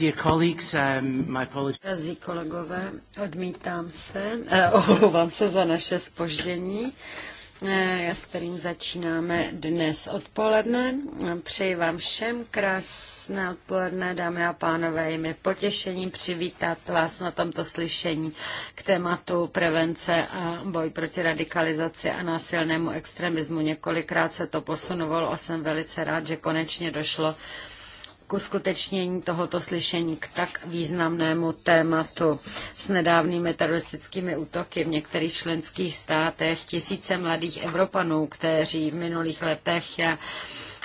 Dear colleagues, um, my apologies. Drazí kolegové, odmítám se, eh, se za naše spoždění, eh, s kterým začínáme dnes odpoledne. Přeji vám všem krásné odpoledne, dámy a pánové, je mi potěšením přivítat vás na tomto slyšení k tématu prevence a boj proti radikalizaci a násilnému extremismu. Několikrát se to posunovalo a jsem velice rád, že konečně došlo k uskutečnění tohoto slyšení k tak významnému tématu s nedávnými teroristickými útoky v některých členských státech. Tisíce mladých Evropanů, kteří v minulých letech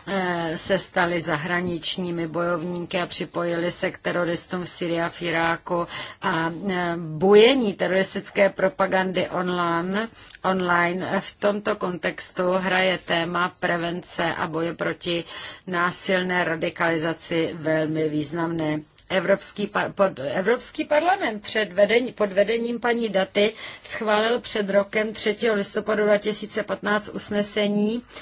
Eh, se stali zahraničními bojovníky a připojili se k teroristům v Syrii a v Iráku a eh, bujení teroristické propagandy online, online v tomto kontextu hraje téma prevence a boje proti násilné radikalizaci velmi významné. Evropský, par, pod, Evropský parlament před vedení, pod vedením paní Daty schválil před rokem 3. listopadu 2015 usnesení, eh,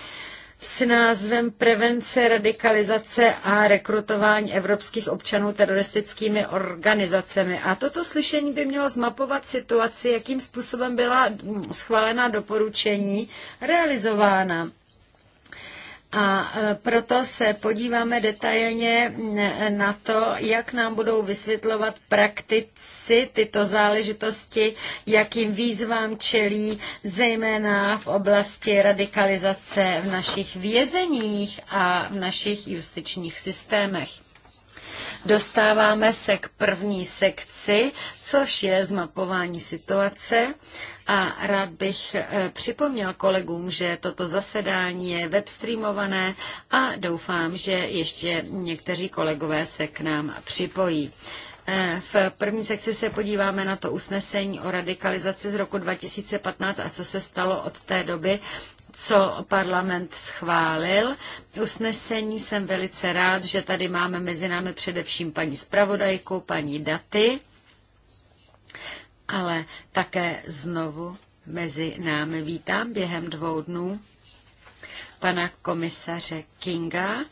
s názvem Prevence radikalizace a rekrutování evropských občanů teroristickými organizacemi. A toto slyšení by mělo zmapovat situaci, jakým způsobem byla schválena doporučení realizována. A e, proto se podíváme detailně na to, jak nám budou vysvětlovat praktici tyto záležitosti, jakým výzvám čelí, zejména v oblasti radikalizace v našich vězeních a v našich justičních systémech. Dostáváme se k první sekci, což je zmapování situace. A rád bych e, připomněl kolegům, že toto zasedání je webstreamované a doufám, že ještě někteří kolegové se k nám připojí. E, v první sekci se podíváme na to usnesení o radikalizaci z roku 2015 a co se stalo od té doby co parlament schválil. Usnesení jsem velice rád, že tady máme mezi námi především paní zpravodajku, paní Daty ale také znovu mezi námi vítám během dvou dnů pana komisaře Kinga.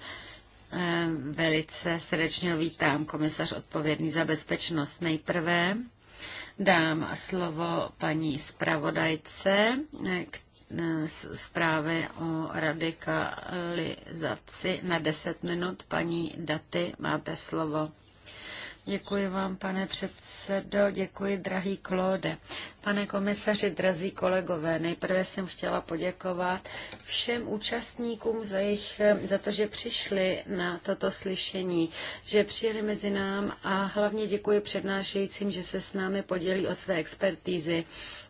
Eh, velice srdečně vítám komisař odpovědný za bezpečnost nejprve. Dám slovo paní zpravodajce eh, eh, zprávy o radikalizaci na 10 minut. Paní Daty, máte slovo. Děkuji vám, pane předsedo, děkuji, drahý Klóde. Pane komisaři, drazí kolegové, nejprve jsem chtěla poděkovat všem účastníkům za, jich, za to, že přišli na toto slyšení, že přijeli mezi nám a hlavně děkuji přednášejícím, že se s námi podělí o své expertízy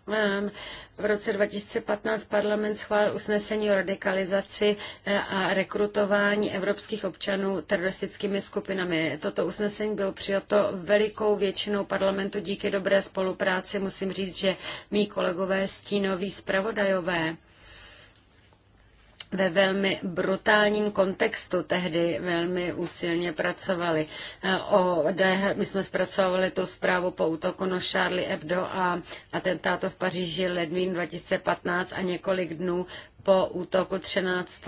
Hm, v roce 2015 parlament schválil usnesení o radikalizaci eh, a rekrutování evropských občanů teroristickými skupinami. Toto usnesení bylo přijato velikou většinou parlamentu díky dobré spolupráci. Musím říct, že mý kolegové stínoví zpravodajové ve velmi brutálním kontextu tehdy velmi úsilně pracovali. O, my jsme zpracovali tu zprávu po útoku na Charlie Hebdo a atentátu v Paříži ledvín 2015 a několik dnů po útoku 13.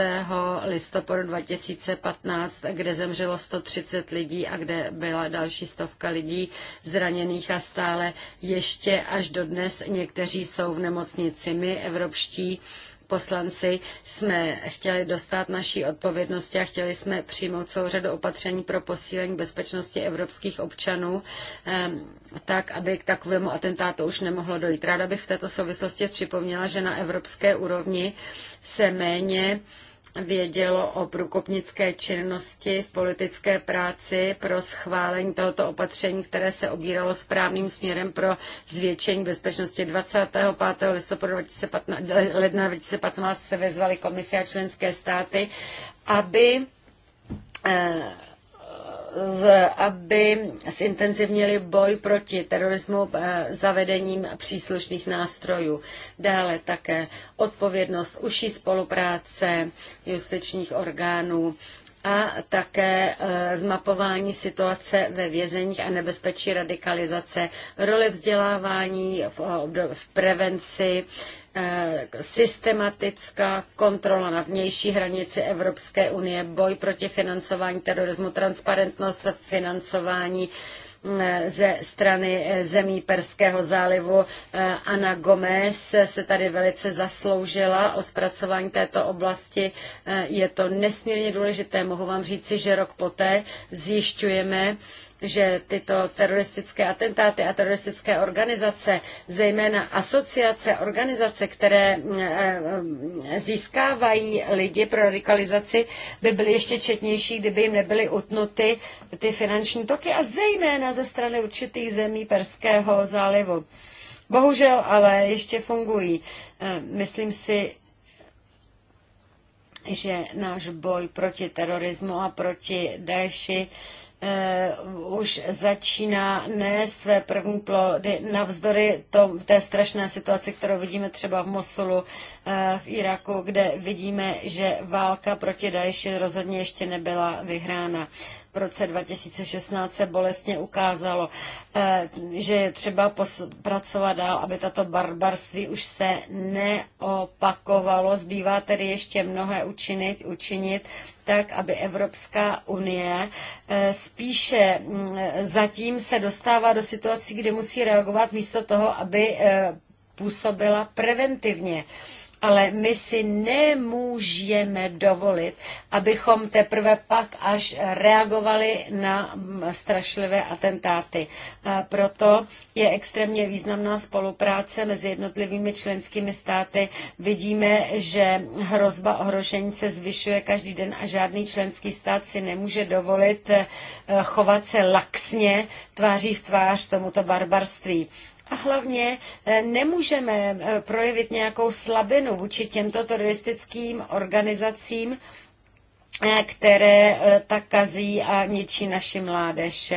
listopadu 2015, kde zemřelo 130 lidí a kde byla další stovka lidí zraněných a stále ještě až dodnes někteří jsou v nemocnici. My, evropští poslanci jsme chtěli dostat naší odpovědnosti a chtěli jsme přijmout celou řadu opatření pro posílení bezpečnosti evropských občanů, ehm, tak, aby k takovému atentátu už nemohlo dojít. Ráda bych v této souvislosti připomněla, že na evropské úrovni se méně vědělo o průkopnické činnosti v politické práci pro schválení tohoto opatření, které se obíralo správným směrem pro zvětšení bezpečnosti. 25. listopadu 2015, ledna 2015 se vezvaly komise a členské státy, aby eh, aby zintenzivnili boj proti terorismu eh, zavedením příslušných nástrojů. Dále také odpovědnost uší spolupráce justičních orgánů a také eh, zmapování situace ve vězeních a nebezpečí radikalizace, roli vzdělávání v, v prevenci Eh, systematická kontrola na vnější hranici Evropské unie, boj proti financování terorismu, transparentnost financování eh, ze strany eh, zemí Perského zálivu. Ana Gomez se tady velice zasloužila o zpracování této oblasti. Je to nesmírně důležité. Mohu vám říci, že rok poté zjišťujeme, že tyto teroristické atentáty a teroristické organizace, zejména asociace, organizace, které mm, eh, mm, získávají lidi pro radikalizaci, by byly ještě četnější, kdyby jim nebyly utnuty ty finanční toky a zejména ze strany určitých zemí Perského zálivu. Bohužel ale ještě fungují. Eh, myslím si, že náš boj proti terorismu a proti Daeši Eh, už začíná nést své první plody navzdory tom, té strašné situaci, kterou vidíme třeba v Mosulu, eh, v Iraku, kde vidíme, že válka proti Daeši rozhodně ještě nebyla vyhrána v roce 2016 se bolestně ukázalo, eh, že je třeba pracovat dál, aby tato barbarství už se neopakovalo. Zbývá tedy ještě mnohé učinit, učinit tak, aby Evropská unie eh, spíše mm, zatím se dostává do situací, kdy musí reagovat místo toho, aby eh, působila preventivně ale my si nemůžeme dovolit, abychom teprve pak až reagovali na strašlivé atentáty. Proto je extrémně významná spolupráce mezi jednotlivými členskými státy. Vidíme, že hrozba ohrožení se zvyšuje každý den a žádný členský stát si nemůže dovolit eh, chovat se laxně tváří v tvář tomuto barbarství. A hlavně eh, nemůžeme eh, projevit nějakou slabinu vůči těmto teroristickým organizacím, eh, které tak kazí a ničí naši mládež.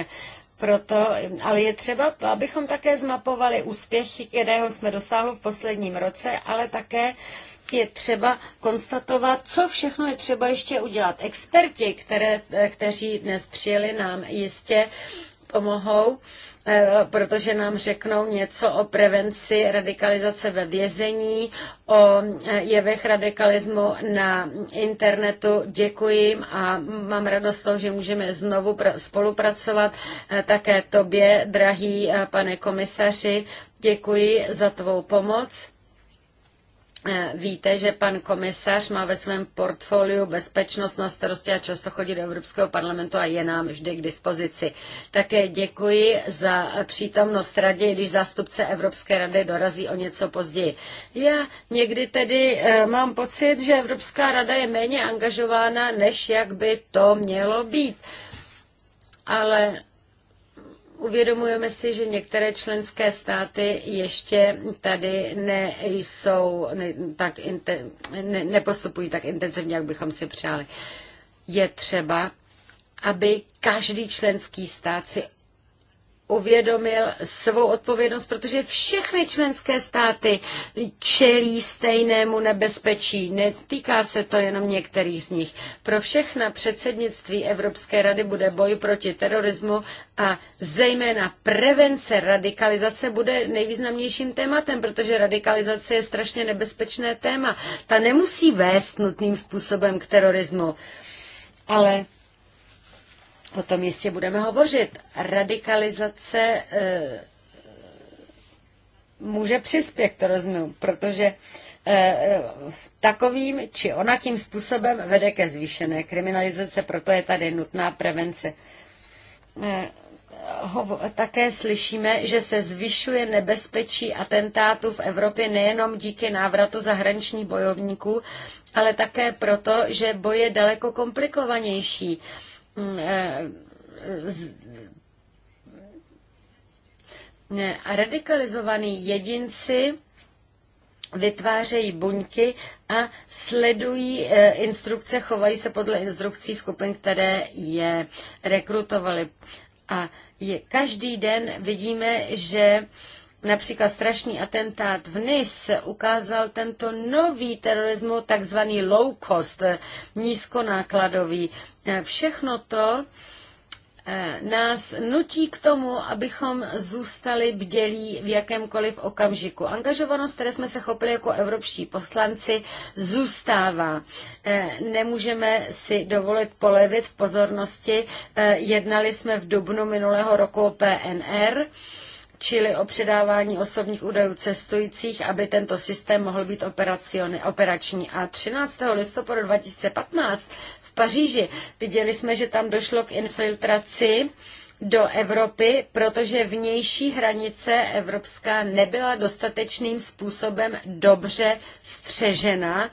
Proto, ale je třeba, abychom také zmapovali úspěchy, kterého jsme dosáhli v posledním roce, ale také je třeba konstatovat, co všechno je třeba ještě udělat. Experti, které, kteří dnes přijeli, nám jistě pomohou Eh, protože nám řeknou něco o prevenci radikalizace ve vězení, o eh, jevech radikalismu na internetu. Děkuji jim a mám radost toho, že můžeme znovu spolupracovat. Eh, také tobě, drahý pane komisaři, děkuji za tvou pomoc Eh, víte, že pan komisař má ve svém portfoliu bezpečnost na starosti a často chodí do Evropského parlamentu a je nám vždy k dispozici. Také děkuji za přítomnost radě, když zástupce Evropské rady dorazí o něco později. Já někdy tedy eh, mám pocit, že Evropská rada je méně angažována, než jak by to mělo být. Ale Uvědomujeme si, že některé členské státy ještě tady nejsou, ne, tak inten, ne, nepostupují tak intenzivně, jak bychom si přáli. Je třeba, aby každý členský stát si uvědomil svou odpovědnost, protože všechny členské státy čelí stejnému nebezpečí. Netýká se to jenom některých z nich. Pro všechna předsednictví Evropské rady bude boj proti terorismu a zejména prevence radikalizace bude nejvýznamnějším tématem, protože radikalizace je strašně nebezpečné téma. Ta nemusí vést nutným způsobem k terorismu. Ale O tom jistě budeme hovořit. Radikalizace e, může přispět k terorismu, protože e, takovým či onakým způsobem vede ke zvýšené kriminalizace, proto je tady nutná prevence. E, hovo, také slyšíme, že se zvyšuje nebezpečí atentátů v Evropě nejenom díky návratu zahraničních bojovníků, ale také proto, že boj je daleko komplikovanější. E, Mm, eh, radikalizovaní jedinci vytvářejí buňky a sledují eh, instrukce, chovají se podle instrukcí skupin, které je rekrutovaly. A je, každý den vidíme, že Například strašný atentát v Nis ukázal tento nový terorismu, takzvaný low cost, eh, nízkonákladový. Eh, všechno to eh, nás nutí k tomu, abychom zůstali bdělí v jakémkoliv okamžiku. Angažovanost, které jsme se chopili jako evropští poslanci, zůstává. Nemůžeme si dovolit polevit v pozornosti. Jednali jsme v dubnu minulého roku o PNR čili o předávání osobních údajů cestujících, aby tento systém mohl být operační. A 13. listopadu 2015 v Paříži viděli jsme, že tam došlo k infiltraci do Evropy, protože vnější hranice evropská nebyla dostatečným způsobem dobře střežena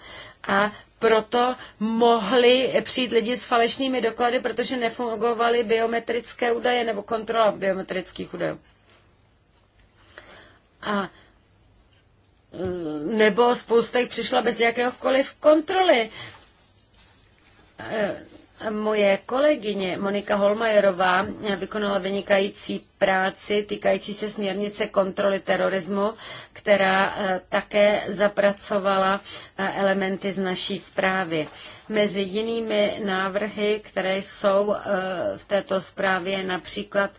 a proto mohli přijít lidi s falešnými doklady, protože nefungovaly biometrické údaje nebo kontrola biometrických údajů. A e, nebo spousta jich přišla bez jakéhokoliv kontroly. E, moje kolegyně Monika Holmajerová vykonala vynikající práci týkající se směrnice kontroly terorismu, která e, také zapracovala elementy z naší zprávy. Mezi jinými návrhy, které jsou v této zprávě například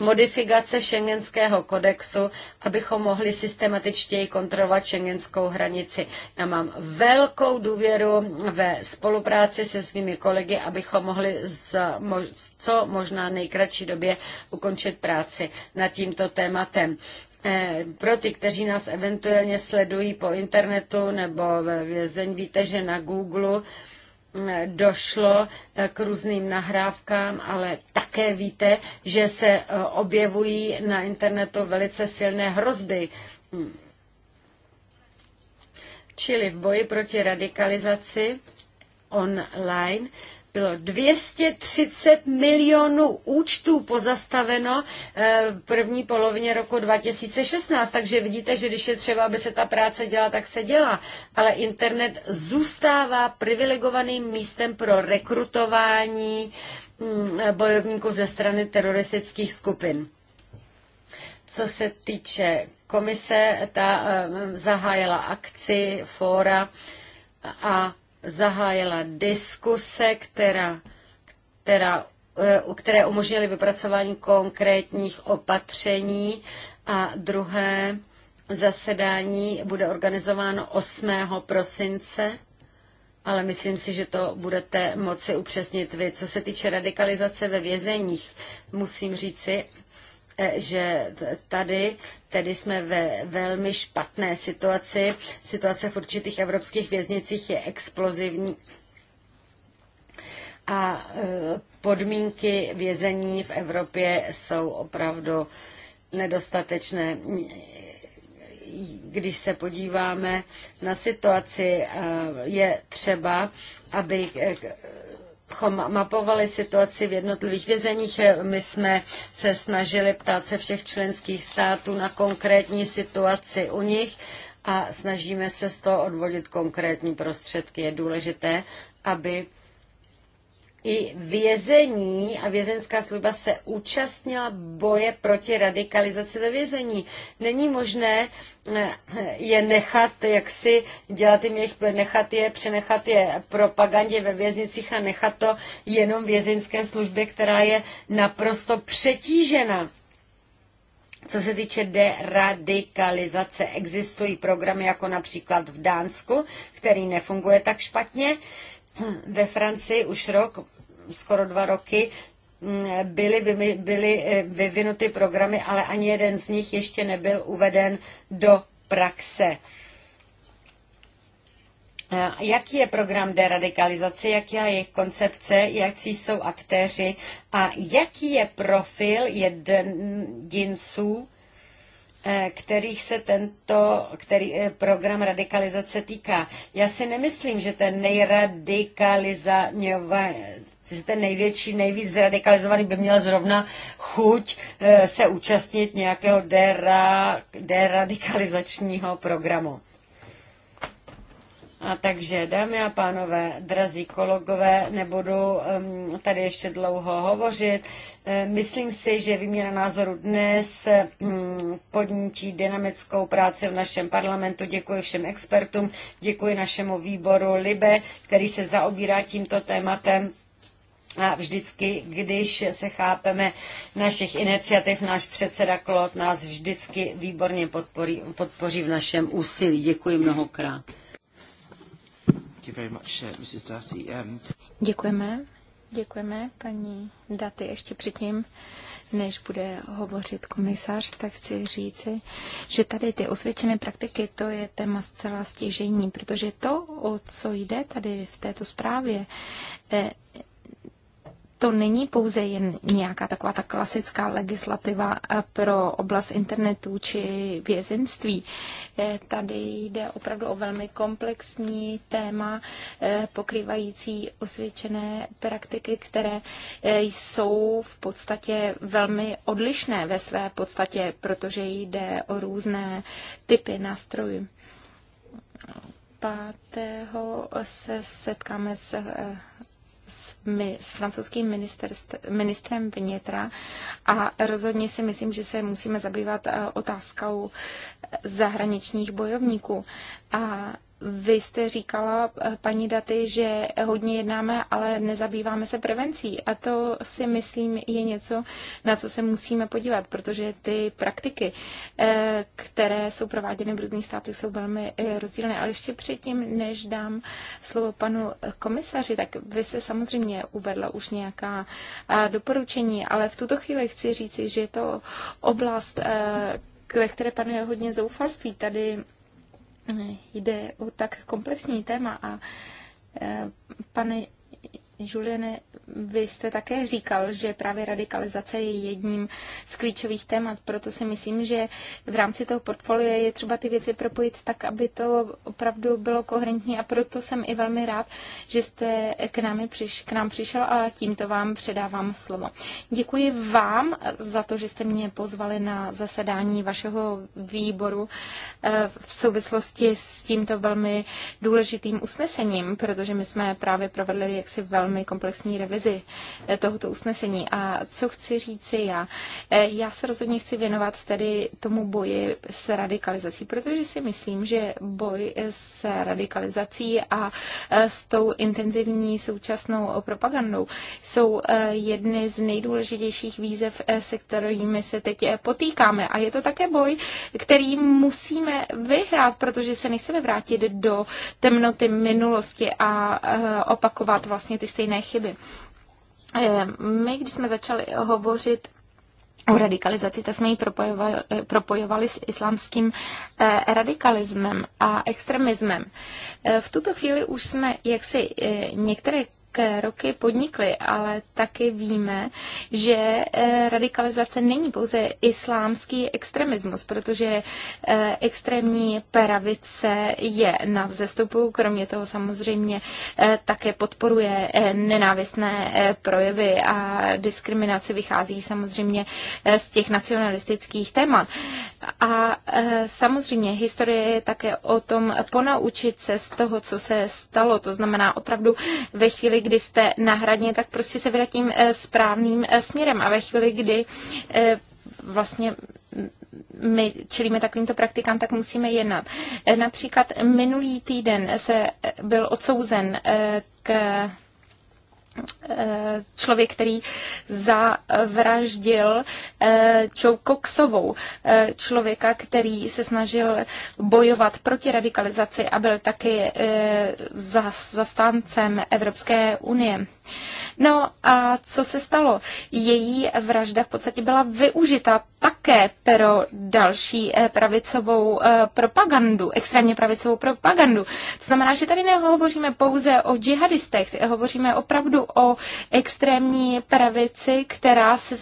modifikace šengenského kodexu, abychom mohli systematičtěji kontrolovat šengenskou hranici. Já mám velkou důvěru ve spolupráci se svými kolegy, abychom mohli z co možná nejkratší době ukončit práci nad tímto tématem eh, pro ty, kteří nás eventuálně sledují po internetu nebo ve vězení, víte, že na Google došlo eh, k různým nahrávkám, ale také víte, že se eh, objevují na internetu velice silné hrozby. Hmm. Čili v boji proti radikalizaci online bylo 230 milionů účtů pozastaveno eh, v první polovině roku 2016, takže vidíte, že když je třeba, aby se ta práce dělala, tak se dělá. Ale internet zůstává privilegovaným místem pro rekrutování mm, bojovníků ze strany teroristických skupin. Co se týče komise, ta eh, zahájila akci, fóra a zahájila diskuse, která, která, eh, které umožnily vypracování konkrétních opatření a druhé zasedání bude organizováno 8. prosince ale myslím si, že to budete moci upřesnit vy. Co se týče radikalizace ve vězeních, musím říci, Eh, že tady tedy jsme ve velmi špatné situaci. Situace v určitých evropských věznicích je explozivní a eh, podmínky vězení v Evropě jsou opravdu nedostatečné. Když se podíváme na situaci, eh, je třeba, aby mapovali situaci v jednotlivých vězeních. My jsme se snažili ptát se všech členských států na konkrétní situaci u nich a snažíme se z toho odvodit konkrétní prostředky. Je důležité, aby i vězení a vězenská služba se účastnila boje proti radikalizaci ve vězení. Není možné eh, je nechat, jak si dělat jim jejich, nechat je, přenechat je propagandě ve věznicích a nechat to jenom vězenské službě, která je naprosto přetížena. Co se týče deradikalizace, existují programy jako například v Dánsku, který nefunguje tak špatně. Ve Francii už rok skoro dva roky mm, byly, byly eh, vyvinuty programy, ale ani jeden z nich ještě nebyl uveden do praxe. Eh, jaký je program deradikalizace, jaká je koncepce, jaký jsou aktéři a jaký je profil jedinců, eh, kterých se tento který, program radikalizace týká. Já si nemyslím, že ten nejradikalizovanější ten největší, nejvíc zradikalizovaný by měl zrovna chuť eh, se účastnit nějakého dera, deradikalizačního programu. A takže, dámy a pánové, drazí kolegové, nebudu um, tady ještě dlouho hovořit. Eh, myslím si, že výměna názoru dnes podnítí dynamickou práci v našem parlamentu. Děkuji všem expertům, děkuji našemu výboru LIBE, který se zaobírá tímto tématem a vždycky, když se chápeme našich iniciativ, náš předseda Klot nás vždycky výborně podporí, podpoří v našem úsilí. Děkuji mnohokrát. Uh, um, Děkujeme. Děkujeme, paní Daty. Ještě předtím, než bude hovořit komisař, tak chci říci, že tady ty osvědčené praktiky, to je téma zcela stěžení, protože to, o co jde tady v této zprávě, eh, to není pouze jen nějaká taková ta klasická legislativa eh, pro oblast internetu či vězenství. Eh, tady jde opravdu o velmi komplexní téma, eh, pokrývající osvědčené praktiky, které jsou v podstatě velmi odlišné ve své podstatě, protože jde o různé typy nástrojů. 5. se setkáme s s francouzským ministrem vnitra a rozhodně si myslím, že se musíme zabývat eh, otázkou eh, zahraničních bojovníků. A vy jste říkala, eh, paní Daty, že hodně jednáme, ale nezabýváme se prevencí. A to si myslím je něco, na co se musíme podívat, protože ty praktiky, eh, které jsou prováděny v různých státech, jsou velmi eh, rozdílné. Ale ještě předtím, než dám slovo panu komisaři, tak vy se samozřejmě uvedla už nějaká doporučení, ale v tuto chvíli chci říci, že je to oblast, ve které panuje hodně zoufalství. Tady Eh, jde o tak komplexní téma a eh, Pane Juliane, vy jste také říkal, že právě radikalizace je jedním z klíčových témat, proto si myslím, že v rámci toho portfolia je třeba ty věci propojit tak, aby to opravdu bylo koherentní a proto jsem i velmi rád, že jste k nám, přiš, k nám přišel a tímto vám předávám slovo. Děkuji vám za to, že jste mě pozvali na zasedání vašeho výboru eh, v souvislosti s tímto velmi důležitým usnesením, protože my jsme právě provedli jaksi velmi velmi komplexní revizi eh, tohoto usnesení. A co chci říci já? Eh, já se rozhodně chci věnovat tedy tomu boji s radikalizací, protože si myslím, že boj s radikalizací a eh, s tou intenzivní současnou propagandou jsou jedny z nejdůležitějších výzev, se kterými se teď potýkáme. A je to také boj, který musíme vyhrát, protože se nechceme vrátit do temnoty minulosti a opakovat vlastně ty stejné chyby. Eh, my, když jsme začali hovořit o radikalizaci, tak jsme ji propojovali, eh, propojovali s islámským eh, radikalismem a extremismem. V tuto chvíli už jsme jaksi některé Roky podnikly, ale taky víme, že eh, radikalizace není pouze islámský extremismus, protože eh, extrémní pravice je na vzestupu, kromě toho samozřejmě eh, také podporuje nenávistné projevy a diskriminace vychází samozřejmě z těch nacionalistických témat. A samozřejmě historie je také o tom ponaučit se z toho, co se stalo. To znamená opravdu ve chvíli, kdy jste na hraně, tak prostě se vrátím eh, správným eh, směrem. A ve chvíli, kdy eh, vlastně my čelíme takovýmto praktikám, tak musíme jednat. Například minulý týden se byl odsouzen k Eh, člověk, který zavraždil eh, Joe Coxovou, eh, člověka, který se snažil bojovat proti radikalizaci a byl taky zastáncem Evropské unie. No a co se stalo? Její vražda v podstatě byla využita také pro další eh, pravicovou eh, propagandu, extrémně pravicovou propagandu. To znamená, že tady nehovoříme pouze o džihadistech, hovoříme opravdu o extrémní pravici, která se,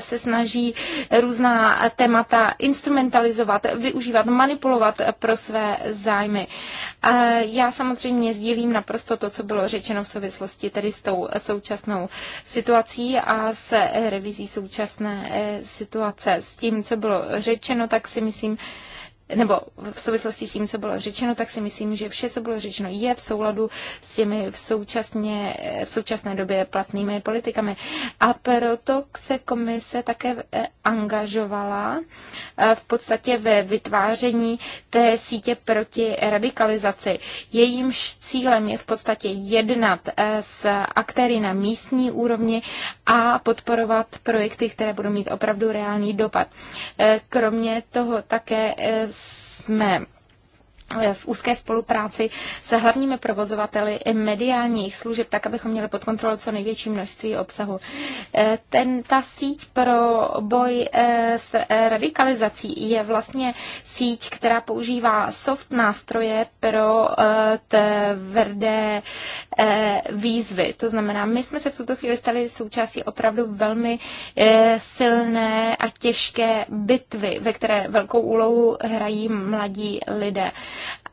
se snaží různá témata instrumentalizovat, využívat, manipulovat pro své zájmy. Já samozřejmě sdílím naprosto to, co bylo řečeno v souvislosti tedy s tou současnou situací a s eh, revizí současné eh, situace. S tím, co bylo řečeno, tak si myslím, nebo v souvislosti s tím, co bylo řečeno, tak si myslím, že vše, co bylo řečeno, je v souladu s těmi v, současně, v současné době platnými politikami. A proto se komise také eh, angažovala eh, v podstatě ve vytváření té sítě proti radikalizaci. Jejímž cílem je v podstatě jednat eh, s aktéry na místní úrovni a podporovat projekty, které budou mít opravdu reálný dopad. Kromě toho také jsme Eh, v úzké spolupráci se hlavními provozovateli mediálních služeb, tak abychom měli pod kontrolou co největší množství obsahu. Eh, ten, ta síť pro boj eh, s radikalizací je vlastně síť, která používá soft nástroje pro tvrdé výzvy. To znamená, my jsme se v tuto chvíli stali součástí opravdu velmi silné a těžké bitvy, ve které velkou úlohu hrají mladí lidé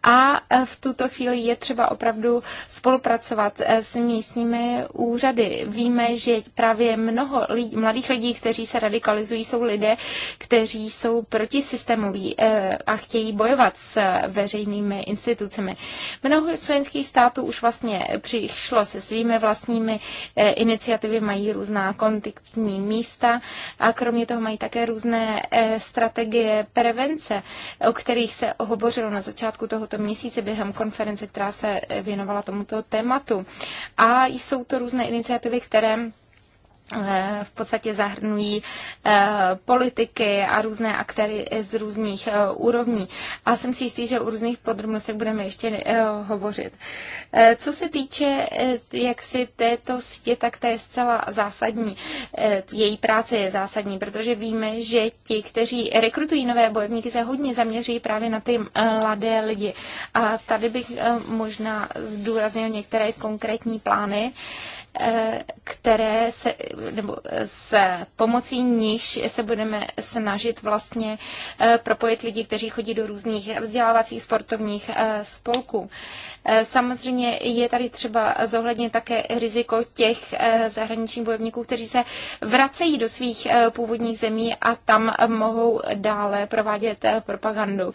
a eh, v tuto chvíli je třeba opravdu spolupracovat eh, s místními úřady. Víme, že právě mnoho lidí, mladých lidí, kteří se radikalizují, jsou lidé, kteří jsou protisystémoví eh, a chtějí bojovat s veřejnými institucemi. Mnoho členských států už vlastně přišlo se svými vlastními iniciativy, mají různá kontaktní místa a kromě toho mají také různé strategie prevence, o kterých se hovořilo na začátku toho tohoto měsíce během konference, která se věnovala tomuto tématu. A jsou to různé iniciativy, které Eh, v podstatě zahrnují eh, politiky a různé aktéry z různých eh, úrovní. A jsem si jistý, že o různých podrobnostech budeme ještě hovořit. Co se týče jak si této sítě, tak to je zcela zásadní. Její práce je zásadní, protože víme, že ti, kteří rekrutují nové bojovníky, se hodně zaměří právě na ty mladé lidi. A tady bych možná zdůraznil některé konkrétní plány, které se, nebo s pomocí níž se budeme snažit vlastně eh, propojit lidi, kteří chodí do různých vzdělávacích sportovních eh, spolků. Eh, samozřejmě je tady třeba zohlednit také riziko těch eh, zahraničních bojovníků, kteří se vracejí do svých eh, původních zemí a tam mohou dále provádět propagandu.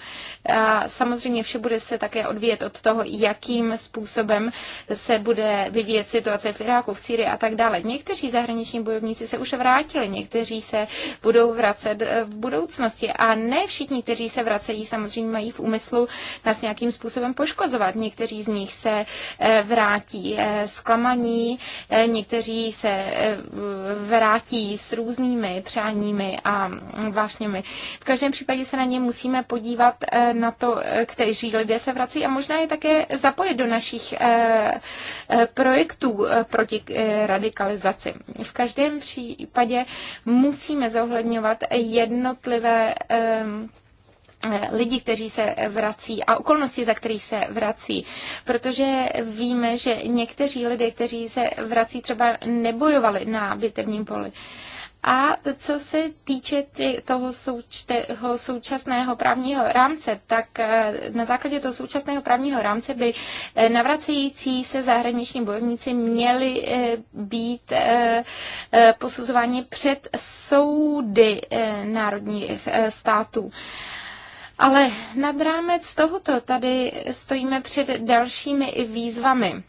A samozřejmě vše bude se také odvíjet od toho, jakým způsobem se bude vyvíjet situace v Iráku, v Syrii a tak dále. Někteří zahraniční bojovníci se už vrátili, někteří se budou vracet v budoucnosti a ne všichni, kteří se vracejí, samozřejmě mají v úmyslu nás nějakým způsobem poškozovat. Někteří z nich se eh, vrátí eh, zklamaní, eh, někteří se vrátí s různými přáními a vášněmi. V každém případě se na ně musíme podívat na to, kteří lidé se vrací a možná je také zapojit do našich projektů proti radikalizaci. V každém případě musíme zohledňovat jednotlivé Eh, lidí, kteří se vrací a okolnosti, za kterých se vrací. Protože víme, že někteří lidé, kteří se vrací, třeba nebojovali na bitevním poli. A co se týče toho, součte, toho současného právního rámce, tak eh, na základě toho současného právního rámce by eh, navracející se zahraniční bojovníci měli být posuzováni před soudy národních států. Ale nad rámec tohoto tady stojíme před dalšími i výzvami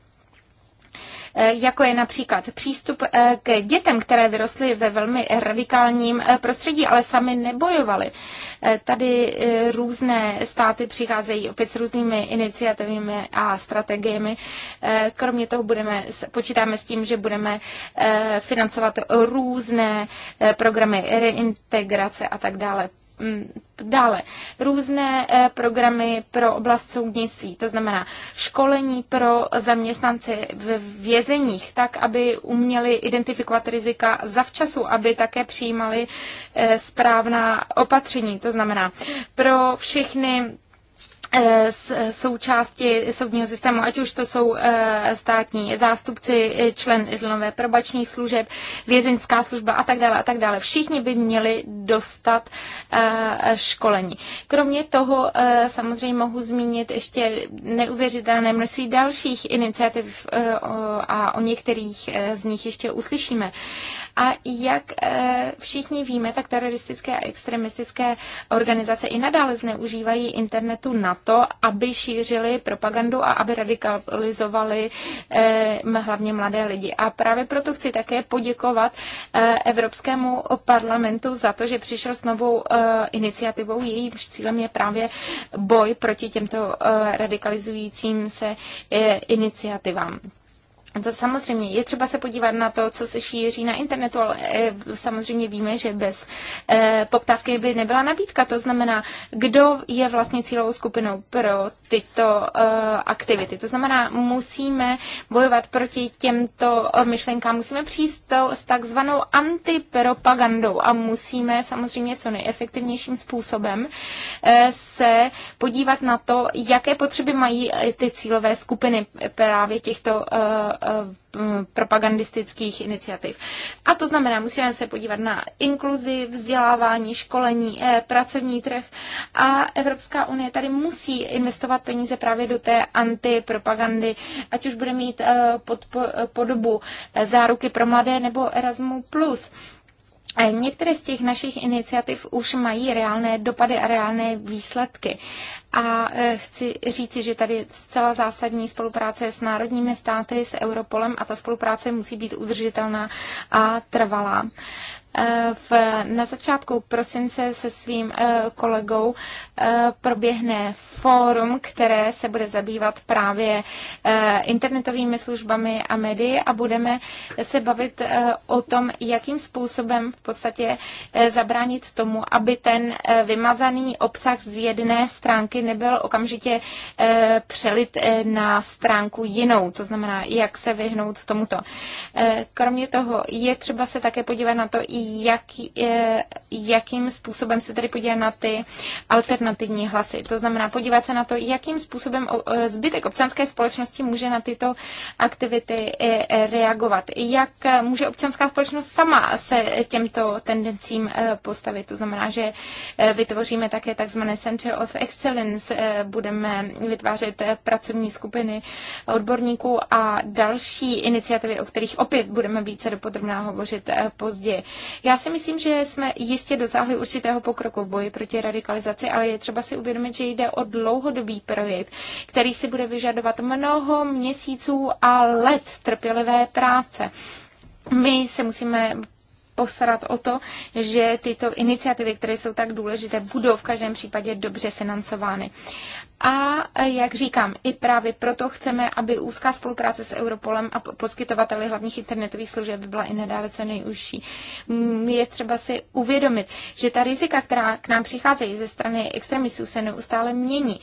e, jako je například přístup e, k dětem, které vyrostly ve velmi radikálním e, prostředí, ale sami nebojovaly. Tady různé státy přicházejí opět s různými iniciativami a strategiemi. Kromě toho budeme, počítáme s tím, že budeme financovat různé programy reintegrace a tak dále. Mm, dále různé eh, programy pro oblast soudnictví, to znamená školení pro zaměstnance v vězeních, tak, aby uměli identifikovat rizika zavčasu, aby také přijímali eh, správná opatření, to znamená pro všechny Eh, součásti soudního systému, ať už to jsou eh, státní zástupci, eh, člen, členové probačních služeb, vězeňská služba a tak dále a tak dále. Všichni by měli dostat školení. Kromě toho samozřejmě mohu zmínit ještě neuvěřitelné množství dalších iniciativ a o některých z nich ještě uslyšíme. A jak eh, všichni víme, tak teroristické a extremistické organizace i nadále zneužívají internetu na to, aby šířili propagandu a aby radikalizovali eh, hlavně mladé lidi. A právě proto chci také poděkovat eh, Evropskému parlamentu za to, že přišel s novou iniciativou. Jejímž cílem je právě boj proti těmto radikalizujícím se iniciativám. To samozřejmě je třeba se podívat na to, co se šíří na internetu, ale eh, samozřejmě víme, že bez eh, poptávky by nebyla nabídka. To znamená, kdo je vlastně cílovou skupinou pro tyto eh, aktivity. To znamená, musíme bojovat proti těmto myšlenkám, musíme přijít s takzvanou antipropagandou a musíme samozřejmě co nejefektivnějším způsobem se podívat na to, jaké potřeby mají ty cílové skupiny právě těchto Eh, propagandistických iniciativ. A to znamená, musíme se podívat na inkluzi, vzdělávání, školení, e, pracovní trh a Evropská unie tady musí investovat peníze právě do té antipropagandy, ať už bude mít eh, eh, podobu záruky pro mladé nebo Erasmus+. E, některé z těch našich iniciativ už mají reálné dopady a reálné výsledky. A e, chci říci, že tady je zcela zásadní spolupráce s národními státy, s Europolem a ta spolupráce musí být udržitelná a trvalá. Eh, v, na začátku prosince se svým eh, kolegou eh, proběhne fórum, které se bude zabývat právě internetovými službami a médii a budeme se bavit o tom, jakým způsobem v podstatě zabránit tomu, aby ten vymazaný obsah z jedné stránky nebyl okamžitě přelit na stránku jinou. To znamená, jak se vyhnout tomuto. Kromě toho je třeba se také podívat na to, jak, eh, jakým způsobem se tedy podívat na ty alternativní hlasy. To znamená podívat se na to, jakým způsobem eh, zbytek občanské společnosti může na tyto aktivity eh, reagovat. Jak může občanská společnost sama se těmto tendencím postavit. To znamená, že vytvoříme také takzvané Center of Excellence, budeme vytvářet pracovní skupiny odborníků a další iniciativy, o kterých opět budeme více dopodrobná hovořit později. Já si myslím, že jsme jistě dosáhli určitého pokroku v boji proti radikalizaci, ale je třeba si uvědomit, že jde o dlouhodobý projekt, který si bude vyžadovat mnoho měsíců a let trpělivé práce. My se musíme postarat o to, že tyto iniciativy, které jsou tak důležité, budou v každém případě dobře financovány. A eh, jak říkám, i právě proto chceme, aby úzká spolupráce s Europolem a poskytovateli hlavních internetových služeb byla i nadále co nejužší. Mm, je třeba si uvědomit, že ta rizika, která k nám přicházejí ze strany extremistů, se neustále mění.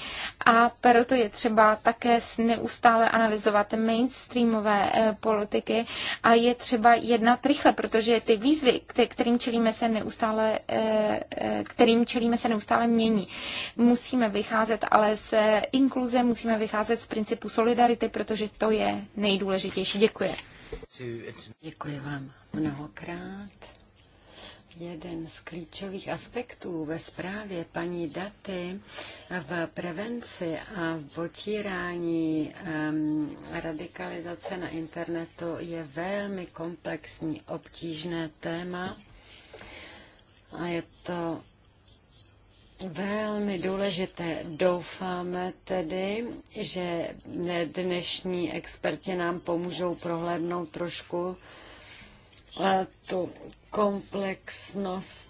A proto je třeba také neustále analyzovat mainstreamové eh, politiky a je třeba jednat rychle, protože ty výzvy, kterým čelíme se neustále, eh, kterým čelíme se neustále mění. Musíme vycházet ale z inkluze, musíme vycházet z principu solidarity, protože to je nejdůležitější. Děkuji. Děkuji vám mnohokrát. Jeden z klíčových aspektů ve zprávě paní Daty v prevenci a v potírání um, radikalizace na internetu je velmi komplexní, obtížné téma a je to Velmi důležité. Doufáme tedy, že dnešní experti nám pomůžou prohlédnout trošku eh, tu komplexnost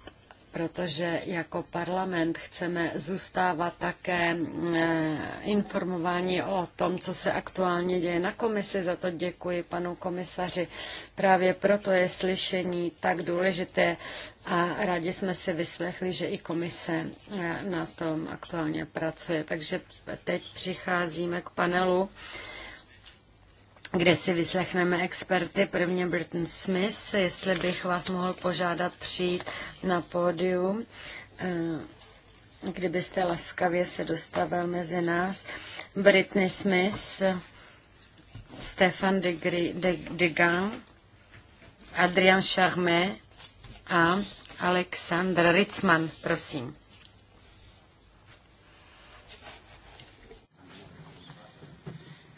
protože jako parlament chceme zůstávat také eh, informováni o tom, co se aktuálně děje na komisi. Za to děkuji panu komisaři. Právě proto je slyšení tak důležité a rádi jsme si vyslechli, že i komise eh, na tom aktuálně pracuje. Takže teď přicházíme k panelu kde si vyslechneme experty, prvně Britton Smith, jestli bych vás mohl požádat přijít na pódium, eh, kdybyste laskavě se dostavil mezi nás. Britney Smith, Stefan de, Gry, de, de Adrian Charmé a Alexandr Ritzman, prosím.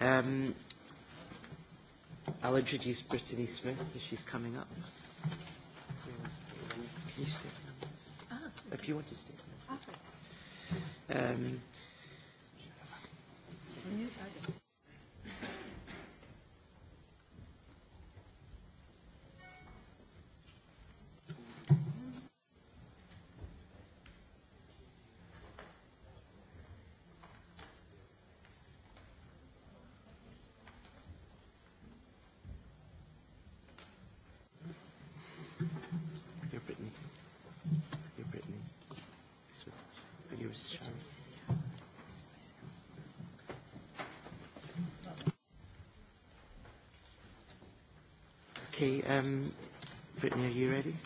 Um, I'll introduce Brittany Smith as she's coming up. Can you stay? Ah, if you want to stay. Um, Okay, um, Brittany, are you ready?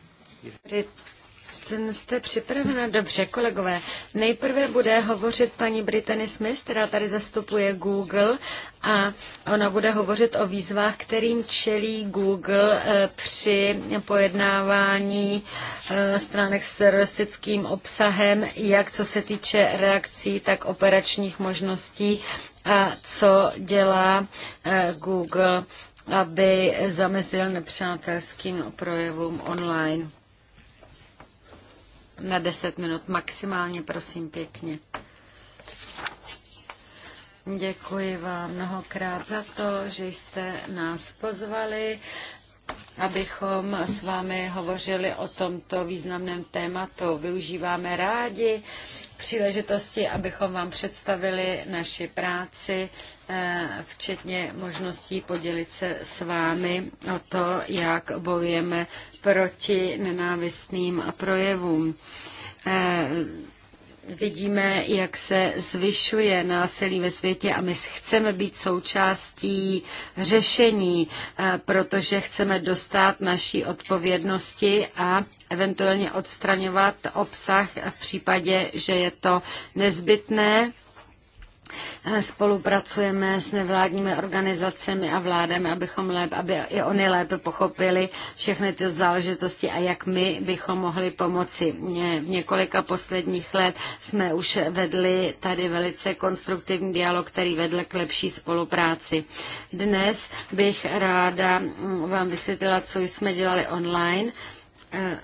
Ten jste připravena? Dobře, kolegové. Nejprve bude hovořit paní Brittany Smith, která tady zastupuje Google a ona bude hovořit o výzvách, kterým čelí Google eh, při pojednávání eh, stránek s teroristickým obsahem, jak co se týče reakcí, tak operačních možností a co dělá eh, Google aby zamezil nepřátelským projevům online. Na 10 minut maximálně, prosím pěkně. Děkuji vám mnohokrát za to, že jste nás pozvali, abychom s vámi hovořili o tomto významném tématu. Využíváme rádi příležitosti, abychom vám představili naši práci, eh, včetně možností podělit se s vámi o to, jak bojujeme proti nenávistným projevům. Eh, vidíme, jak se zvyšuje násilí ve světě a my chceme být součástí řešení, eh, protože chceme dostat naší odpovědnosti a eventuálně odstraňovat obsah v případě, že je to nezbytné. Spolupracujeme s nevládními organizacemi a vládami, abychom lép, aby i oni lépe pochopili všechny ty záležitosti a jak my bychom mohli pomoci. V několika posledních let jsme už vedli tady velice konstruktivní dialog, který vedl k lepší spolupráci. Dnes bych ráda mm, vám vysvětlila, co jsme dělali online eh,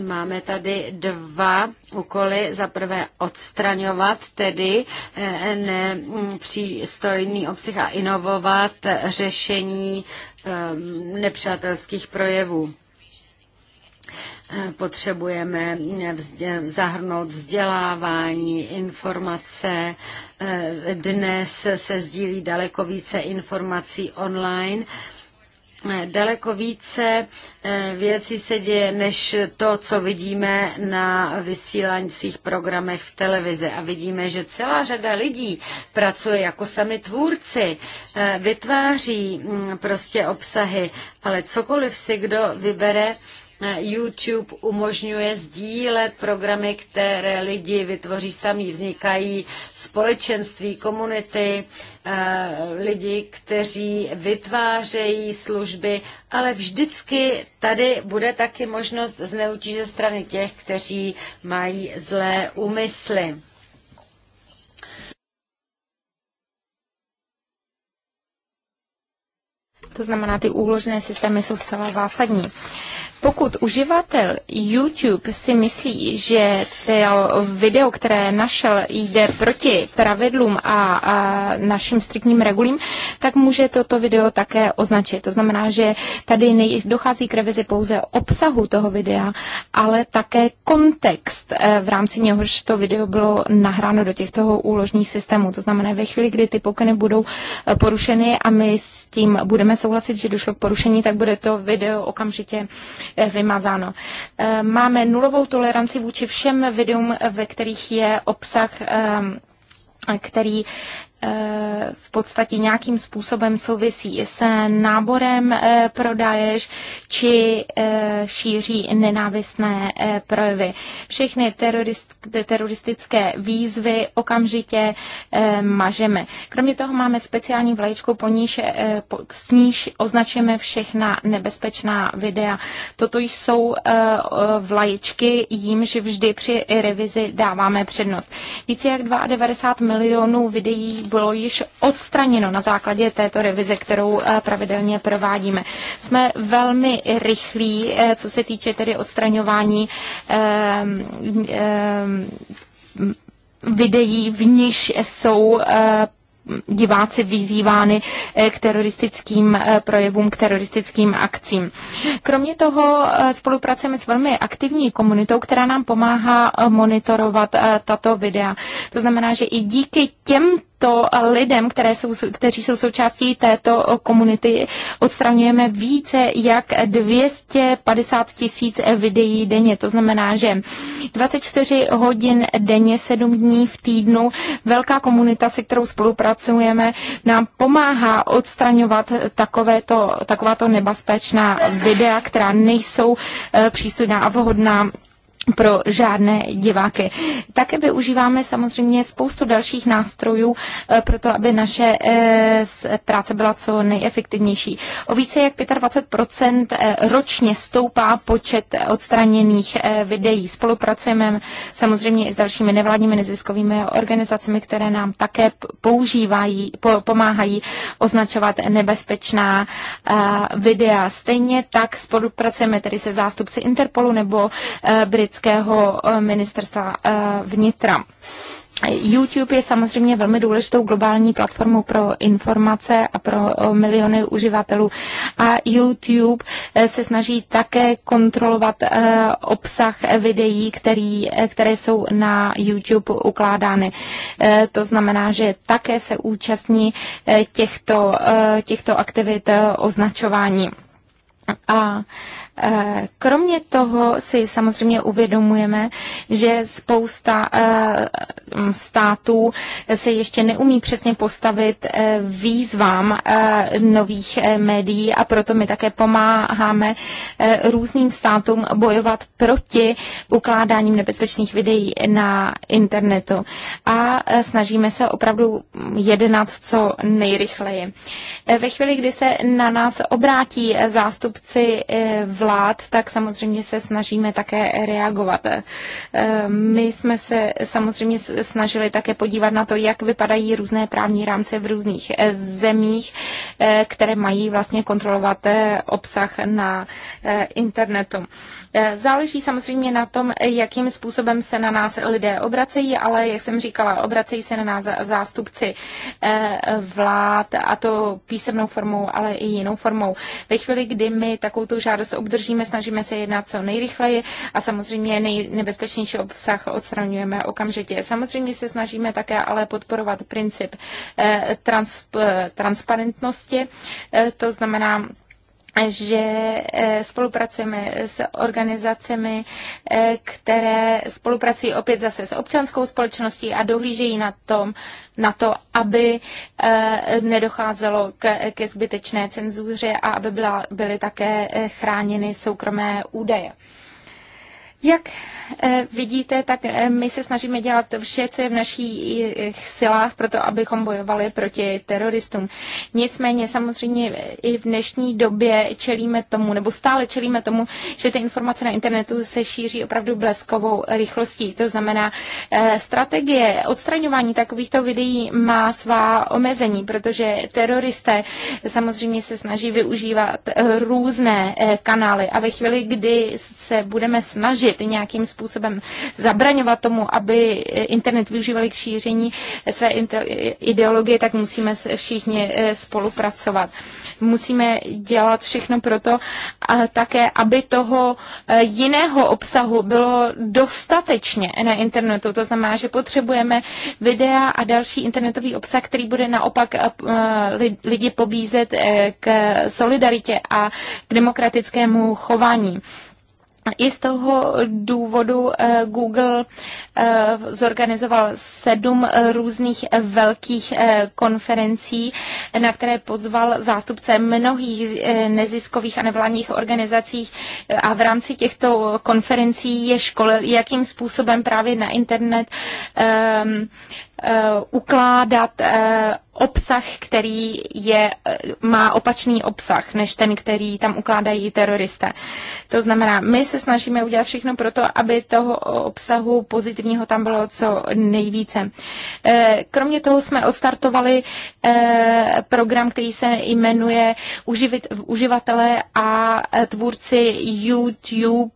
Máme tady dva úkoly. Za prvé odstraňovat tedy eh, nepřístojný obsah a inovovat řešení eh, nepřátelských projevů eh, potřebujeme zahrnout vzdělávání, informace. Dnes se sdílí daleko více informací online Eh, daleko více eh, věcí se děje, než to, co vidíme na vysílancích programech v televizi. A vidíme, že celá řada lidí pracuje jako sami tvůrci, eh, vytváří mm, prostě obsahy, ale cokoliv si kdo vybere, Eh, YouTube umožňuje sdílet programy, které lidi vytvoří sami. Vznikají společenství, komunity, eh, lidi, kteří vytvářejí služby, ale vždycky tady bude taky možnost zneučí ze strany těch, kteří mají zlé úmysly. To znamená, ty úložné systémy jsou zcela zásadní. Pokud uživatel YouTube si myslí, že to video, které našel, jde proti pravidlům a, a našim striktním regulím, tak může toto video také označit. To znamená, že tady dochází k revizi pouze obsahu toho videa, ale také kontext, eh, v rámci něhož to video bylo nahráno do těchto úložních systémů. To znamená, ve chvíli, kdy ty pokyny budou eh, porušeny a my s tím budeme souhlasit, že došlo k porušení, tak bude to video okamžitě Eh, vymazáno. Eh, máme nulovou toleranci vůči všem videům, ve kterých je obsah ehm, který Eh, v podstatě nějakým způsobem souvisí s náborem eh, pro Daesh či eh, šíří nenávistné projevy. Všechny terorist, teroristické výzvy okamžitě mažeme. Kromě toho máme speciální vlaječku, po níž, s níž označíme všechna nebezpečná videa. Toto jsou vlaječky, jimž vždy při revizi dáváme přednost. Více jak 92 milionů videí bylo již odstraněno na základě této revize, kterou eh, pravidelně provádíme. Jsme velmi rychlí, eh, co se týče tedy odstraňování ehm, ehm, videí, v níž jsou eh, diváci vyzývány k teroristickým projevům, k teroristickým akcím. Kromě toho spolupracujeme s velmi aktivní komunitou, která nám pomáhá monitorovat tato videa. To znamená, že i díky těm to lidem, které jsou, kteří jsou součástí této komunity, odstraňujeme více jak 250 tisíc videí denně. To znamená, že 24 hodin denně, 7 dní v týdnu, velká komunita, se kterou spolupracujeme, nám pomáhá odstraňovat takovéto, takováto nebezpečná videa, která nejsou eh, přístupná a vhodná pro žádné diváky. Také využíváme samozřejmě spoustu dalších nástrojů eh, pro to, aby naše eh, práce byla co nejefektivnější. O více jak 25% eh, ročně stoupá počet odstraněných videí. Spolupracujeme samozřejmě i s dalšími nevládními neziskovými organizacemi, které nám také používají, pomáhají označovat nebezpečná videa. Stejně tak spolupracujeme tedy se zástupci Interpolu nebo Brit britského eh, ministerstva eh, vnitra. YouTube je samozřejmě velmi důležitou globální platformou pro informace a pro eh, miliony uživatelů. A YouTube se snaží také kontrolovat obsah videí, který, které jsou na YouTube ukládány. To znamená, že také se účastní těchto, těchto aktivit označování. A Eh, kromě toho si samozřejmě uvědomujeme, že spousta eh, států se ještě neumí přesně postavit eh, výzvám nových médií a proto my také pomáháme různým státům bojovat proti ukládáním nebezpečných videí na internetu a snažíme se opravdu jednat co nejrychleji. Ve chvíli, kdy se na nás obrátí zástupci vlády, vlád, tak samozřejmě se snažíme také reagovat. Eh, my jsme se samozřejmě snažili také podívat na to, jak vypadají různé právní rámce v různých eh, zemích, eh, které mají vlastně kontrolovat obsah na internetu. Záleží samozřejmě na tom, jakým způsobem se na nás lidé obracejí, ale jak jsem říkala, obracejí se na nás zástupci vlád a to písemnou formou, ale i jinou formou. Ve chvíli, kdy my takovou žádost obdržíme, držíme, snažíme se jednat co nejrychleji a samozřejmě nejnebezpečnější obsah odstraňujeme okamžitě. Samozřejmě se snažíme také ale podporovat princip eh, trans, eh, transparentnosti, eh, to znamená, že eh, spolupracujeme s organizacemi, eh, které spolupracují opět zase s občanskou společností a dohlížejí na, tom, na to, aby eh, nedocházelo ke, ke zbytečné cenzuře a aby byla, byly také chráněny soukromé údaje. Jak eh, vidíte, tak eh, my se snažíme dělat vše, co je v našich eh, silách pro to, abychom bojovali proti teroristům. Nicméně samozřejmě i v dnešní době čelíme tomu, nebo stále čelíme tomu, že ty informace na internetu se šíří opravdu bleskovou rychlostí. To znamená, strategie odstraňování takovýchto videí má svá omezení, protože teroristé samozřejmě se snaží využívat různé kanály a ve chvíli, kdy se budeme snažit tlačit nějakým způsobem, zabraňovat tomu, aby internet využívali k šíření své ideologie, tak musíme všichni eh, spolupracovat musíme dělat všechno proto a také, aby toho eh, jiného obsahu bylo dostatečně na internetu. To znamená, že potřebujeme videa a další internetový obsah, který bude naopak eh, lidi pobízet k solidaritě a k demokratickému chování. I z toho důvodu eh, Google eh, zorganizoval sedm eh, různých velkých konferencí, na které pozval zástupce mnohých neziskových a nevládních organizací a v rámci těchto konferencí je školil, jakým způsobem právě na internet ehm, ukládat obsah, který je, má opačný obsah, než ten, který tam ukládají teroristé. To znamená, my se snažíme udělat všechno pro to, aby toho obsahu pozitivního tam bylo co nejvíce. Eh, kromě toho jsme odstartovali eh, program, který se jmenuje Uživit, uživatelé a eh, tvůrci YouTube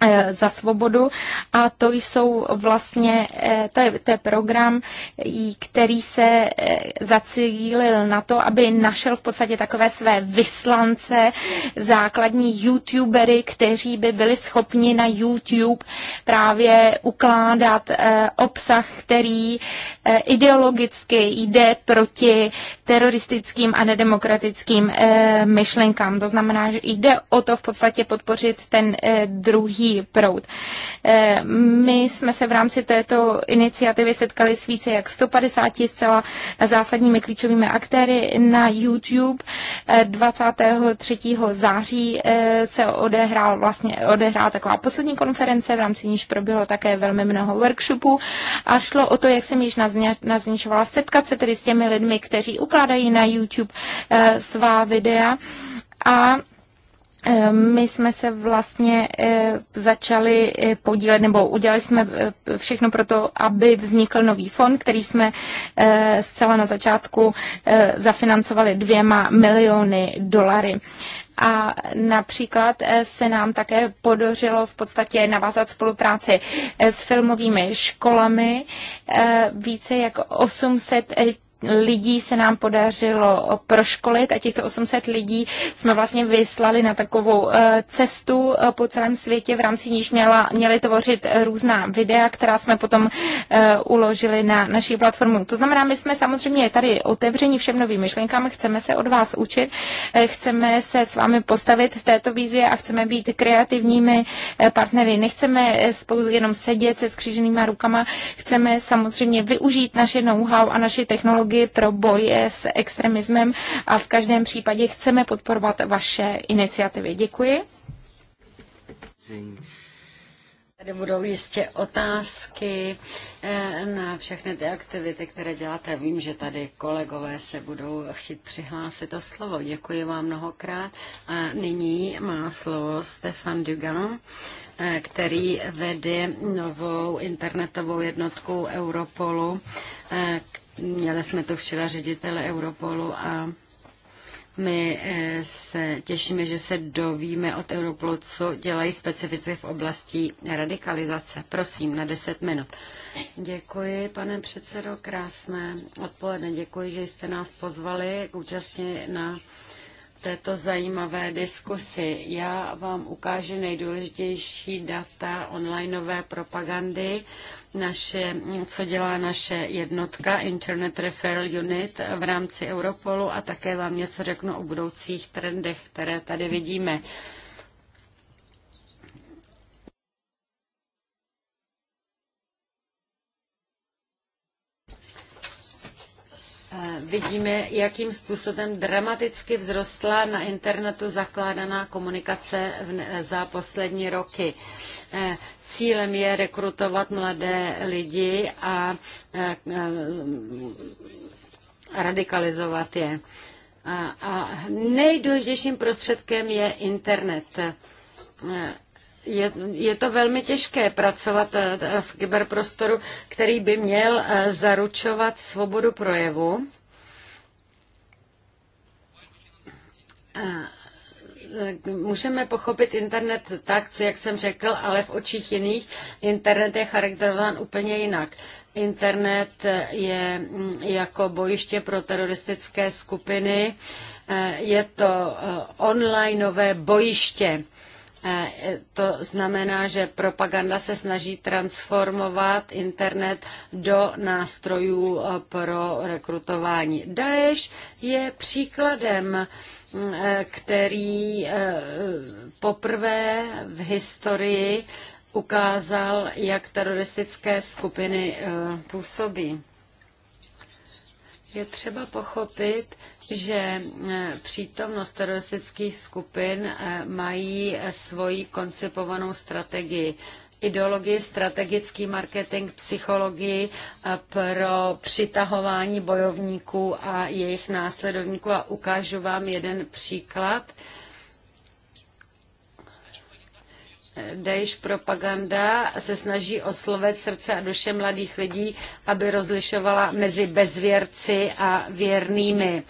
Eh, za svobodu a to jsou vlastně, eh, to je, to je program, který se eh, zacílil na to, aby našel v podstatě takové své vyslance, základní youtubery, kteří by byli schopni na YouTube právě ukládat obsah, který ideologicky jde proti teroristickým a nedemokratickým myšlenkám. To znamená, že jde o to v podstatě podpořit ten druhý třetí proud. Eh, my jsme se v rámci této iniciativy setkali s více jak 150 zcela zásadními klíčovými aktéry na YouTube. 23. Eh, září eh, se odehrál vlastně odehrála taková poslední konference, v rámci níž proběhlo také velmi mnoho workshopů a šlo o to, jak jsem již naznačovala, setkat se tedy s těmi lidmi, kteří ukládají na YouTube svá videa a Ehm, my jsme se vlastně eh, začali eh, podílet, nebo udělali jsme eh, všechno pro to, aby vznikl nový fond, který jsme zcela na začátku zafinancovali dvěma miliony dolary. A například se nám také podařilo v podstatě navázat spolupráci s filmovými školami. Více jak 800 lidí se nám podařilo proškolit a těchto 800 lidí jsme vlastně vyslali na takovou eh, cestu eh, po celém světě, v rámci níž měla, měly tvořit eh, různá videa, která jsme potom uložili na naší platformu. To znamená, my jsme samozřejmě tady otevření všem novým myšlenkám, chceme se od vás učit, chceme se s vámi postavit této výzvě a chceme být kreativními partnery. Nechceme spolu jenom sedět se skříženýma rukama, chceme samozřejmě využít naše know-how a naše technologie strategii pro boje s extremismem a v každém případě chceme podporovat vaše iniciativy. Děkuji. Tady budou jistě otázky eh, na všechny ty aktivity, které děláte. Vím, že tady kolegové se budou chtít přihlásit o slovo. Děkuji vám mnohokrát. A nyní má slovo Stefan Dugan, eh, který vede novou internetovou jednotku Europolu, eh, Měli jsme tu včera ředitele Europolu a my eh, se těšíme, že se dovíme od Europolu, co dělají specifici v oblasti radikalizace. Prosím, na 10 minut. Děkuji, pane předsedo, krásné odpoledne. Děkuji, že jste nás pozvali k účasti na této zajímavé diskusi. Já vám ukážu nejdůležitější data onlineové propagandy naše, co dělá naše jednotka Internet Referral Unit v rámci Europolu a také vám něco řeknu o budoucích trendech, které tady vidíme. Eh, vidíme, jakým způsobem dramaticky vzrostla na internetu zakládaná komunikace v, za poslední roky. Eh, cílem je rekrutovat mladé lidi a eh, radikalizovat je. A, a nejdůležitějším prostředkem je internet je, je to velmi těžké pracovat eh, v kyberprostoru, který by měl eh, zaručovat svobodu projevu. Eh, můžeme pochopit internet tak, co jak jsem řekl, ale v očích jiných internet je charakterizován úplně jinak. Internet je mm, jako bojiště pro teroristické skupiny, je to onlineové bojiště E, to znamená, že propaganda se snaží transformovat internet do nástrojů e, pro rekrutování. Daesh je příkladem, e, který poprvé v historii ukázal, jak teroristické skupiny působí. Je třeba pochopit, že eh, přítomnost teroristických skupin eh, mají eh, svoji koncipovanou strategii ideologii, strategický marketing, psychologii pro přitahování bojovníků a jejich následovníků. A ukážu vám jeden příklad Daesh propaganda se snaží oslovit srdce a duše mladých lidí, aby rozlišovala mezi bezvěrci a věrnými.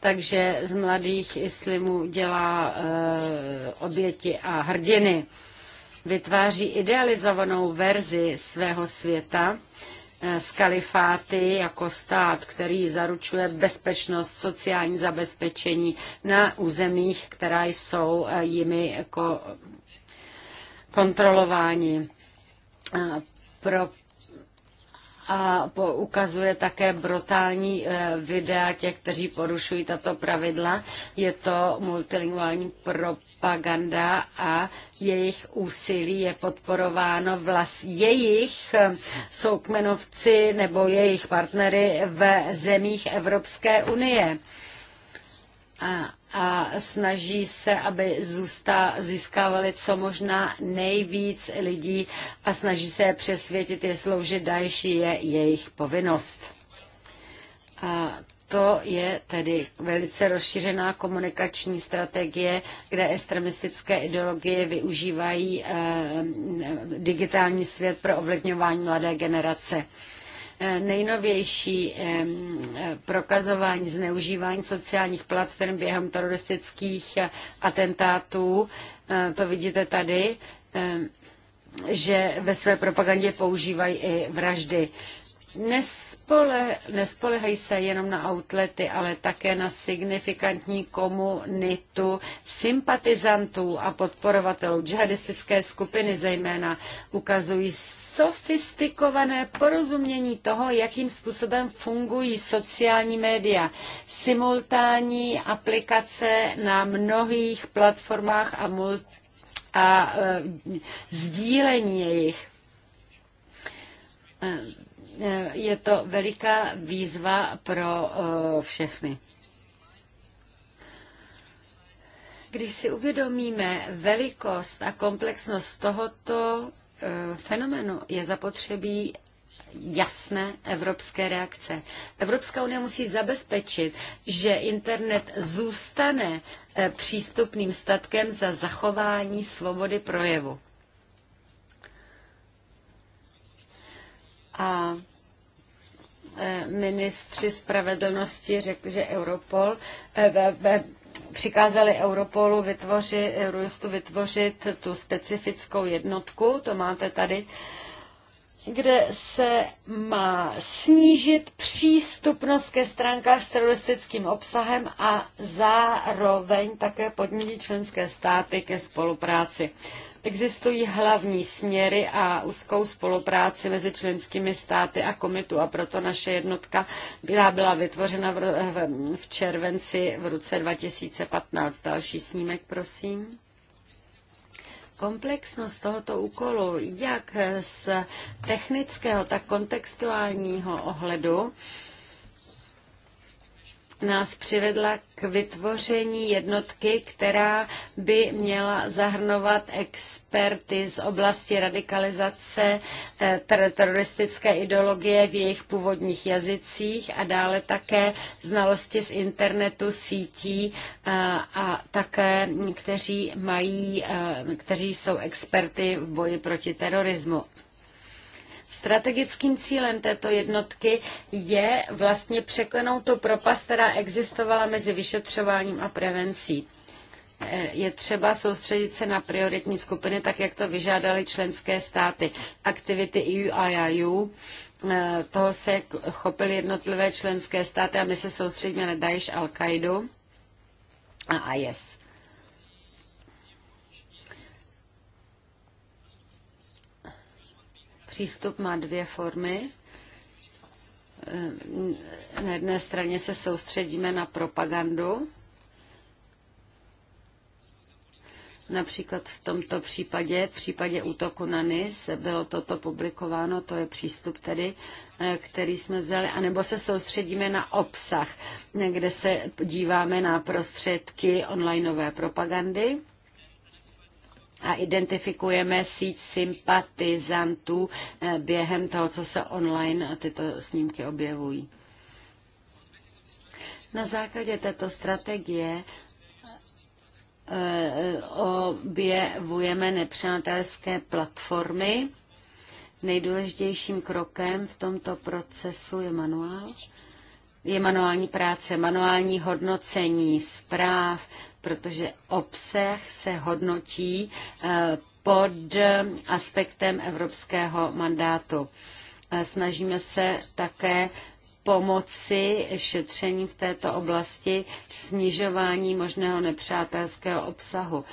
Takže z mladých islimů dělá e, oběti a hrdiny. Vytváří idealizovanou verzi svého světa e, z kalifáty jako stát, který zaručuje bezpečnost, sociální zabezpečení na územích, která jsou e, jimi jako kontrolování. Pro a ukazuje také brutální e, videa těch, kteří porušují tato pravidla. Je to multilinguální propaganda a jejich úsilí je podporováno vlast jejich e, soukmenovci nebo jejich partnery v zemích Evropské unie a, a snaží se, aby zůsta, získávali co možná nejvíc lidí a snaží se je přesvědčit, je sloužit další je jejich povinnost. A to je tedy velice rozšířená komunikační strategie, kde extremistické ideologie využívají eh, digitální svět pro ovlivňování mladé generace. Eh, Eh, nejnovější eh, eh, prokazování zneužívání sociálních platform během teroristických atentátů, to vidíte tady, že ve své propagandě používají i vraždy. Nespole, nespolehají se jenom na outlety, ale také na signifikantní komunitu sympatizantů a podporovatelů. Džihadistické skupiny zejména ukazují sofistikované porozumění toho, jakým způsobem fungují sociální média, simultánní aplikace na mnohých platformách a, mul- a e, sdílení jejich. E, e, je to veliká výzva pro e, všechny. Když si uvědomíme velikost a komplexnost tohoto fenoménu je zapotřebí jasné evropské reakce. Evropská unie musí zabezpečit, že internet zůstane eh, přístupným statkem za zachování svobody projevu. A eh, ministři spravedlnosti řekli, že Europol eh, přikázali Europolu vytvořit, Eurojustu vytvořit tu specifickou jednotku, to máte tady, kde se má snížit přístupnost ke stránkách s teroristickým obsahem a zároveň také podnítit členské státy ke spolupráci. Existují hlavní směry a úzkou spolupráci mezi členskými státy a komitu a proto naše jednotka byla, byla vytvořena v, v červenci v roce 2015. Další snímek, prosím komplexnost tohoto úkolu, jak z technického, tak kontextuálního ohledu, nás přivedla k vytvoření jednotky, která by měla zahrnovat experty z oblasti radikalizace eh, ter- teroristické ideologie v jejich původních jazycích a dále také znalosti z internetu, sítí a, eh, a také, kteří mají, eh, kteří jsou experty v boji proti terorismu. Strategickým cílem této jednotky je vlastně překlenout tu propast, která existovala mezi vyšetřováním a prevencí je třeba soustředit se na prioritní skupiny, tak jak to vyžádaly členské státy. Aktivity EU a eh, toho se chopily jednotlivé členské státy a my se soustředíme na Daesh, Al-Qaidu a IS. Přístup má dvě formy. Eh, na jedné straně se soustředíme na propagandu, Například v tomto případě, v případě útoku na NIS, bylo toto publikováno, to je přístup tedy, eh, který jsme vzali, anebo se soustředíme na obsah, kde se díváme na prostředky onlineové propagandy a identifikujeme síť sympatizantů eh, během toho, co se online tyto snímky objevují. Na základě této strategie eh, objevujeme nepřátelské platformy. Nejdůležitějším krokem v tomto procesu je manuál. Je manuální práce, manuální hodnocení zpráv, protože obsah se hodnotí eh, pod eh, aspektem evropského mandátu. Eh, snažíme se také pomoci šetření v této oblasti snižování možného nepřátelského obsahu.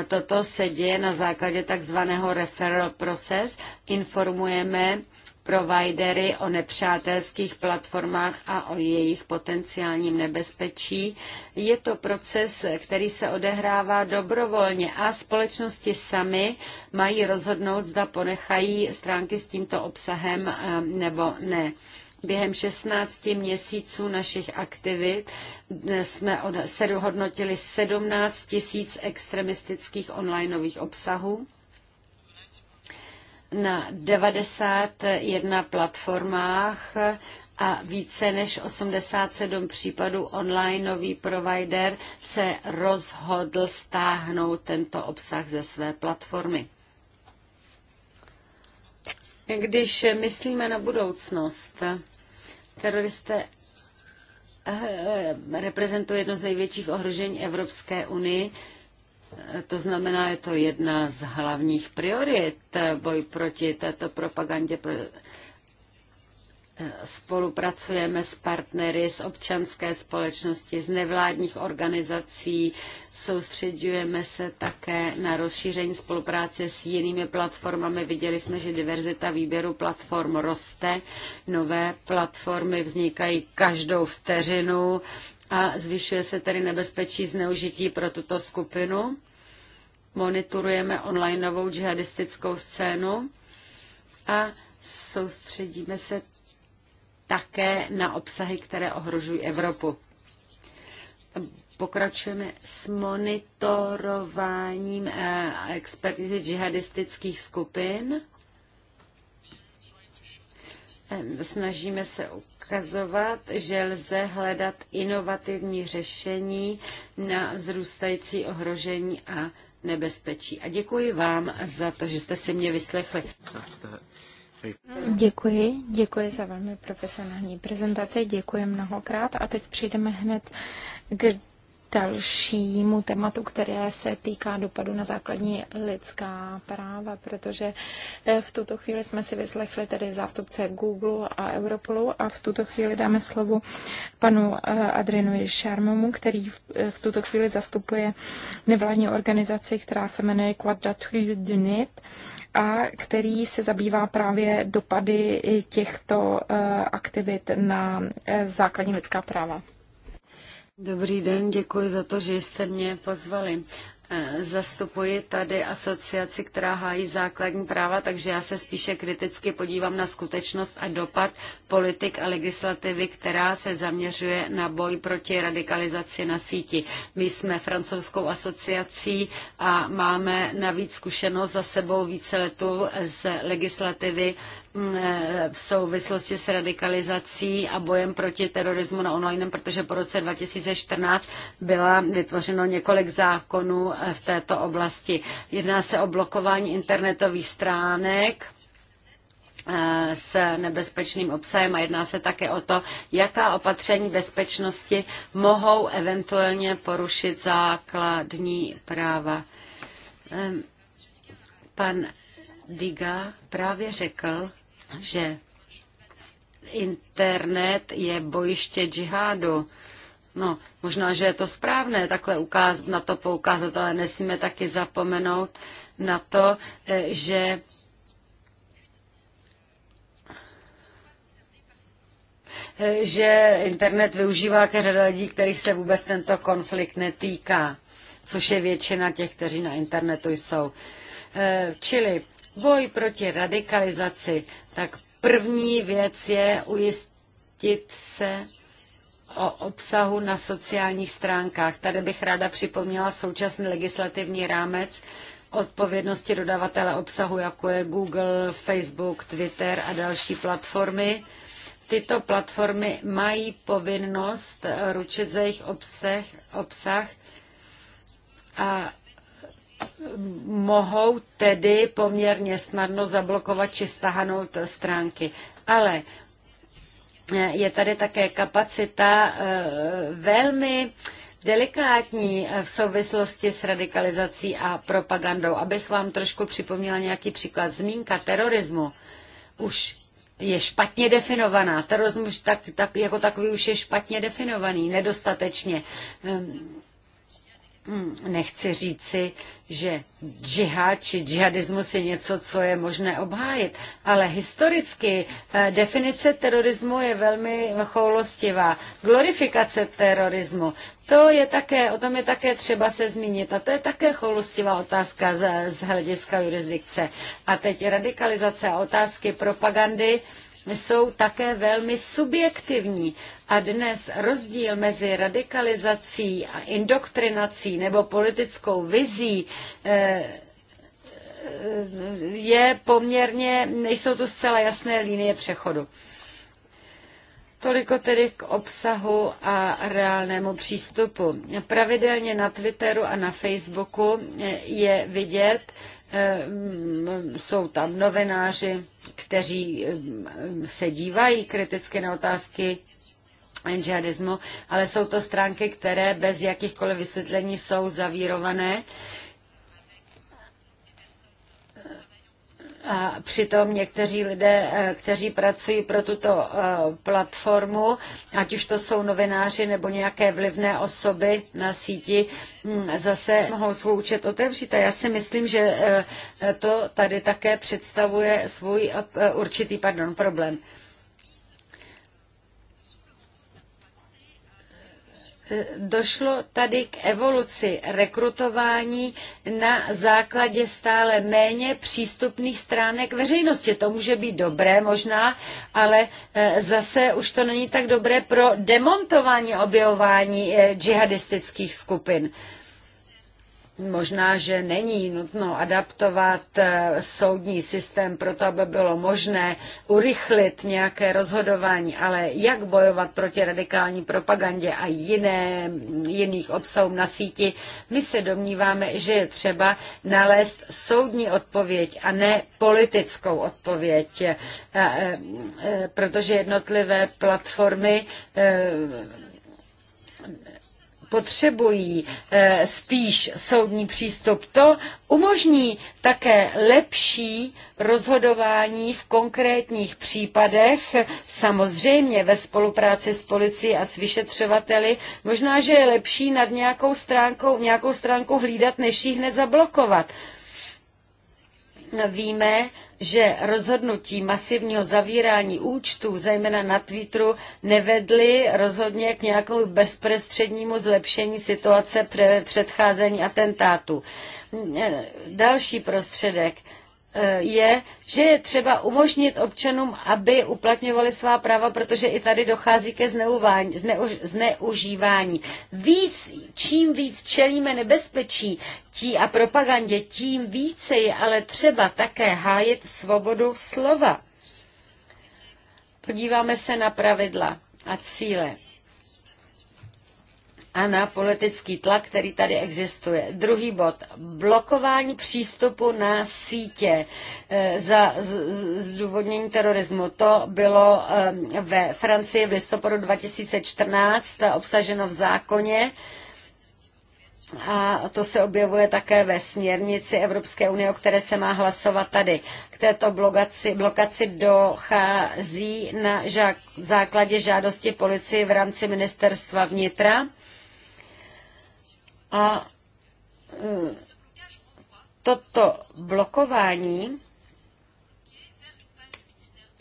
A toto se děje na základě takzvaného referral process. Informujeme providery, o nepřátelských platformách a o jejich potenciálním nebezpečí. Je to proces, který se odehrává dobrovolně a společnosti sami mají rozhodnout, zda ponechají stránky s tímto obsahem eh, nebo ne. Během 16 měsíců našich aktivit eh, jsme hodnotili 17 tisíc extremistických onlineových obsahů na 91 platformách a více než 87 případů online nový provider se rozhodl stáhnout tento obsah ze své platformy. Když myslíme na budoucnost, teroristé eh, reprezentují jedno z největších ohrožení Evropské unii to znamená, je to jedna z hlavních priorit boj proti této propagandě. Spolupracujeme s partnery z občanské společnosti, z nevládních organizací, soustředujeme se také na rozšíření spolupráce s jinými platformami. Viděli jsme, že diverzita výběru platform roste, nové platformy vznikají každou vteřinu a zvyšuje se tedy nebezpečí zneužití pro tuto skupinu. Monitorujeme onlineovou džihadistickou scénu a soustředíme se také na obsahy, které ohrožují Evropu. Pokračujeme s monitorováním eh, expertizy džihadistických skupin Snažíme se ukazovat, že lze hledat inovativní řešení na zrůstající ohrožení a nebezpečí. A děkuji vám za to, že jste si mě vyslechli. Děkuji, děkuji za velmi profesionální prezentaci, děkuji mnohokrát a teď přijdeme hned k dalšímu tématu, které se týká dopadu na základní lidská práva, protože eh, v tuto chvíli jsme si vyslechli tedy zástupce Google a Europolu a v tuto chvíli dáme slovo panu eh, Adrinovi Šarmomu, který eh, v tuto chvíli zastupuje nevládní organizaci, která se jmenuje Quadrature du a který se zabývá právě dopady těchto aktivit na základní lidská práva. Dobrý den, děkuji za to, že jste mě pozvali. Eh, zastupuji tady asociaci, která hájí základní práva, takže já se spíše kriticky podívám na skutečnost a dopad politik a legislativy, která se zaměřuje na boj proti radikalizaci na síti. My jsme francouzskou asociací a máme navíc zkušenost za sebou více letů z legislativy Eh, v souvislosti s radikalizací a bojem proti terorismu na online, protože po roce 2014 byla vytvořeno několik zákonů eh, v této oblasti. Jedná se o blokování internetových stránek, eh, s nebezpečným obsahem a jedná se také o to, jaká opatření bezpečnosti mohou eventuálně porušit základní práva. Pan Diga právě řekl, že internet je bojiště džihádu. No, možná, že je to správné takhle ukázat, na to poukázat, ale nesmíme taky zapomenout na to, eh, že eh, že internet využívá ke řada lidí, kterých se vůbec tento konflikt netýká, což je většina těch, kteří na internetu jsou. Eh, čili boj proti radikalizaci tak první věc je ujistit se o obsahu na sociálních stránkách. Tady bych ráda připomněla současný legislativní rámec odpovědnosti dodavatele obsahu, jako je Google, Facebook, Twitter a další platformy. Tyto platformy mají povinnost ručit za jejich obsah, obsah a mohou tedy poměrně snadno zablokovat či stahanout stránky. Ale je tady také kapacita eh, velmi delikátní eh, v souvislosti s radikalizací a propagandou. Abych vám trošku připomněla nějaký příklad. Zmínka terorismu už je špatně definovaná. Terorismus tak, tak, jako takový už je špatně definovaný, nedostatečně. Ehm, nechci říci, že džihad či džihadismus je něco, co je možné obhájit, ale historicky eh, definice terorismu je velmi choulostivá. Glorifikace terorismu, to je také, o tom je také třeba se zmínit a to je také choulostivá otázka z, z hlediska jurisdikce. A teď radikalizace a otázky propagandy, jsou také velmi subjektivní. A dnes rozdíl mezi radikalizací a indoktrinací nebo politickou vizí eh, eh, je poměrně, nejsou tu zcela jasné linie přechodu. Toliko tedy k obsahu a reálnému přístupu. Pravidelně na Twitteru a na Facebooku eh, je vidět, Ehm, jsou tam novináři, kteří ehm, se dívají kriticky na otázky džihadismu, ale jsou to stránky, které bez jakýchkoliv vysvětlení jsou zavírované přitom někteří lidé, eh, kteří pracují pro tuto eh, platformu, ať už to jsou novináři nebo nějaké vlivné osoby na síti, hm, zase mohou svůj účet otevřít. A já si myslím, že eh, to tady také představuje svůj určitý pardon, problém. Došlo tady k evoluci rekrutování na základě stále méně přístupných stránek veřejnosti. To může být dobré možná, ale eh, zase už to není tak dobré pro demontování objevování eh, džihadistických skupin. Možná, že není nutno adaptovat eh, soudní systém to, aby bylo možné urychlit nějaké rozhodování, ale jak bojovat proti radikální propagandě a jiné, jiných obsahům na síti, my se domníváme, že je třeba nalézt soudní odpověď a ne politickou odpověď, eh, eh, protože jednotlivé platformy potřebují eh, spíš soudní přístup. To umožní také lepší rozhodování v konkrétních případech, samozřejmě ve spolupráci s policií a s vyšetřovateli. Možná, že je lepší nad nějakou stránkou, nějakou stránkou hlídat, než ji hned zablokovat. Víme, že rozhodnutí masivního zavírání účtů, zejména na Twitteru, nevedly rozhodně k nějakou bezprostřednímu zlepšení situace před předcházení atentátu. Další prostředek Eh, je, že je třeba umožnit občanům, aby uplatňovali svá práva, protože i tady dochází ke zneuvání, zneuž, zneužívání. Víc, čím víc čelíme nebezpečí tí a propagandě, tím více je ale třeba také hájit svobodu slova. Podíváme se na pravidla a cíle a na politický tlak, který tady existuje. Druhý bod. Blokování přístupu na sítě eh, za zdůvodnění terorismu. To bylo eh, ve Francii v listopadu 2014 obsaženo v zákoně. A to se objevuje také ve směrnici Evropské unie, o které se má hlasovat tady. K této blokaci, blokaci dochází na žák, základě žádosti policii v rámci ministerstva vnitra a e, toto blokování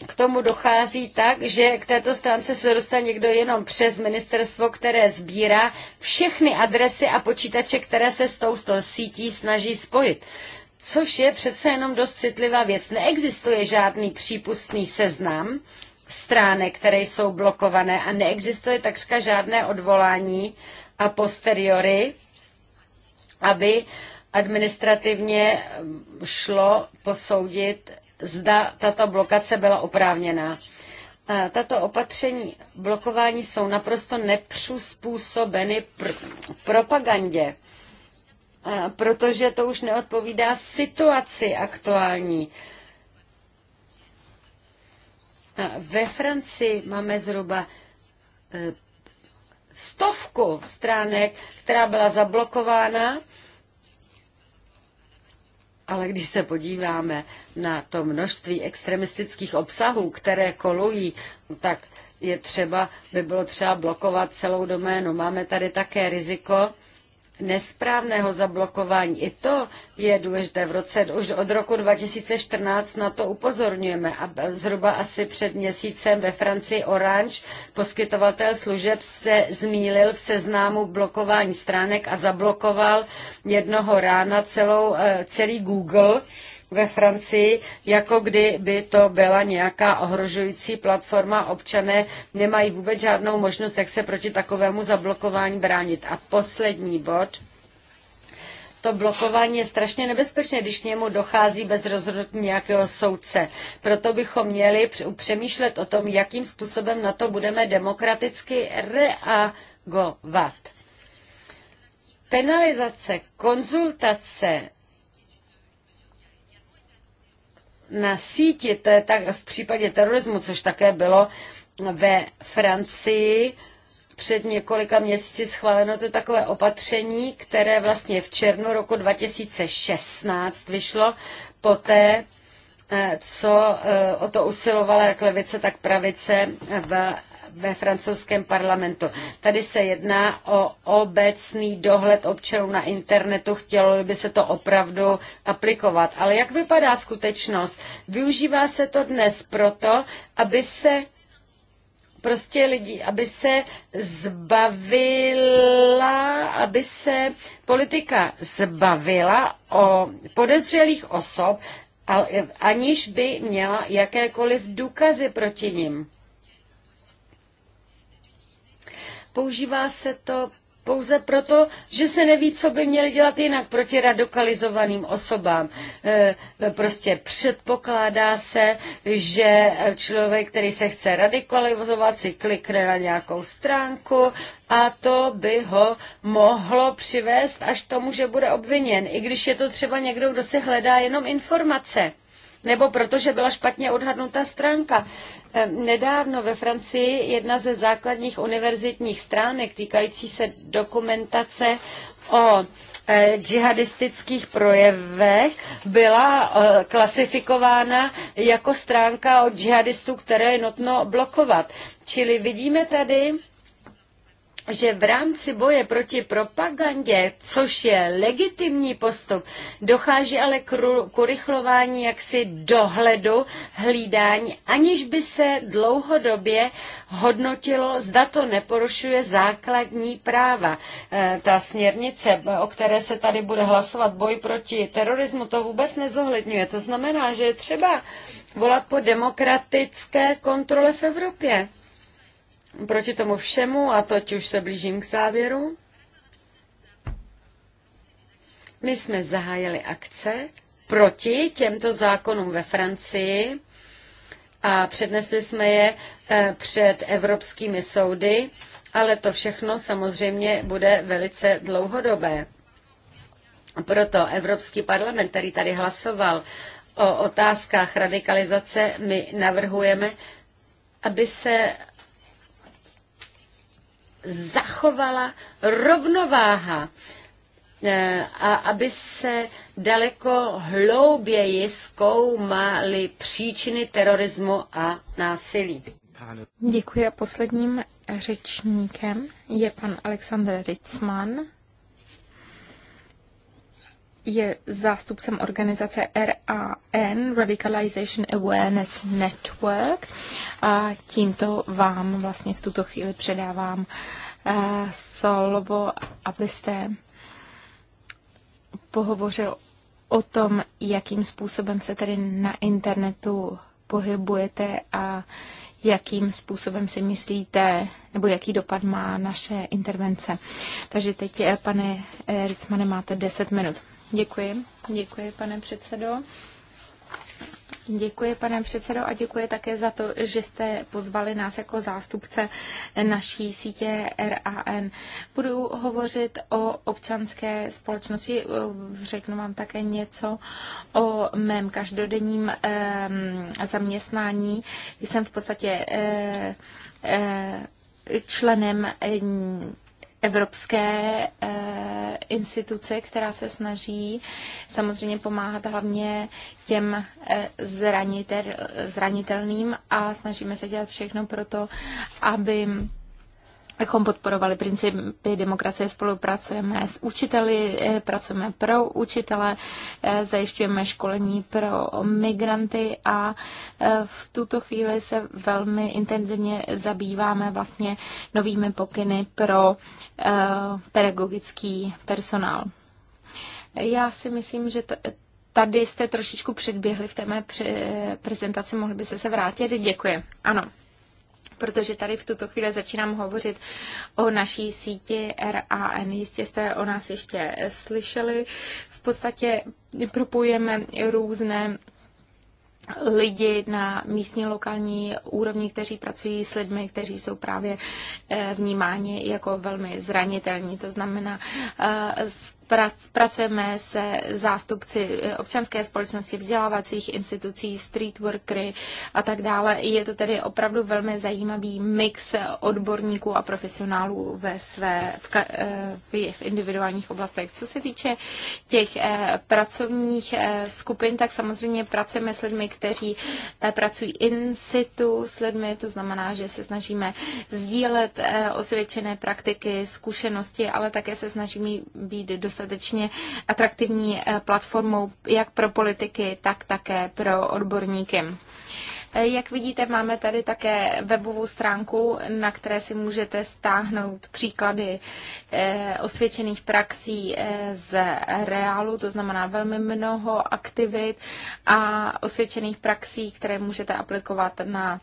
k tomu dochází tak, že k této stránce se dostane někdo jenom přes ministerstvo, které sbírá všechny adresy a počítače, které se s touto sítí snaží spojit. Což je přece jenom dost citlivá věc. Neexistuje žádný přípustný seznam stránek, které jsou blokované a neexistuje takřka žádné odvolání a posteriori aby administrativně šlo posoudit, zda tato blokace byla oprávněná. Tato opatření blokování jsou naprosto nepřizpůsobeny pr- propagandě, protože to už neodpovídá situaci aktuální. Ve Francii máme zhruba e, stovku stránek, která byla zablokována ale když se podíváme na to množství extremistických obsahů, které kolují, tak je třeba, by bylo třeba blokovat celou doménu. Máme tady také riziko, nesprávného zablokování. I to je důležité. V roce, už od roku 2014 na to upozorňujeme. A zhruba asi před měsícem ve Francii Orange poskytovatel služeb se zmílil v seznámu blokování stránek a zablokoval jednoho rána celou, eh, celý Google ve Francii, jako kdyby to byla nějaká ohrožující platforma. Občané nemají vůbec žádnou možnost, jak se proti takovému zablokování bránit. A poslední bod to blokování je strašně nebezpečné, když k němu dochází bez rozhodnutí nějakého soudce. Proto bychom měli přemýšlet o tom, jakým způsobem na to budeme demokraticky reagovat. Penalizace, konzultace na síti, to je tak v případě terorismu, což také bylo ve Francii před několika měsíci schváleno to takové opatření, které vlastně v červnu roku 2016 vyšlo poté, Eh, co eh, o to usilovala jak levice, tak pravice v ve francouzském parlamentu. Tady se jedná o obecný dohled občanů na internetu, chtělo by se to opravdu aplikovat. Ale jak vypadá skutečnost? Využívá se to dnes proto, aby se prostě lidi, aby se zbavila, aby se politika zbavila o podezřelých osob, aniž by měla jakékoliv důkazy proti ním, Používá se to pouze proto, že se neví, co by měli dělat jinak proti radikalizovaným osobám. E, prostě předpokládá se, že člověk, který se chce radikalizovat, si klikne na nějakou stránku a to by ho mohlo přivést až tomu, že bude obviněn, i když je to třeba někdo, kdo si hledá jenom informace nebo protože byla špatně odhadnuta stránka. Nedávno ve Francii jedna ze základních univerzitních stránek týkající se dokumentace o e, džihadistických projevech byla e, klasifikována jako stránka od džihadistů, které je nutno blokovat. Čili vidíme tady že v rámci boje proti propagandě, což je legitimní postup, dochází ale k, ru, k urychlování jaksi dohledu, hlídání, aniž by se dlouhodobě hodnotilo, zda to neporušuje základní práva. E, ta směrnice, o které se tady bude hlasovat, boj proti terorismu, to vůbec nezohledňuje. To znamená, že je třeba volat po demokratické kontrole v Evropě proti tomu všemu, a toť už se blížím k závěru, my jsme zahájili akce proti těmto zákonům ve Francii a přednesli jsme je eh, před evropskými soudy, ale to všechno samozřejmě bude velice dlouhodobé. Proto Evropský parlament, který tady hlasoval o otázkách radikalizace, my navrhujeme, aby se zachovala rovnováha eh, a aby se daleko hlouběji zkoumaly příčiny terorismu a násilí. Děkuji a posledním řečníkem je pan Alexander Ritzman, je zástupcem organizace RAN, Radicalization Awareness Network. A tímto vám vlastně v tuto chvíli předávám uh, slovo, abyste pohovořil o tom, jakým způsobem se tady na internetu pohybujete a jakým způsobem si myslíte, nebo jaký dopad má naše intervence. Takže teď, eh, pane eh, Ricmane, máte 10 minut. Děkuji. Děkuji, pane předsedo. Děkuji, pane předsedo, a děkuji také za to, že jste pozvali nás jako zástupce naší sítě RAN. Budu hovořit o občanské společnosti, řeknu vám také něco o mém každodenním zaměstnání. Jsem v podstatě eh, eh, členem evropské eh, instituce, která se snaží samozřejmě pomáhat hlavně těm eh, zranitel, zranitelným a snažíme se dělat všechno pro to, aby abychom podporovali principy demokracie, spolupracujeme s učiteli, eh, pracujeme pro učitele, eh, zajišťujeme školení pro migranty a eh, v tuto chvíli se velmi intenzivně zabýváme vlastně novými pokyny pro pedagogický personál. Já si myslím, že tady jste trošičku předběhli v té mé prezentaci, mohli byste se vrátit. Děkuji. Ano protože tady v tuto chvíli začínám hovořit o naší síti RAN. Jistě jste o nás ještě slyšeli. V podstatě propojujeme různé lidi na místní lokální úrovni, kteří pracují s lidmi, kteří jsou právě eh, vnímáni jako velmi zranitelní. To znamená, eh, pracujeme se zástupci eh, občanské společnosti, vzdělávacích institucí, street workery a tak dále. Je to tedy opravdu velmi zajímavý mix odborníků a profesionálů ve své, v, eh, v, v individuálních oblastech. Co se týče těch eh, pracovních skupin, tak samozřejmě pracujeme s lidmi, kteří pracují in situ s lidmi, to znamená, že se snažíme sdílet osvědčené praktiky, zkušenosti, ale také se snažíme být dost dostatečně atraktivní eh, platformou jak pro politiky, tak také pro odborníky. Eh, jak vidíte, máme tady také webovou stránku, na které si můžete stáhnout příklady eh, osvědčených praxí z reálu, to znamená velmi mnoho aktivit a osvědčených praxí, které můžete aplikovat na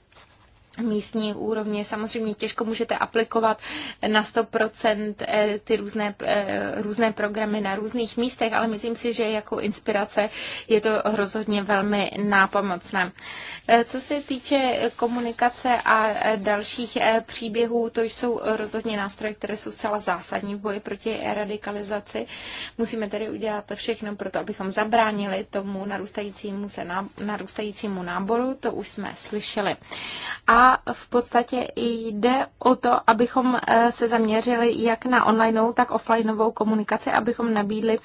místní úrovně. Samozřejmě těžko můžete aplikovat na 100% eh, ty různé, eh, různé programy na různých místech, ale myslím si, že jako inspirace je to rozhodně velmi nápomocné. Eh, co se týče komunikace a dalších příběhů, to jsou rozhodně nástroje, které jsou zcela zásadní v boji proti radikalizaci. Musíme tedy udělat všechno pro to, abychom zabránili tomu narůstajícímu, se, narůstajícímu náboru, to už jsme slyšeli. A a v podstatě jde o to, abychom eh, se zaměřili jak na online, tak offlineovou komunikaci, abychom nabídli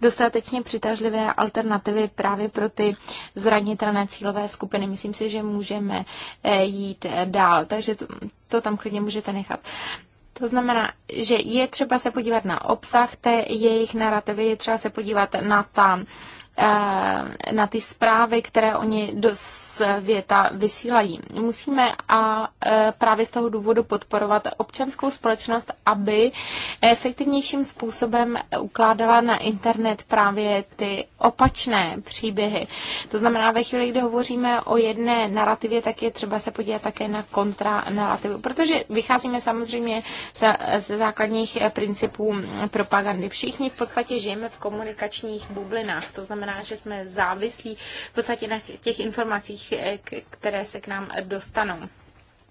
dostatečně přitažlivé alternativy právě pro ty zranitelné cílové skupiny. Myslím si, že můžeme eh, jít eh, dál, takže to, to tam klidně můžete nechat. To znamená, že je třeba se podívat na obsah té jejich narrativy, je třeba se podívat na ta na ty zprávy, které oni dos, světa vysílají. Musíme a e, právě z toho důvodu podporovat občanskou společnost, aby efektivnějším způsobem ukládala na internet právě ty opačné příběhy. To znamená, ve chvíli, kdy hovoříme o jedné narrativě, tak je třeba se podívat také na kontranarrativu, protože vycházíme samozřejmě ze základních principů propagandy. Všichni v podstatě žijeme v komunikačních bublinách, to znamená, že jsme závislí v podstatě na těch informacích, Eh, které se k nám dostanou.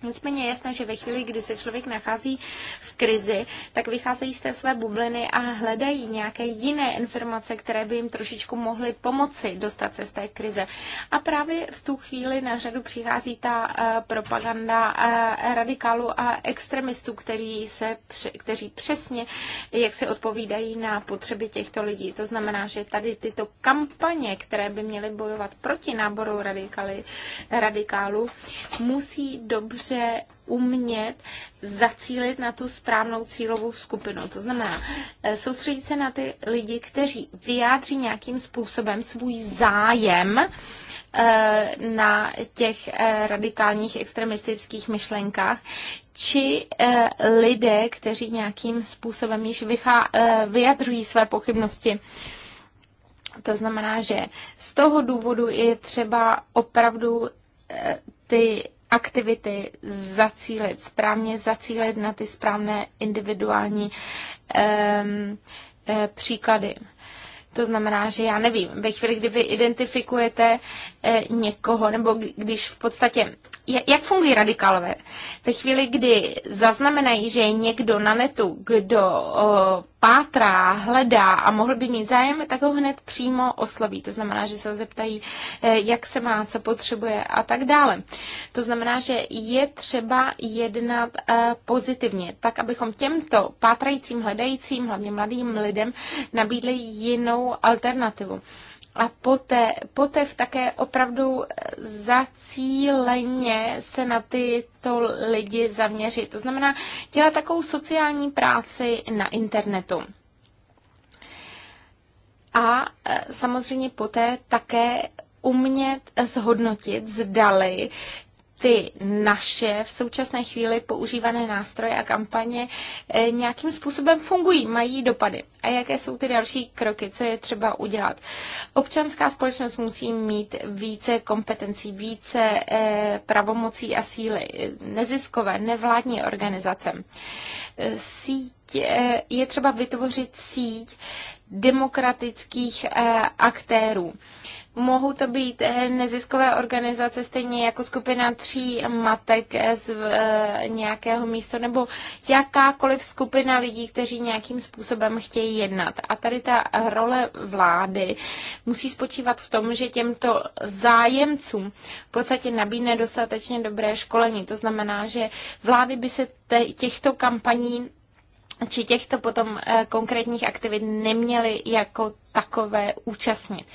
Nicméně je jasné, že ve chvíli, kdy se člověk nachází v krizi, tak vycházejí z té své bubliny a hledají nějaké jiné informace, které by jim trošičku mohly pomoci dostat se z té krize. A právě v tu chvíli na řadu přichází ta eh, propaganda eh, radikálů a extremistů, kteří, se, kteří přesně jak se odpovídají na potřeby těchto lidí. To znamená, že tady tyto kampaně, které by měly bojovat proti náboru radikály, radikálů, musí dobře prostě umět zacílit na tu správnou cílovou skupinu. To znamená e, soustředit se na ty lidi, kteří vyjádří nějakým způsobem svůj zájem e, na těch e, radikálních extremistických myšlenkách, či lidé, kteří nějakým způsobem již vyjadřují své pochybnosti. To znamená, že z toho důvodu je třeba opravdu ty aktivity zacílit, správně zacílit na ty správné individuální um, příklady. To znamená, že já nevím, ve chvíli, kdy vy identifikujete eh, někoho, nebo když v podstatě jak fungují radikálové? Ve chvíli, kdy zaznamenají, že je někdo na netu, kdo o, pátrá, hledá a mohl by mít zájem, tak ho hned přímo osloví. To znamená, že se zeptají, e, jak se má, co potřebuje a tak dále. To znamená, že je třeba jednat e, pozitivně, tak abychom těmto pátrajícím, hledajícím, hlavně mladým lidem nabídli jinou alternativu a poté, poté také opravdu zacíleně se na tyto lidi zaměřit. To znamená dělat takovou sociální práci na internetu. A e, samozřejmě poté také umět zhodnotit, zdali ty naše v současné chvíli používané nástroje a kampaně eh, nějakým způsobem fungují, mají dopady. A jaké jsou ty další kroky, co je třeba udělat? Občanská společnost musí mít více kompetencí, více eh, pravomocí a síly. Eh, neziskové, nevládní organizace. Síť, je třeba vytvořit síť demokratických aktérů mohou to být eh, neziskové organizace, stejně jako skupina tří matek eh, z eh, nějakého místa, nebo jakákoliv skupina lidí, kteří nějakým způsobem chtějí jednat. A tady ta role vlády musí spočívat v tom, že těmto zájemcům v podstatě nabídne dostatečně dobré školení. To znamená, že vlády by se těchto kampaní či těchto potom eh, konkrétních aktivit neměli jako takové účastnit.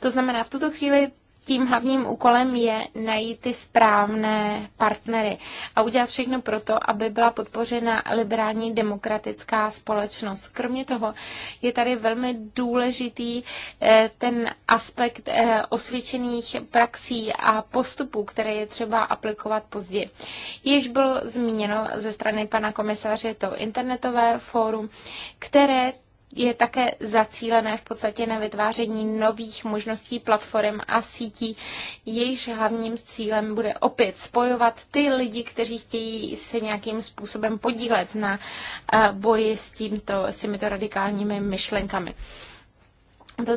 To znamená, v tuto chvíli tím hlavním úkolem je najít ty správné partnery a udělat všechno proto, aby byla podpořena liberální demokratická společnost. Kromě toho je tady velmi důležitý eh, ten aspekt eh, osvědčených praxí a postupů, které je třeba aplikovat později. Již bylo zmíněno ze strany pana komisaře to internetové fórum, které je také zacílené v podstatě na vytváření nových možností platform a sítí. Jejich hlavním cílem bude opět spojovat ty lidi, kteří chtějí se nějakým způsobem podílet na eh, boji s, tímto, s těmito radikálními myšlenkami. To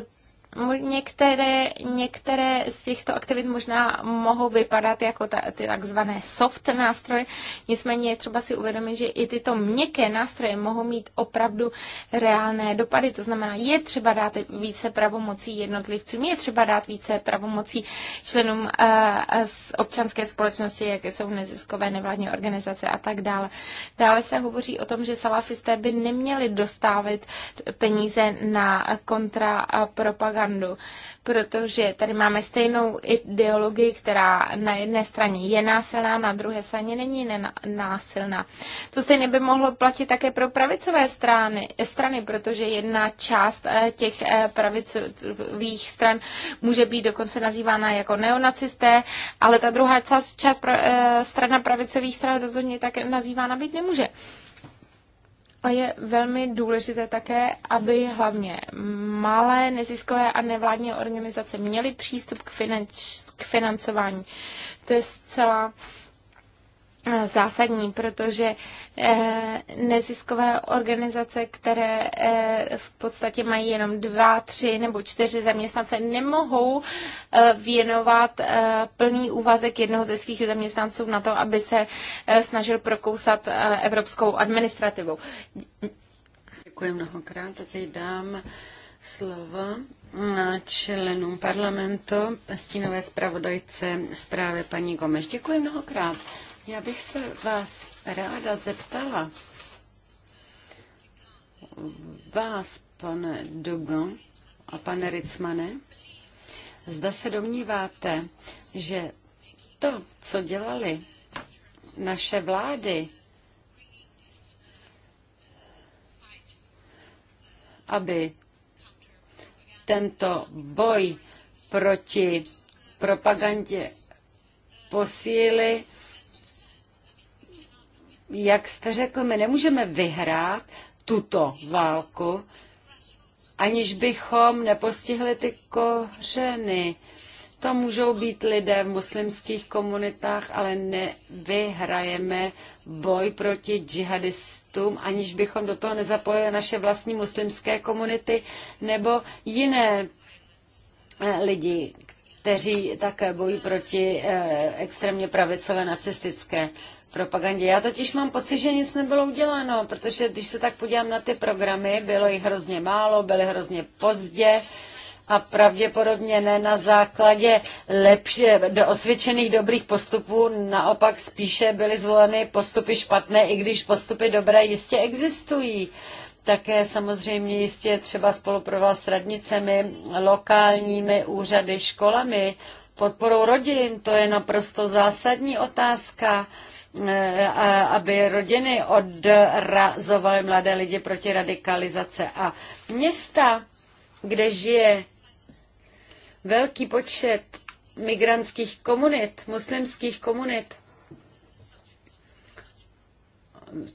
Některé, některé z těchto aktivit možná mohou vypadat jako ta, ty takzvané soft nástroje, nicméně je třeba si uvědomit, že i tyto měkké nástroje mohou mít opravdu reálné dopady. To znamená, je třeba dát více pravomocí jednotlivcům, je třeba dát více pravomocí členům eh, z občanské společnosti, jaké jsou neziskové nevládní organizace a tak dále. Dále se hovoří o tom, že salafisté by neměli dostávat peníze na kontra propagandu propagandu, protože tady máme stejnou ideologii, která na jedné straně je násilná, na druhé straně není násilná. To stejně by mohlo platit také pro pravicové strany, strany protože jedna část eh, těch eh, pravicových stran může být dokonce nazývána jako neonacisté, ale ta druhá část, část pra, eh, strana pravicových stran rozhodně tak nazývána být nemůže. A je velmi důležité také, aby hlavně malé neziskové a nevládní organizace měly přístup k, finanč, k financování. To je zcela zásadní, protože eh, neziskové organizace, které eh, v podstatě mají jenom dva, tři nebo čtyři zaměstnance, nemohou eh, věnovat plný úvazek jednoho ze svých zaměstnanců na to, aby se snažil prokousat evropskou administrativu. Děkuji mnohokrát a teď dám slovo členům parlamentu, stínové zpravodajce zprávy paní Gomeš. Děkuji mnohokrát. Já bych se vás ráda zeptala, vás, pane Dugan a pane Ritzmane, zda se domníváte, že to, co dělali naše vlády, aby tento boj proti propagandě posílili, jak jste řekl, my nemůžeme vyhrát tuto válku, aniž bychom nepostihli ty kořeny. To můžou být lidé v muslimských komunitách, ale nevyhrajeme boj proti džihadistům, aniž bychom do toho nezapojili naše vlastní muslimské komunity nebo jiné eh, lidi, kteří také bojují proti eh, extrémně pravicové nacistické propagandě. Já totiž mám pocit, že nic nebylo uděláno, protože když se tak podívám na ty programy, bylo jich hrozně málo, byly hrozně pozdě a pravděpodobně ne na základě lepší, do osvědčených dobrých postupů, naopak spíše byly zvoleny postupy špatné, i když postupy dobré jistě existují. Uh, také samozřejmě jistě třeba spolupracovat s radnicemi, lokálními úřady, školami, podporou rodin, to je naprosto zásadní otázka, eh, aby rodiny odrazovaly mladé lidi proti radikalizace. A města, kde žije velký počet migrantských komunit, muslimských komunit,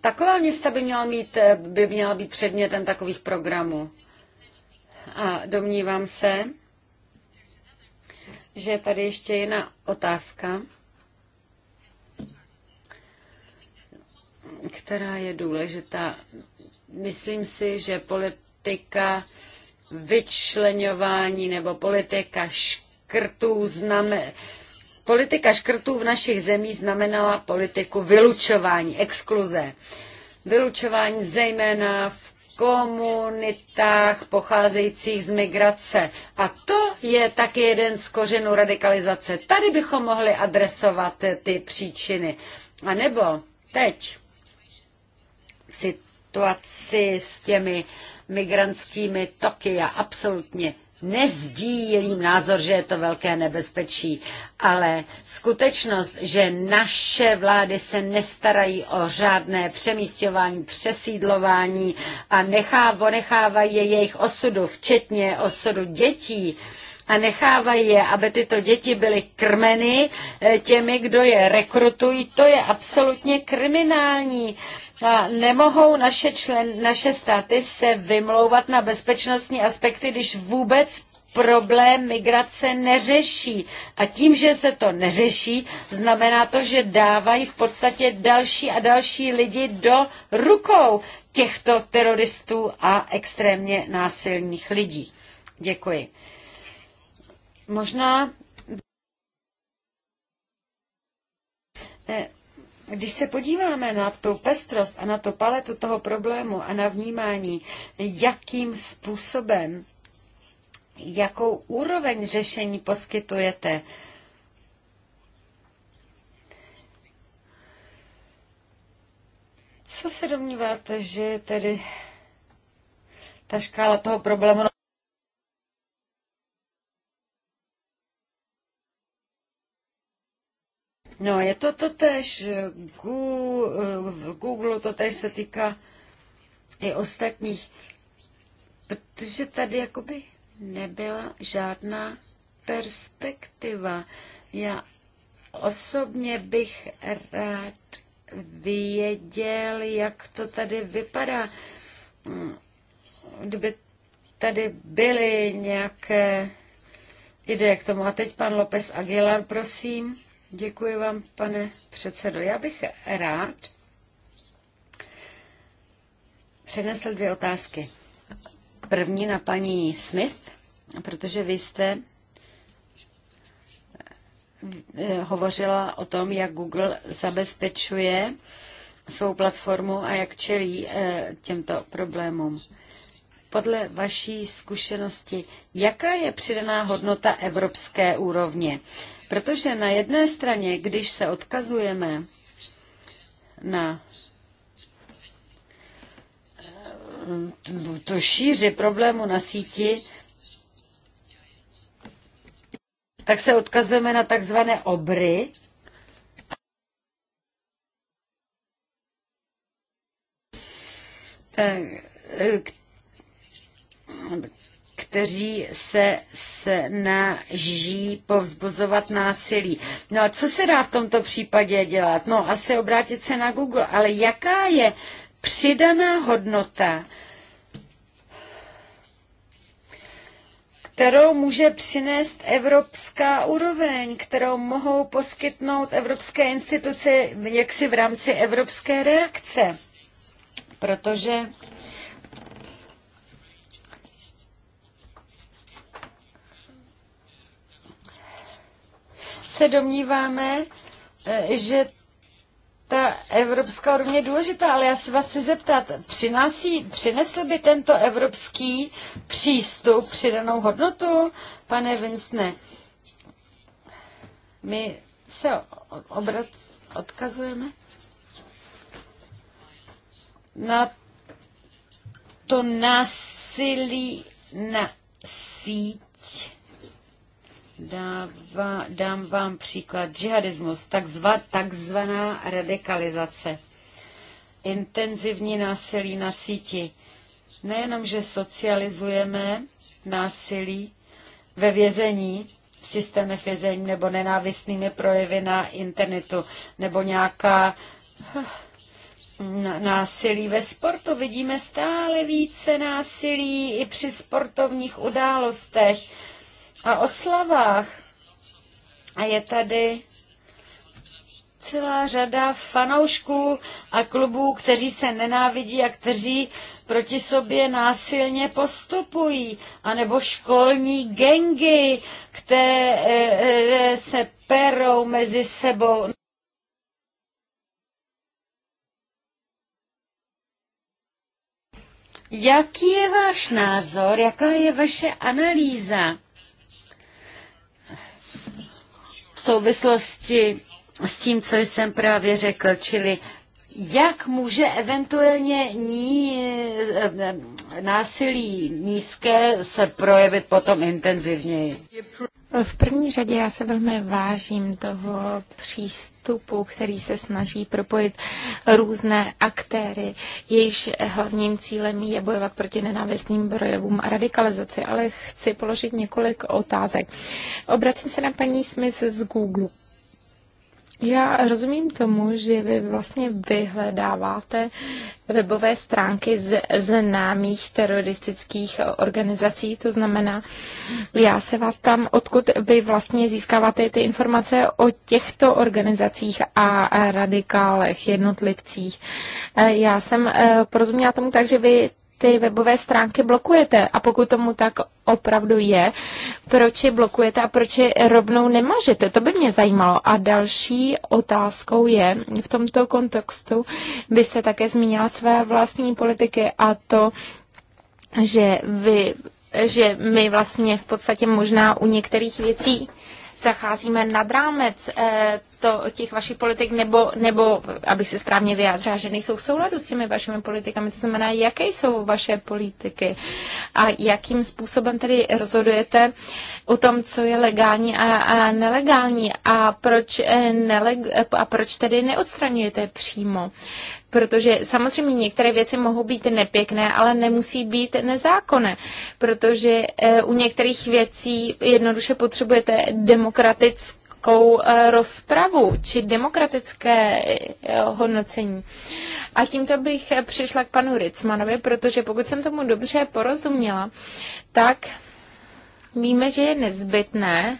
Taková města by měla, mít, by měla být předmětem takových programů. A domnívám se, že tady ještě jiná otázka, která je důležitá. Myslím si, že politika vyčlenování nebo politika škrtů znamená, Politika škrtů v našich zemích znamenala politiku vylučování, exkluze. Vylučování zejména v komunitách pocházejících z migrace. A to je taky jeden z kořenů radikalizace. Tady bychom mohli adresovat ty příčiny. A nebo teď v situaci s těmi migrantskými toky já absolutně nezdílím názor, že je to velké nebezpečí, ale skutečnost, že naše vlády se nestarají o řádné přemístování, přesídlování a nechá, nechávají je jejich osudu, včetně osudu dětí, a nechávají je, aby tyto děti byly krmeny eh, těmi, kdo je rekrutují, to je absolutně kriminální. A nemohou naše, člen, naše státy se vymlouvat na bezpečnostní aspekty, když vůbec problém migrace neřeší. A tím, že se to neřeší, znamená to, že dávají v podstatě další a další lidi do rukou těchto teroristů a extrémně násilných lidí. Děkuji. Možná eh, když se podíváme na tu pestrost a na to paletu toho problému a na vnímání, jakým způsobem, jakou úroveň řešení poskytujete, co se domníváte, že tedy ta škála toho problému No, je to to tež. Eh, eh, v Google to tež se týká i ostatních. Protože tady jakoby nebyla žádná perspektiva. Já osobně bych rád věděl, jak to tady vypadá. Mm, kdyby tady byly nějaké ideje k tomu. A teď pan López Aguilar, prosím. Děkuji vám, pane předsedo. Já bych rád přenesl dvě otázky. První na paní Smith, protože vy jste eh, hovořila o tom, jak Google zabezpečuje svou platformu a jak čelí eh, těmto problémům. Podle vaší zkušenosti, jaká je přidaná hodnota evropské úrovně? Protože na jedné straně, když se odkazujeme na eh, tu šíři problému na síti, tak se odkazujeme na takzvané obry. Eh, eh, kteří se snaží povzbuzovat násilí. No a co se dá v tomto případě dělat? No asi obrátit se na Google, ale jaká je přidaná hodnota, kterou může přinést evropská úroveň, kterou mohou poskytnout evropské instituce jaksi v rámci evropské reakce. Protože se domníváme, e, že ta evropská úroveň je důležitá, ale já se vás chci zeptat, přinásí, přinesl by tento evropský přístup přidanou hodnotu, pane Vincne? My se obrat, odkazujeme na to násilí na síť Dává, dám vám příklad. Džihadismus, takzva, takzvaná radikalizace. Intenzivní násilí na síti. Nejenom, že socializujeme násilí ve vězení, v systémech vězení nebo nenávistnými projevy na internetu, nebo nějaká hm, násilí ve sportu. Vidíme stále více násilí i při sportovních událostech a o slavách A je tady celá řada fanoušků a klubů, kteří se nenávidí a kteří proti sobě násilně postupují, anebo školní gengy, které se perou mezi sebou. Jaký je váš názor, jaká je vaše analýza? v souvislosti s tím, co jsem právě řekl, čili jak může eventuálně ní, eh, eh, násilí nízké se projevit potom intenzivněji? V první řadě já se velmi vážím toho přístupu, který se snaží propojit různé aktéry, jejichž hlavním cílem je bojovat proti nenávistným brojevům a radikalizaci, ale chci položit několik otázek. Obracím se na paní Smith z Google. Já rozumím tomu, že vy vlastně vyhledáváte webové stránky z známých teroristických organizací, to znamená, já se vás tam, odkud vy vlastně získáváte ty informace o těchto organizacích a radikálech, jednotlivcích. E, já jsem e, porozuměla tomu tak, že vy ty webové stránky blokujete. A pokud tomu tak opravdu je, proč je blokujete a proč je rovnou nemažete? To by mě zajímalo. A další otázkou je, v tomto kontextu byste také zmínila své vlastní politiky a to, že vy že my vlastně v podstatě možná u některých věcí zacházíme nad rámec eh, to, těch vašich politik, nebo, nebo, abych se správně vyjádřila, že nejsou v souladu s těmi vašimi politikami, to znamená, jaké jsou vaše politiky a jakým způsobem tedy rozhodujete o tom, co je legální a, a nelegální a proč, eh, neleg, a proč tedy neodstraňujete přímo protože samozřejmě některé věci mohou být nepěkné, ale nemusí být nezákonné, protože eh, u některých věcí jednoduše potřebujete demokratickou eh, rozpravu či demokratické eh, hodnocení. A tímto bych přišla k panu Ritzmanovi, protože pokud jsem tomu dobře porozuměla, tak víme, že je nezbytné,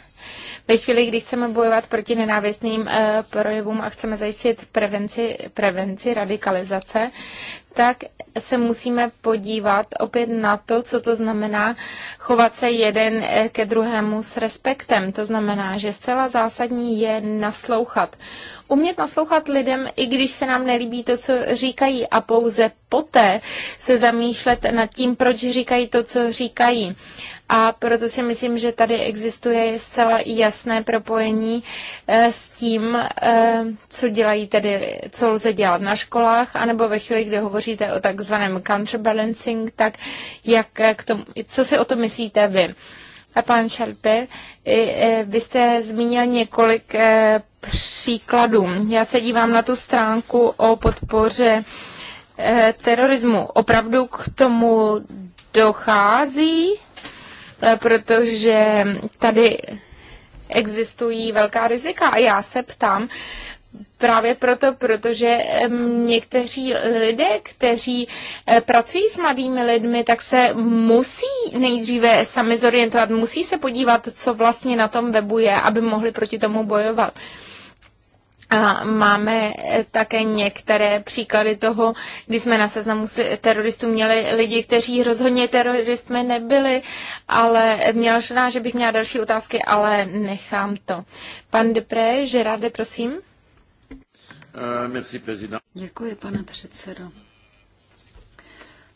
ve chvíli, kdy chceme bojovat proti nenávistným eh, projevům a chceme zajistit prevenci, prevenci radikalizace, tak se musíme podívat opět na to, co to znamená chovat se jeden eh, ke druhému s respektem. To znamená, že zcela zásadní je naslouchat. Umět naslouchat lidem, i když se nám nelíbí to, co říkají a pouze poté se zamýšlet nad tím, proč říkají to, co říkají a proto si myslím, že tady existuje zcela jasné propojení eh, s tím, eh, co dělají tedy, co lze dělat na školách, anebo ve chvíli, kdy hovoříte o takzvaném counterbalancing, tak jak eh, k tomu, co si o to myslíte vy? A pan Šarpe, vy jste zmínil několik příkladů. Já se dívám na tu stránku o podpoře terorismu. Opravdu k tomu dochází? Eh, protože tady existují velká rizika a já se ptám, Právě proto, protože někteří lidé, kteří eh, pracují s mladými lidmi, tak se musí nejdříve sami zorientovat, musí se podívat, co vlastně na tom webu je, aby mohli proti tomu bojovat. A máme také některé příklady toho, kdy jsme na seznamu teroristů měli lidi, kteří rozhodně teroristmi nebyli, ale měla žena, že bych měla další otázky, ale nechám to. Pan Depré, ráde, prosím. Eh, Děkuji, pane předsedo.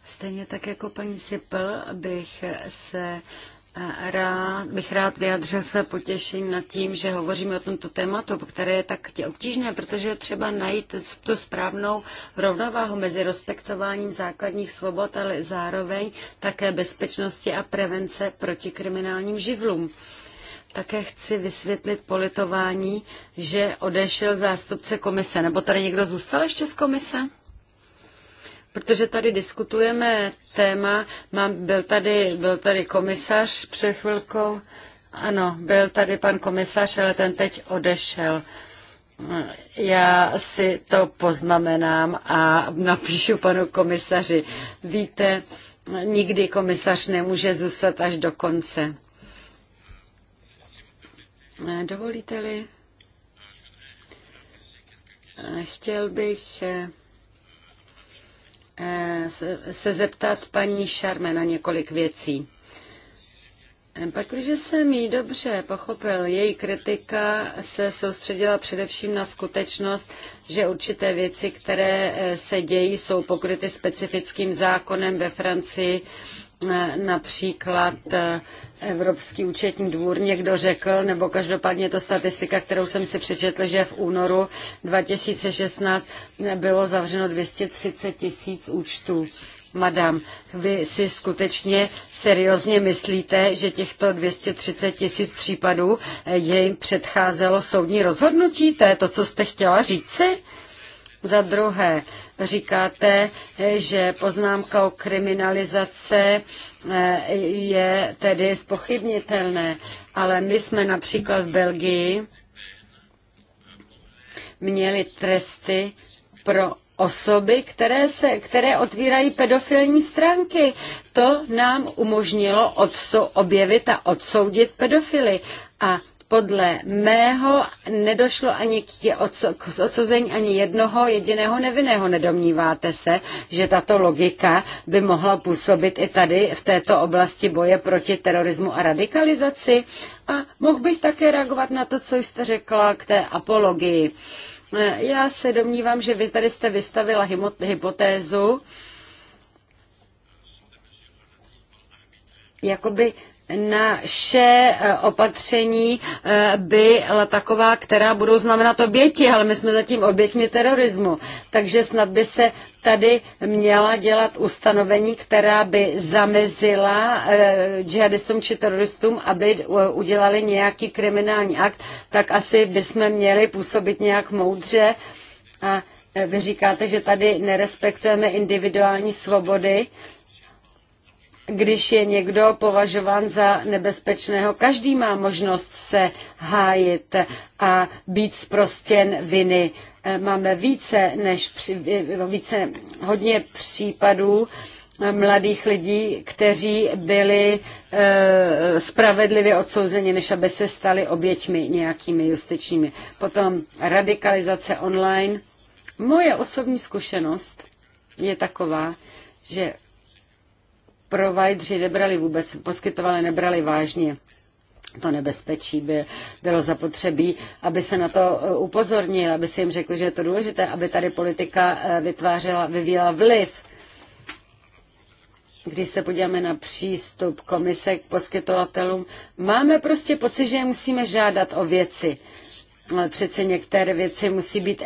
Stejně tak jako paní Sipl bych se rád, bych rád vyjadřil své potěšení nad tím, že hovoříme o tomto tématu, které je tak obtížné, protože je třeba najít tu správnou rovnováhu mezi respektováním základních svobod, ale zároveň také bezpečnosti a prevence proti kriminálním živlům. Také chci vysvětlit politování, že odešel zástupce komise. Nebo tady někdo zůstal ještě z komise? protože tady diskutujeme téma, mám, byl, tady, byl tady komisař před chvilkou, ano, byl tady pan komisař, ale ten teď odešel. Já si to poznamenám a napíšu panu komisaři. Víte, nikdy komisař nemůže zůstat až do konce. Dovolíte-li? Chtěl bych eh, Eh, se zeptat paní Šarme na několik věcí. Eh, Pak, jsem ji dobře pochopil, její kritika se soustředila především na skutečnost, že určité věci, které eh, se dějí, jsou pokryty specifickým zákonem ve Francii E, například e, Evropský účetní dvůr někdo řekl, nebo každopádně je to statistika, kterou jsem si přečetl, že v únoru 2016 bylo zavřeno 230 tisíc účtů. Madam, vy si skutečně seriózně myslíte, že těchto 230 tisíc případů e, jim předcházelo soudní rozhodnutí? To je to, co jste chtěla říci? Za druhé, říkáte, že poznámka o kriminalizace eh, je tedy spochybnitelné, ale my jsme například v Belgii měli tresty pro osoby, které, se, které otvírají pedofilní stránky. To nám umožnilo odso- objevit a odsoudit pedofily. A podle mého nedošlo ani k, k odsouzení ani jednoho jediného nevinného. Nedomníváte se, že tato logika by mohla působit i tady v této oblasti boje proti terorismu a radikalizaci? A mohl bych také reagovat na to, co jste řekla k té apologii. Eh, já se domnívám, že vy tady jste vystavila hypotézu, jakoby naše eh, opatření eh, byla taková, která budou znamenat oběti, ale my jsme zatím oběťmi terorismu. Takže snad by se tady měla dělat ustanovení, která by zamezila eh, džihadistům či teroristům, aby udělali nějaký kriminální akt, tak asi bychom měli působit nějak moudře. A vy říkáte, že tady nerespektujeme individuální svobody, když je někdo považován za nebezpečného, každý má možnost se hájit a být zprostěn viny. E, máme více než e, více, hodně případů e, mladých lidí, kteří byli e, spravedlivě odsouzeni, než aby se stali oběťmi nějakými justičními. Potom radikalizace online. Moje osobní zkušenost je taková, že provajdři nebrali vůbec, poskytovali nebrali vážně to nebezpečí by bylo zapotřebí, aby se na to e, upozornil, aby si jim řekl, že je to důležité, aby tady politika e, vytvářela, vyvíjela vliv. Když se podíváme na přístup komise k poskytovatelům, máme prostě pocit, že je musíme žádat o věci. No, přece některé věci musí být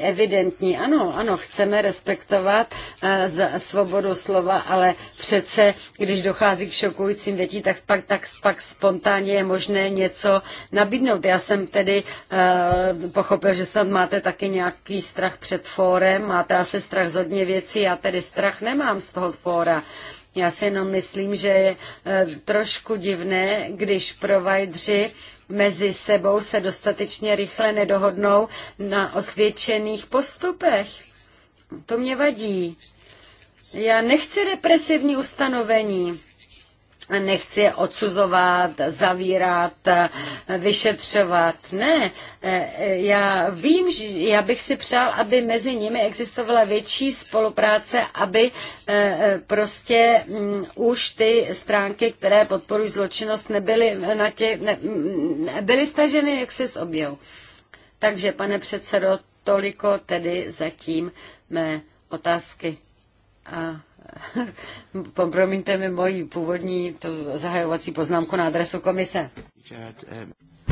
evidentní. Ano, ano, chceme respektovat eh, svobodu slova, ale přece, když dochází k šokujícím větí, tak pak, tak pak spontánně je možné něco nabídnout. Já jsem tedy eh, pochopil, že snad máte taky nějaký strach před fórem, máte asi strach z hodně věcí, já tedy strach nemám z toho fóra. Já si jenom myslím, že je eh, trošku divné, když provajdři mezi sebou se dostatečně rychle nedohodnou na osvědčených postupech. To mě vadí. Já nechci represivní ustanovení nechci je odsuzovat, zavírat, vyšetřovat. Ne, e, já vím, že já bych si přál, aby mezi nimi existovala větší spolupráce, aby e, e, prostě mm, už ty stránky, které podporují zločinnost, nebyly, na tě, ne, nebyly mm, staženy jak se objevu. Takže, pane předsedo, toliko tedy zatím mé otázky. A Promiňte mi moji původní to zahajovací poznámku na adresu komise.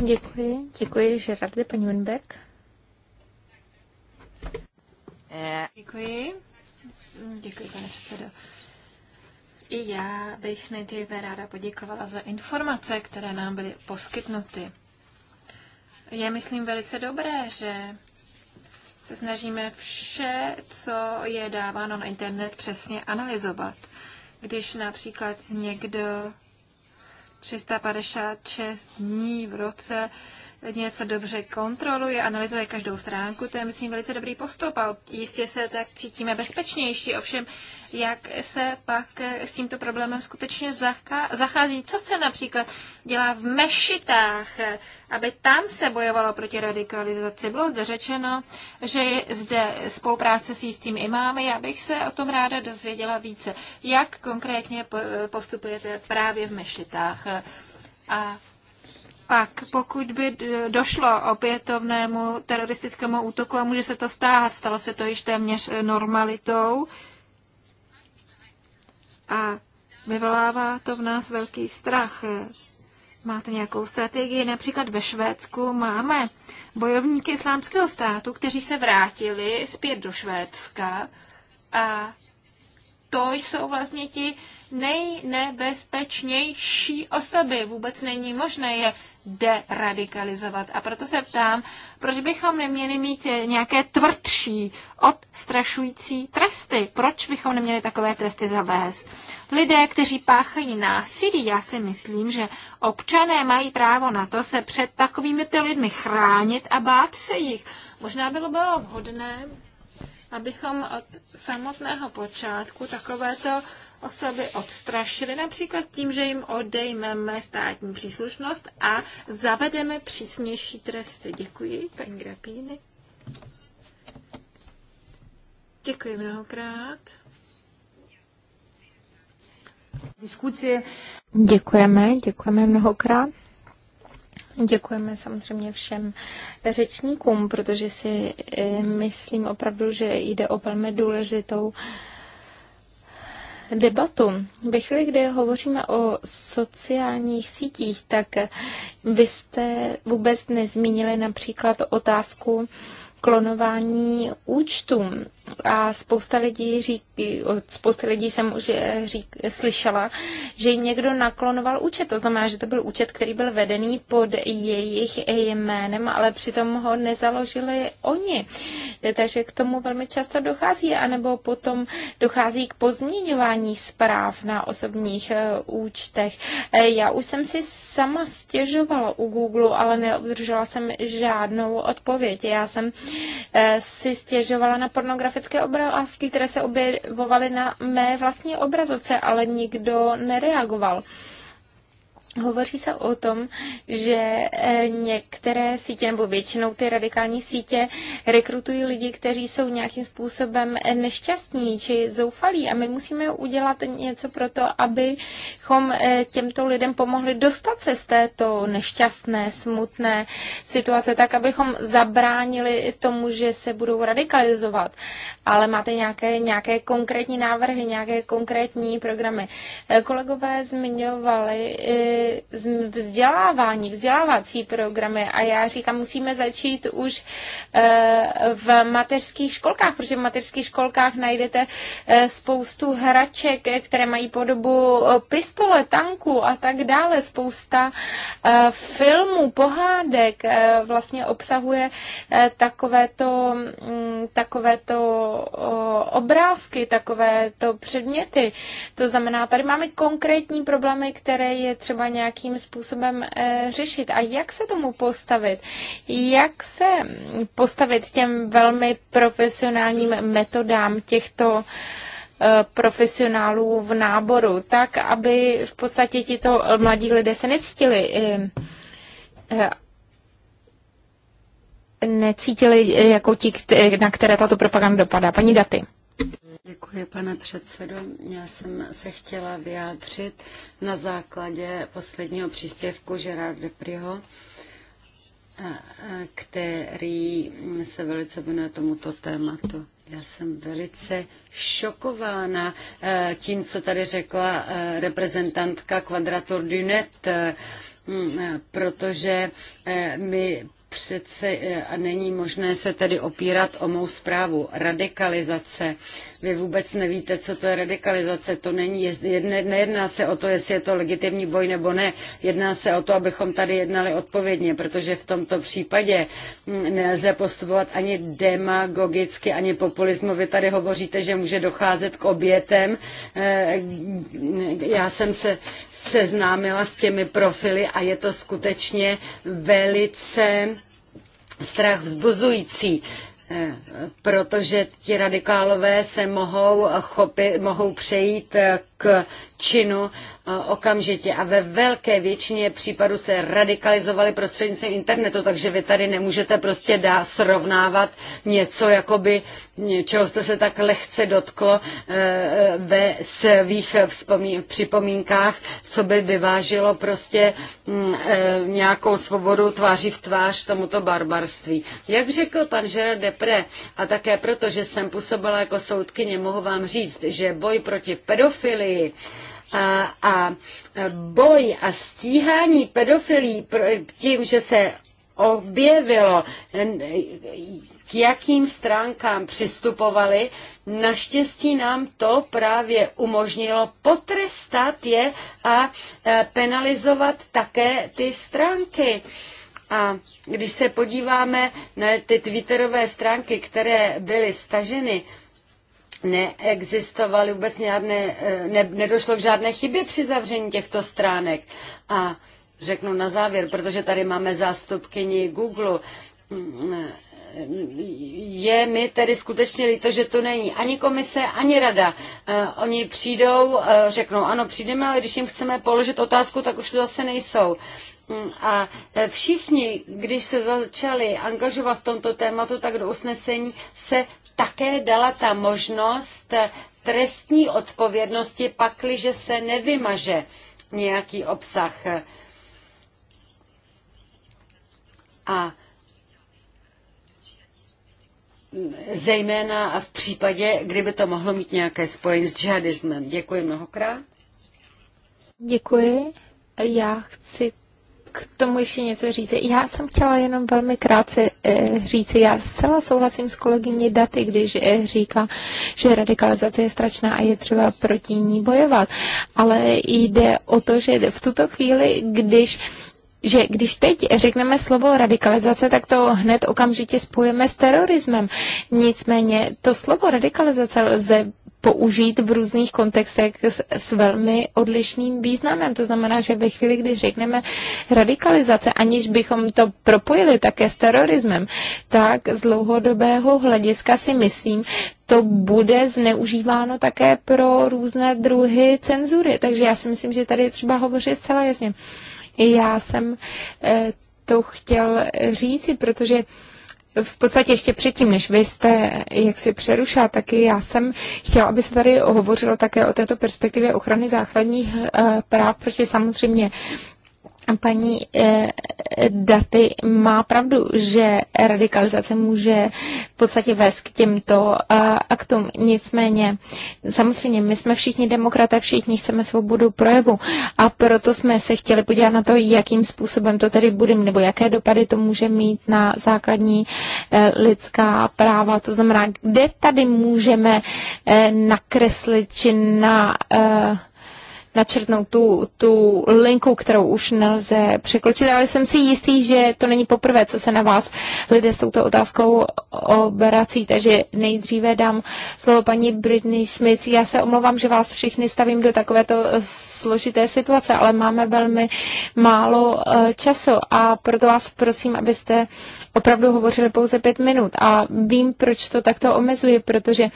Děkuji, děkuji, Gerardy, paní Winberg. Eh, děkuji. Děkuji, pane předsedo. I já bych nejdříve ráda poděkovala za informace, které nám byly poskytnuty. Je, myslím, velice dobré, že se snažíme vše, co je dáváno na internet, přesně analyzovat. Když například někdo 356 dní v roce něco dobře kontroluje, analyzuje každou stránku, to je, myslím, velice dobrý postup a jistě se tak cítíme bezpečnější. Ovšem, jak se pak s tímto problémem skutečně zachází? Co se například dělá v mešitách, aby tam se bojovalo proti radikalizaci? Bylo zde řečeno, že je zde spolupráce s jistým imámy. Já bych se o tom ráda dozvěděla více. Jak konkrétně postupujete právě v mešitách? A pak, pokud by eh, došlo opětovnému teroristickému útoku, a může se to stát, stalo se to již téměř eh, normalitou, a vyvolává to v nás velký strach. Máte nějakou strategii? Například ve Švédsku máme bojovníky islámského státu, kteří se vrátili zpět do Švédska a to jsou vlastně ti nejnebezpečnější osoby. Vůbec není možné je deradikalizovat. A proto se ptám, proč bychom neměli mít nějaké tvrdší, odstrašující tresty? Proč bychom neměli takové tresty zavést? Lidé, kteří páchají násilí, já si myslím, že občané mají právo na to se před takovými ty lidmi chránit a bát se jich. Možná bylo bylo vhodné, abychom od samotného počátku takovéto osoby odstrašili například tím, že jim odejmeme státní příslušnost a zavedeme přísnější tresty. Děkuji, paní Grapíny. Děkuji mnohokrát. Diskuci. Děkujeme, děkujeme mnohokrát. Děkujeme samozřejmě všem řečníkům, protože si eh, myslím opravdu, že jde o velmi důležitou debatu. Ve chvíli, kdy hovoříme o sociálních sítích, tak byste vůbec nezmínili například otázku klonování účtů. A spousta lidí, řík, od spousta lidí jsem už eh, řík, slyšela, že jim někdo naklonoval účet. To znamená, že to byl účet, který byl vedený pod jejich jménem, ale přitom ho nezaložili oni. Takže k tomu velmi často dochází, anebo potom dochází k pozměňování zpráv na osobních eh, účtech. Eh, já už jsem si sama stěžovala u Google, ale neobdržela jsem žádnou odpověď. Já jsem Eh, si stěžovala na pornografické obrázky, které se objevovaly na mé vlastní obrazovce, ale nikdo nereagoval. Hovoří se o tom, že eh, některé sítě nebo většinou ty radikální sítě rekrutují lidi, kteří jsou nějakým způsobem eh, nešťastní či zoufalí a my musíme udělat něco pro to, abychom eh, těmto lidem pomohli dostat se z této nešťastné, smutné situace, tak abychom zabránili tomu, že se budou radikalizovat. Ale máte nějaké, nějaké konkrétní návrhy, nějaké konkrétní programy. Kolegové zmiňovali, vzdělávání, vzdělávací programy a já říkám, musíme začít už eh, v mateřských školkách, protože v mateřských školkách najdete eh, spoustu hraček, které mají podobu eh, pistole, tanku a tak dále, spousta filmů, pohádek vlastně obsahuje takovéto, mm, takovéto obrázky, takovéto předměty. To znamená, tady máme konkrétní problémy, které je třeba nějakým způsobem eh, řešit. A jak se tomu postavit? Jak se postavit těm velmi profesionálním metodám těchto eh, profesionálů v náboru, tak, aby v podstatě tito mladí lidé se necítili eh, necítili jako ti, na které tato propaganda dopadá. Paní Daty. Děkuji, pane předsedo. Já jsem se chtěla vyjádřit na základě posledního příspěvku Gerard Depriho, který se velice věnuje tomuto tématu. Já jsem velice šokována e, tím, co tady řekla e, reprezentantka Quadratur du Net, e, protože my přece eh, a není možné se tedy opírat o mou zprávu. Radikalizace. Vy vůbec nevíte, co to je radikalizace. To není, jedne, nejedná se o to, jestli je to legitimní boj nebo ne. Jedná se o to, abychom tady jednali odpovědně, protože v tomto případě hm, nelze postupovat ani demagogicky, ani populismu. Vy tady hovoříte, že může docházet k obětem. Eh, hm, já jsem se seznámila s těmi profily a je to skutečně velice strach vzbuzující eh, protože ti radikálové se mohou, chopit, mohou přejít eh, k činu okamžitě a ve velké většině případů se radikalizovali prostřednictvím internetu, takže vy tady nemůžete prostě dá srovnávat něco, jakoby, čeho jste se tak lehce dotklo e, e, ve svých připomínkách, co by vyvážilo prostě mm, e, nějakou svobodu tváří v tvář tomuto barbarství. Jak řekl pan Gerard Depre, a také proto, že jsem působila jako soudkyně, mohu vám říct, že boj proti pedofilii, a, a boj a stíhání pedofilí tím, že se objevilo, k jakým stránkám přistupovali, naštěstí nám to právě umožnilo potrestat je a e, penalizovat také ty stránky. A když se podíváme na ty Twitterové stránky, které byly staženy, neexistovaly vůbec žádné, eh, ne, nedošlo k žádné chybě při zavření těchto stránek. A řeknu na závěr, protože tady máme zástupkyni Google, je mi tedy skutečně líto, že to není ani komise, ani rada. Eh, oni přijdou, eh, řeknou, ano, přijdeme, ale když jim chceme položit otázku, tak už to zase nejsou. Mm, a všichni, když se začali angažovat v tomto tématu, tak do usnesení se také dala ta možnost trestní odpovědnosti, pakliže se nevymaže nějaký obsah. A zejména v případě, kdyby to mohlo mít nějaké spojení s džihadismem. Děkuji mnohokrát. Děkuji. Já chci k tomu ještě něco říci. Já jsem chtěla jenom velmi krátce eh, říci, já zcela souhlasím s kolegyní Daty, když eh, říká, že radikalizace je strašná a je třeba proti ní bojovat. Ale jde o to, že v tuto chvíli, když že když teď řekneme slovo radikalizace, tak to hned okamžitě spojeme s terorismem. Nicméně to slovo radikalizace lze použít v různých kontextech s, s velmi odlišným významem. To znamená, že ve chvíli, kdy řekneme radikalizace, aniž bychom to propojili také s terorismem, tak z dlouhodobého hlediska si myslím, to bude zneužíváno také pro různé druhy cenzury. Takže já si myslím, že tady je třeba hovořit zcela jasně. Já jsem eh, to chtěl říci, protože v podstatě ještě předtím, než vy jste jak si přerušila, taky já jsem chtěla, aby se tady hovořilo také o této perspektivě ochrany základních eh, práv, protože samozřejmě paní eh, Daty má pravdu, že radikalizace může v podstatě vést k těmto eh, aktům. Nicméně, samozřejmě, my jsme všichni demokraté, všichni chceme svobodu projevu a proto jsme se chtěli podívat na to, jakým způsobem to tedy bude, nebo jaké dopady to může mít na základní eh, lidská práva. To znamená, kde tady můžeme nakreslit či na načrtnout tu, tu linku, kterou už nelze překročit, ale jsem si jistý, že to není poprvé, co se na vás lidé s touto otázkou obrací, takže nejdříve dám slovo paní Britney Smith. Já se omlouvám, že vás všichni stavím do takovéto složité situace, ale máme velmi málo eh, času a proto vás prosím, abyste opravdu hovořili pouze pět minut a vím, proč to takto omezuje, protože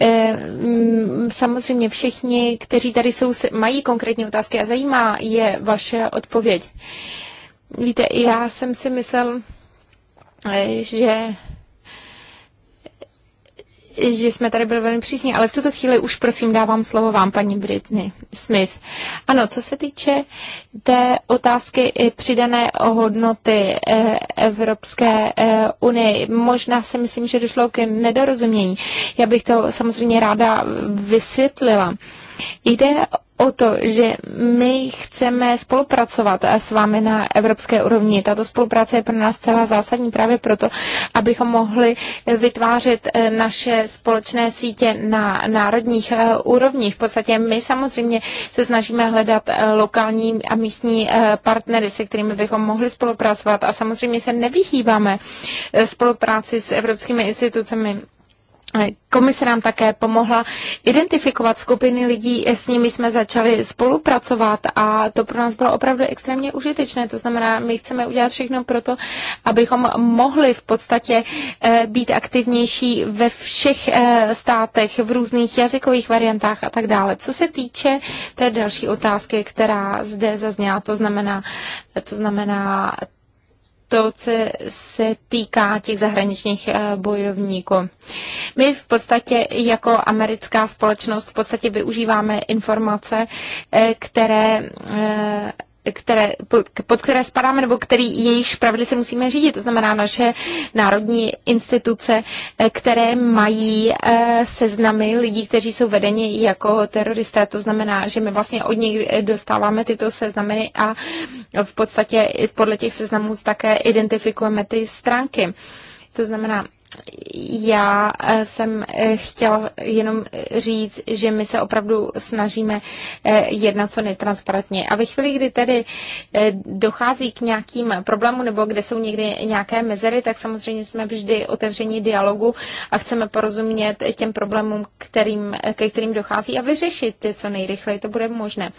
Eh, mm, samozřejmě všichni, kteří tady jsou, mají konkrétní otázky a zajímá je vaše odpověď. Víte, já jsem si myslel, eh, že že jsme tady byli velmi přísní, ale v tuto chvíli už prosím dávám slovo vám, paní Britney Smith. Ano, co se týče té otázky přidané hodnoty eh, Evropské eh, unie, možná si myslím, že došlo k nedorozumění. Já bych to samozřejmě ráda vysvětlila. Jde o to, že my chceme spolupracovat s vámi na evropské úrovni. Tato spolupráce je pro nás celá zásadní právě proto, abychom mohli vytvářet eh, naše společné sítě na národních eh, úrovních. V podstatě my samozřejmě se snažíme hledat eh, lokální a místní partnery, se kterými bychom mohli spolupracovat a samozřejmě se nevyhýbáme spolupráci s evropskými institucemi Komise nám také pomohla identifikovat skupiny lidí, s nimi jsme začali spolupracovat a to pro nás bylo opravdu extrémně užitečné. To znamená, my chceme udělat všechno pro to, abychom mohli v podstatě eh, být aktivnější ve všech eh, státech, v různých jazykových variantách a tak dále. Co se týče té další otázky, která zde zazněla, to znamená, to znamená to, co se týká těch zahraničních eh, bojovníků. My v podstatě jako americká společnost v podstatě využíváme informace, eh, které eh, které, pod které spadáme nebo který jejich pravidly se musíme řídit. To znamená naše národní instituce, eh, které mají eh, seznamy lidí, kteří jsou vedeni jako teroristé. To znamená, že my vlastně od nich dostáváme tyto seznamy a v podstatě podle těch seznamů také identifikujeme ty stránky. To znamená, já eh, jsem eh, chtěla jenom eh, říct, že my se opravdu snažíme jednat co netransparentně. A ve chvíli, kdy tedy dochází k nějakým problémům nebo kde jsou někdy nějaké mezery, tak samozřejmě jsme vždy otevření dialogu a chceme porozumět těm problémům, kterým, ke kterým dochází a vyřešit ty co nejrychleji. To bude možné.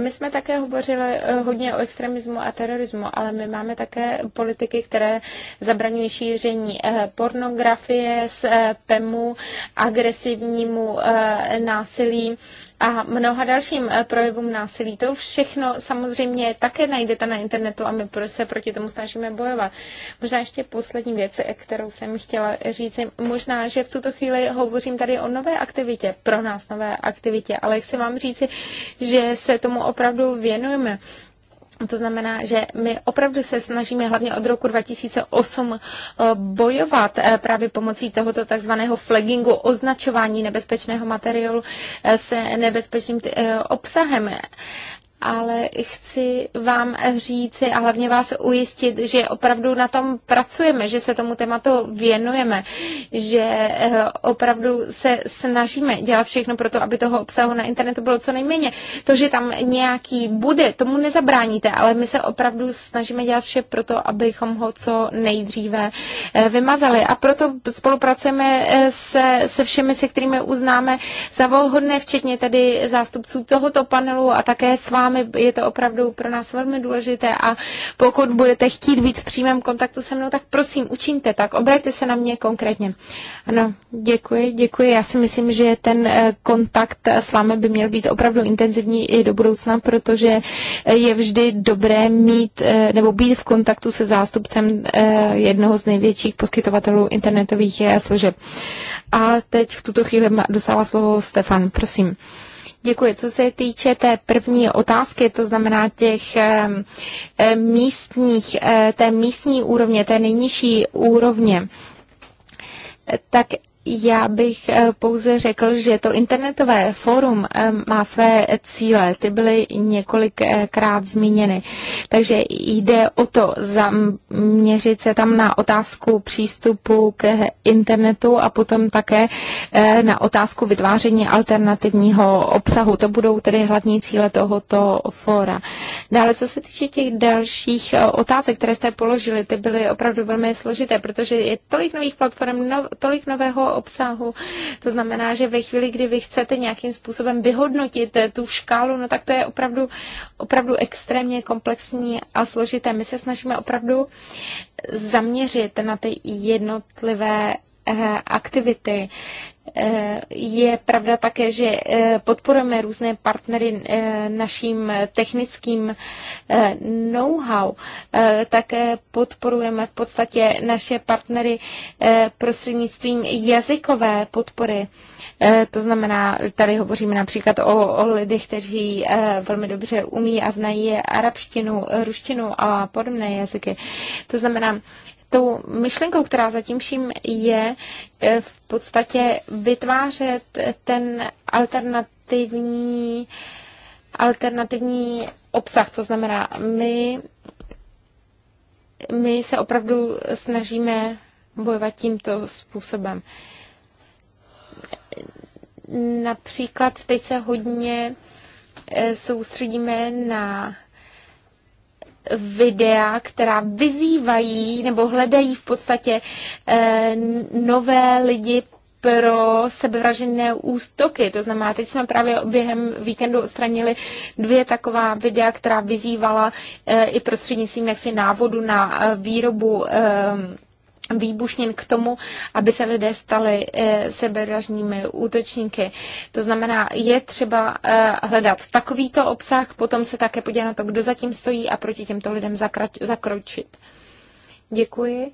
My jsme také hovořili hodně o extremismu a terorismu, ale my máme také politiky, které zabraňují šíření porn pornografie, s eh, PEMu, agresivnímu eh, násilí a mnoha dalším eh, projevům násilí. To všechno samozřejmě také najdete na internetu a my se proti tomu snažíme bojovat. Možná ještě poslední věc, kterou jsem chtěla říct. Možná, že v tuto chvíli hovořím tady o nové aktivitě, pro nás nové aktivitě, ale chci vám říci, že se tomu opravdu věnujeme. To znamená, že my opravdu se snažíme hlavně od roku 2008 eh, bojovat eh, právě pomocí tohoto takzvaného flaggingu, označování nebezpečného materiálu eh, se nebezpečným obsahem ale chci vám říci a hlavně vás ujistit, že opravdu na tom pracujeme, že se tomu tématu věnujeme, že eh, opravdu se snažíme dělat všechno pro to, aby toho obsahu na internetu bylo co nejméně. To, že tam nějaký bude, tomu nezabráníte, ale my se opravdu snažíme dělat vše pro to, abychom ho co nejdříve eh, vymazali. A proto spolupracujeme eh, se, se všemi, se kterými uznáme za volhodné, včetně tedy zástupců tohoto panelu a také s vámi vámi. Je to opravdu pro nás velmi důležité a pokud budete chtít být v přímém kontaktu se mnou, tak prosím, učiňte tak, obrajte se na mě konkrétně. Ano, děkuji, děkuji. Já si myslím, že ten eh, kontakt s vámi by měl být opravdu intenzivní i do budoucna, protože eh, je vždy dobré mít eh, nebo být v kontaktu se zástupcem jednoho z největších poskytovatelů internetových služeb. A teď v tuto chvíli dostává slovo Stefan, prosím. Děkuji. Co se týče té první otázky, to znamená těch místních, eh, té místní úrovně, té nejnižší úrovně, tak já bych eh, pouze řekl, že to internetové fórum eh, má své cíle. Ty byly několikrát zmíněny. Takže jde o to zaměřit se tam na otázku přístupu k internetu a potom také eh, na otázku vytváření alternativního obsahu. To budou tedy hlavní cíle tohoto fóra. Dále, co se týče těch dalších otázek, které jste položili, ty byly opravdu velmi složité, protože je tolik nových platform, no, tolik nového obsahu. To znamená, že ve chvíli, kdy vy chcete nějakým způsobem vyhodnotit tu škálu, no tak to je opravdu, opravdu extrémně komplexní a složité. My se snažíme opravdu zaměřit na ty jednotlivé Eh, aktivity. Eh, je pravda také, že eh, podporujeme různé partnery naším technickým know-how. Také podporujeme v podstatě naše partnery prostřednictvím jazykové podpory. To znamená, tady hovoříme například o, o lidech, kteří velmi dobře umí a znají arabštinu, ruštinu a podobné jazyky. To znamená, tou myšlenkou, která zatím vším je, eh, v podstatě vytvářet ten alternativní, alternativní obsah. To znamená, my, my se opravdu snažíme bojovat tímto způsobem. Například teď se hodně eh, soustředíme na videa, která vyzývají nebo hledají v podstatě eh, nové lidi pro sebevražené ústoky. To znamená, teď jsme právě během víkendu odstranili dvě taková videa, která vyzývala eh, i prostřednictvím jaksi návodu na eh, výrobu výbušnin k tomu, aby se lidé stali eh, sebevražními útočníky. To znamená, je třeba eh, hledat takovýto obsah, potom se také podívat na to, kdo zatím stojí a proti těmto lidem zakročit. Děkuji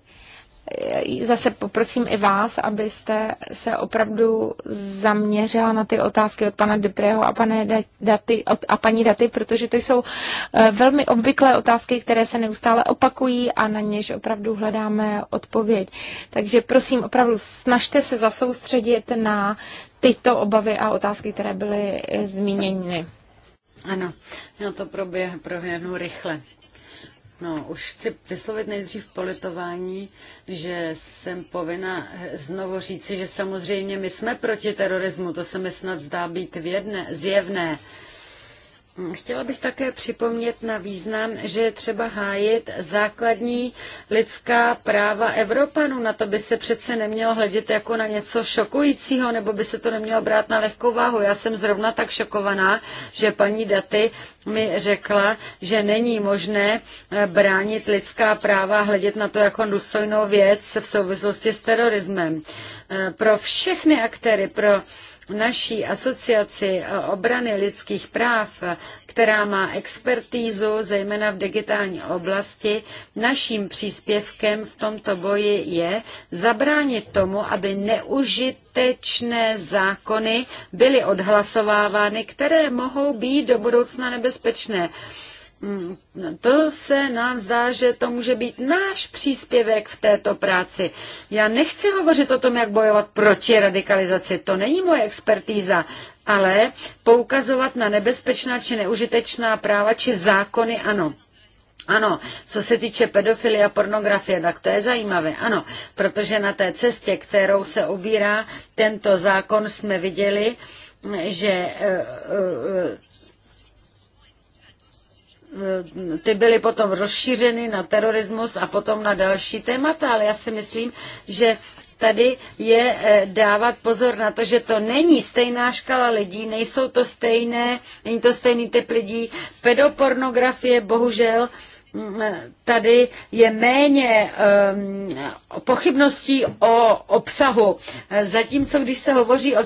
zase poprosím i vás, abyste se opravdu zaměřila na ty otázky od pana Dupreho a, pane Daty, a paní Daty, protože to jsou eh, velmi obvyklé otázky, které se neustále opakují a na něž opravdu hledáme odpověď. Takže prosím, opravdu snažte se zasoustředit na tyto obavy a otázky, které byly eh, zmíněny. Ano, já to proběhnu rychle. No, už chci vyslovit nejdřív politování, že jsem povinna znovu říci, že samozřejmě my jsme proti terorismu, to se mi snad zdá být vědne, zjevné. Chtěla bych také připomnět na význam, že je třeba hájit základní lidská práva Evropanů. Na to by se přece nemělo hledět jako na něco šokujícího, nebo by se to nemělo brát na lehkou váhu. Já jsem zrovna tak šokovaná, že paní Daty mi řekla, že není možné eh, bránit lidská práva a hledět na to jako důstojnou věc v souvislosti s terorismem. Eh, pro všechny aktéry, pro v naší asociaci eh, obrany lidských práv, eh, která má expertízu zejména v digitální oblasti, naším příspěvkem v tomto boji je zabránit tomu, aby neužitečné zákony byly odhlasovávány, které mohou být do budoucna nebezpečné. Mm, no, to se nám zdá, že to může být náš příspěvek v této práci. Já nechci hovořit o tom, jak bojovat proti radikalizaci, to není moje expertíza, ale poukazovat na nebezpečná či neužitečná práva či zákony, ano. Ano, co se týče pedofilie a pornografie, tak to je zajímavé. Ano, protože na té cestě, kterou se obírá tento zákon, jsme viděli, že eh, eh, Eh, ty byly potom rozšířeny na terorismus a potom na další témata, ale já si myslím, že tady je eh, dávat pozor na to, že to není stejná škala lidí, nejsou to stejné, není to stejný typ lidí. Pedopornografie bohužel tady je méně ehm, pochybností o obsahu. Zatímco, když se hovoří o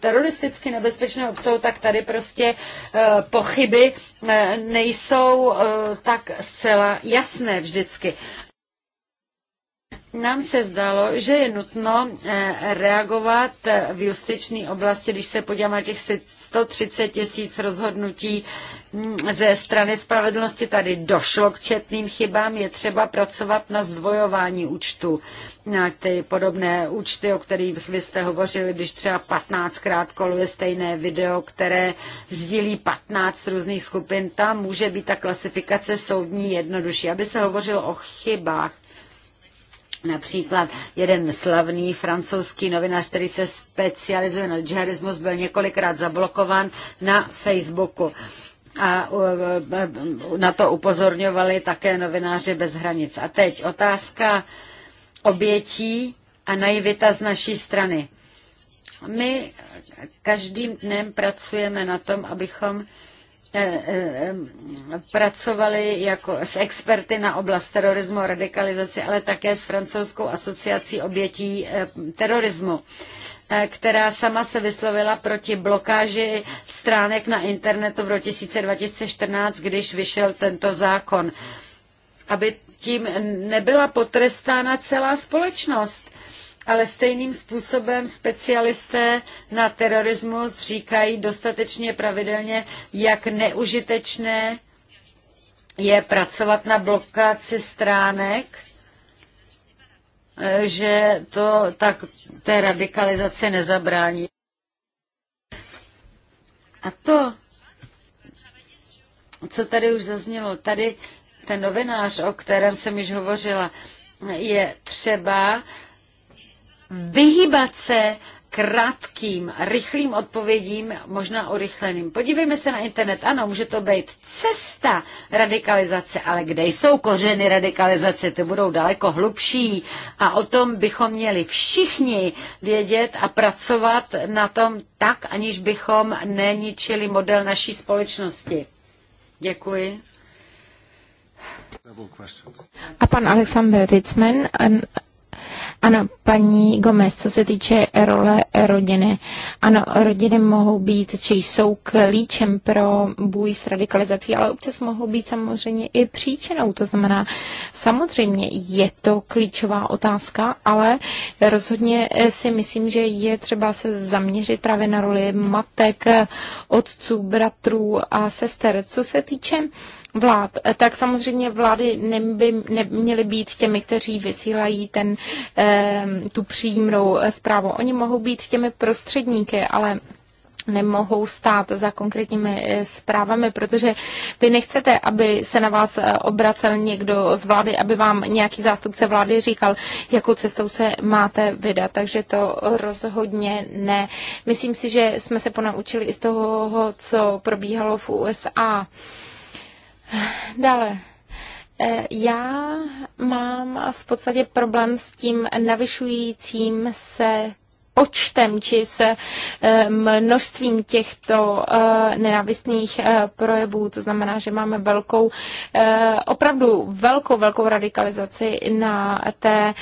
teroristicky nebezpečném obsahu, tak tady prostě eh, pochyby eh, nejsou eh, tak zcela jasné vždycky. Nám se zdalo, že je nutno reagovat v justiční oblasti, když se podíváme těch 130 tisíc rozhodnutí, ze strany spravedlnosti tady došlo k četným chybám, je třeba pracovat na zdvojování účtu. Na ty podobné účty, o kterých vy jste hovořili, když třeba 15krát koluje stejné video, které sdílí 15 různých skupin, tam může být ta klasifikace soudní jednodušší, aby se hovořilo o chybách. Například jeden slavný francouzský novinář, který se specializuje na džihadismus, byl několikrát zablokován na Facebooku a na to upozorňovali také novináři bez hranic. A teď otázka obětí a naivita z naší strany. My každým dnem pracujeme na tom, abychom eh, eh, pracovali jako s experty na oblast terorismu a radikalizaci, ale také s francouzskou asociací obětí eh, terorismu. Eh, která sama se vyslovila proti blokáži stránek na internetu v roce 2014, když vyšel tento zákon. Aby tím nebyla potrestána celá společnost. Ale stejným způsobem specialisté na terorismus říkají dostatečně pravidelně, jak neužitečné je pracovat na blokaci stránek že to tak té radikalizace nezabrání. A to, co tady už zaznělo, tady ten novinář, o kterém jsem již hovořila, je třeba vyhýbat se krátkým, rychlým odpovědím, možná urychleným. Podívejme se na internet. Ano, může to být cesta radikalizace, ale kde jsou kořeny radikalizace? Ty budou daleko hlubší a o tom bychom měli všichni vědět a pracovat na tom tak, aniž bychom neničili model naší společnosti. Děkuji. A pan Alexander Ritzman ano, paní Gomez, co se týče role rodiny. Ano, rodiny mohou být, či jsou klíčem pro bůj s radikalizací, ale občas mohou být samozřejmě i příčinou. To znamená, samozřejmě je to klíčová otázka, ale rozhodně si myslím, že je třeba se zaměřit právě na roli matek, otců, bratrů a sester. Co se týče vlád, tak samozřejmě vlády neby, neměly být těmi, kteří vysílají ten, eh, tu přímrou zprávu. Oni mohou být těmi prostředníky, ale nemohou stát za konkrétními eh, zprávami, protože vy nechcete, aby se na vás eh, obracel někdo z vlády, aby vám nějaký zástupce vlády říkal, jakou cestou se máte vydat, takže to rozhodně ne. Myslím si, že jsme se ponaučili i z toho, co probíhalo v USA. Dále. Eh, já mám v podstatě problém s tím navyšujícím se počtem či se eh, množstvím těchto eh, nenávistných projevů. To znamená, že máme velkou, opravdu velkou, velkou radikalizaci na té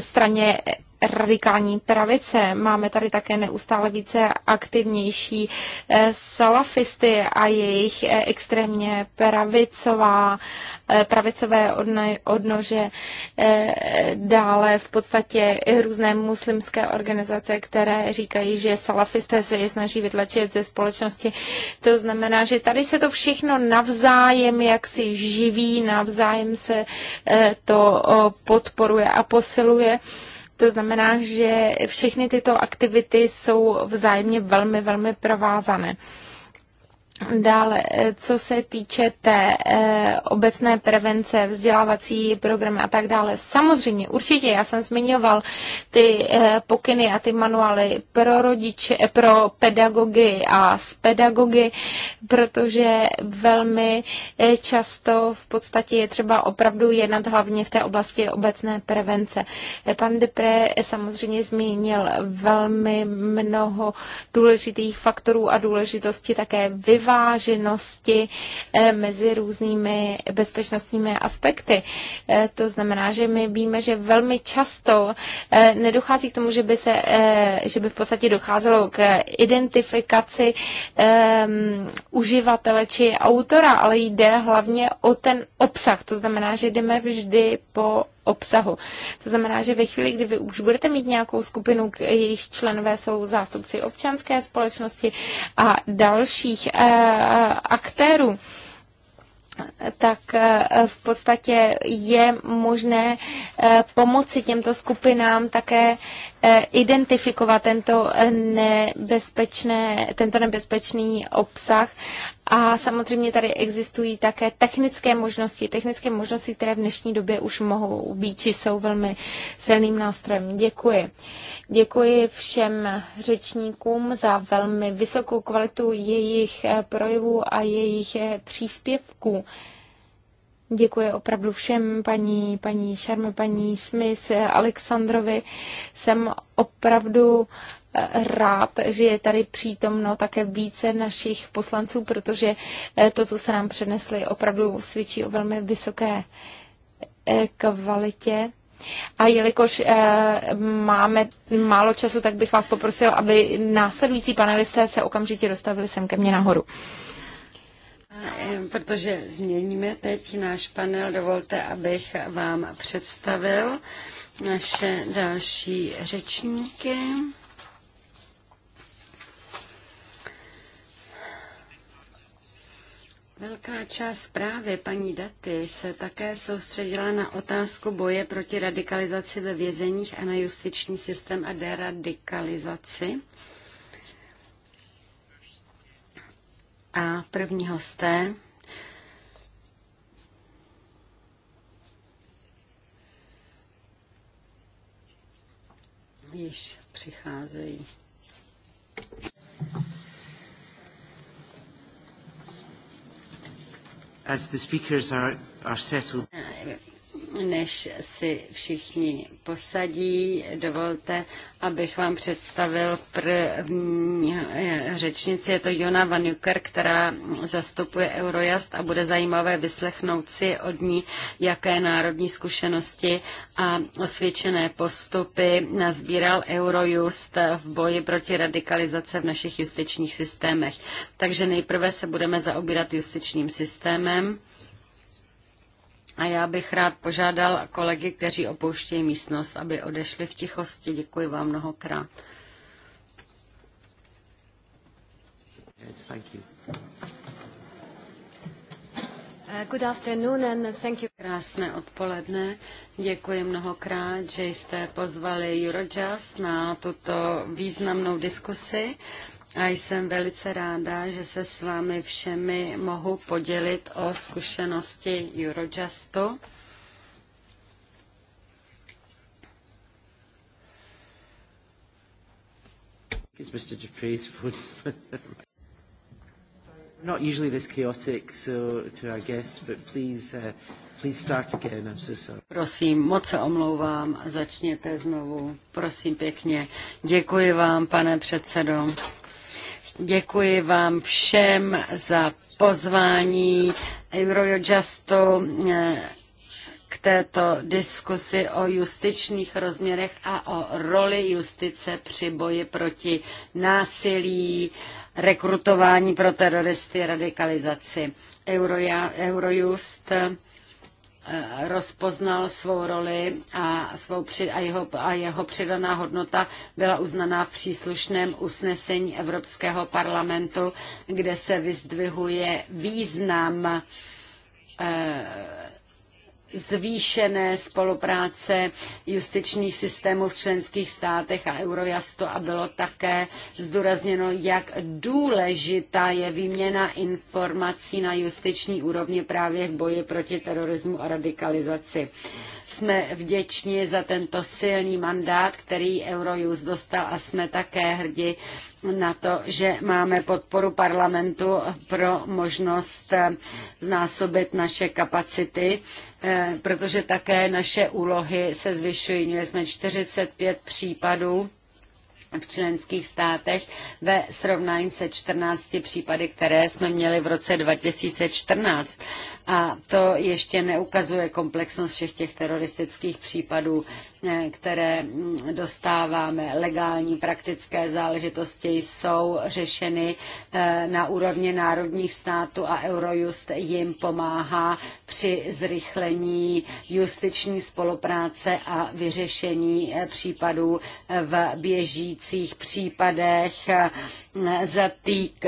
straně radikální pravice. Máme tady také neustále více aktivnější eh, salafisty a jejich eh, extrémně pravicová, eh, pravicové odnože. Dále v podstatě různé muslimské organizace, které říkají, že salafisté se je snaží vytlačit ze společnosti. To znamená, že tady se to všechno navzájem jak si živí, navzájem se to podporuje a posiluje. To znamená, že všechny tyto aktivity jsou vzájemně velmi, velmi provázané. Dále, eh, co se týče té e, obecné prevence, vzdělávací programy a tak dále. Samozřejmě, určitě, já jsem zmiňoval ty e, pokyny a ty manuály pro rodiče, pro pedagogy a z pedagogy, protože velmi e, často v podstatě je třeba opravdu jednat hlavně v té oblasti obecné prevence. E, pan Depre samozřejmě zmínil velmi mnoho důležitých faktorů a důležitosti také vyvážení vyváženosti eh, mezi různými bezpečnostními aspekty. Eh, to znamená, že my víme, že velmi často eh, nedochází k tomu, že by, se, že by v podstatě docházelo k identifikaci ehm, uživatele či autora, ale jde hlavně o ten obsah. To znamená, že jdeme vždy po obsahu. To znamená, že ve chvíli, kdy vy už budete mít nějakou skupinu, jejich členové jsou zástupci občanské společnosti a dalších eh, eh, aktérů, tak eh, v podstatě je možné pomoci těmto skupinám také identifikovat tento, nebezpečné, tento nebezpečný obsah a samozřejmě tady existují také technické možnosti, technické možnosti, které v dnešní době už mohou být, či jsou velmi silným nástrojem. Děkuji. Děkuji všem řečníkům za velmi vysokou kvalitu jejich eh, projevů a jejich eh, příspěvků. Děkuji opravdu všem, paní, paní Šarme, paní Smith, eh, Alexandrovi. Jsem opravdu rád, že je tady přítomno také více našich poslanců, protože eh, to, co se nám přenesli, opravdu svědčí o velmi vysoké eh, kvalitě. A jelikož eh, máme málo času, tak bych vás poprosil, aby následující panelisté se okamžitě dostavili sem ke mně nahoru. Protože změníme teď náš panel, dovolte, abych vám představil naše další řečníky. Velká část právě paní Daty se také soustředila na otázku boje proti radikalizaci ve vězeních a na justiční systém a deradikalizaci. A první hosté již přicházejí. as the speakers are, are settled. Eh, než si všichni posadí, dovolte, abych vám představil první eh, řečnici. Je to Jona Van Juker, která zastupuje Eurojust a bude zajímavé vyslechnout si od ní, jaké národní zkušenosti a osvědčené postupy nazbíral Eurojust v boji proti radikalizace v našich justičních systémech. Takže nejprve se budeme zaobírat justičním systémem. A já bych rád požádal kolegy, kteří opouštějí místnost, aby odešli v tichosti. Děkuji vám mnohokrát. Uh, good afternoon and thank you. Krásné odpoledne. Děkuji mnohokrát, že jste pozvali Eurojust na tuto významnou diskusi a jsem velice ráda, že se s vámi všemi mohu podělit o zkušenosti Eurojustu. It's Mr. Dupree's phone. Not usually this chaotic, so to our guests, but please, uh, please start again. I'm so sorry. Prosím, moc se omlouvám, začněte znovu. Prosím pěkně. Děkuji vám, pane předsedo. Děkuji vám všem za pozvání Eurojustu eh, k této diskusi o justičních rozměrech a o roli justice při boji proti násilí, rekrutování pro teroristy, radikalizaci. Eurojust Eh, rozpoznal svou roli a, svou při, a, jeho, a jeho přidaná hodnota byla uznaná v příslušném usnesení Evropského parlamentu, kde se vyzdvihuje význam eh, zvýšené spolupráce justičních systémů v členských státech a Eurojustu a bylo také zdůrazněno, jak důležitá je výměna informací na justiční úrovni právě v boji proti terorismu a radikalizaci. Jsme vděční za tento silný mandát, který Eurojust dostal a jsme také hrdí na to, že máme podporu parlamentu pro možnost eh, znásobit naše kapacity, eh, protože také naše úlohy se zvyšují. Měli jsme 45 případů v členských státech ve srovnání se 14 případy, které jsme měli v roce 2014. A to ještě neukazuje komplexnost všech těch teroristických případů které dostáváme, legální praktické záležitosti jsou řešeny eh, na úrovni národních států a Eurojust jim pomáhá při zrychlení justiční spolupráce a vyřešení eh, případů eh, v běžících případech zatýk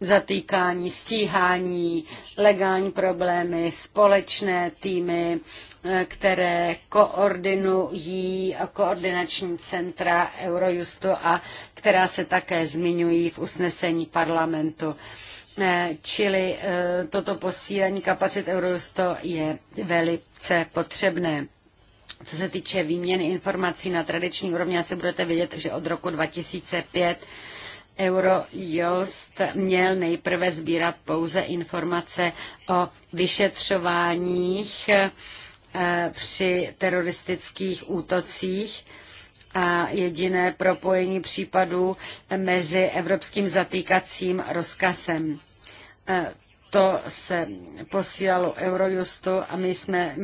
zatýkání, stíhání, legální problémy, společné týmy, eh, které koordinují koordinační centra Eurojustu a která se také zmiňují v usnesení parlamentu. Eh, čili eh, toto posílení kapacit Eurojustu je velice potřebné. Co se týče výměny informací na tradiční úrovni, asi budete vědět, že od roku 2005 Eurojust měl nejprve sbírat pouze informace o vyšetřováních eh, při teroristických útocích a jediné propojení případů mezi evropským zatýkacím rozkazem eh, to se posílalo Eurojustu a my jsme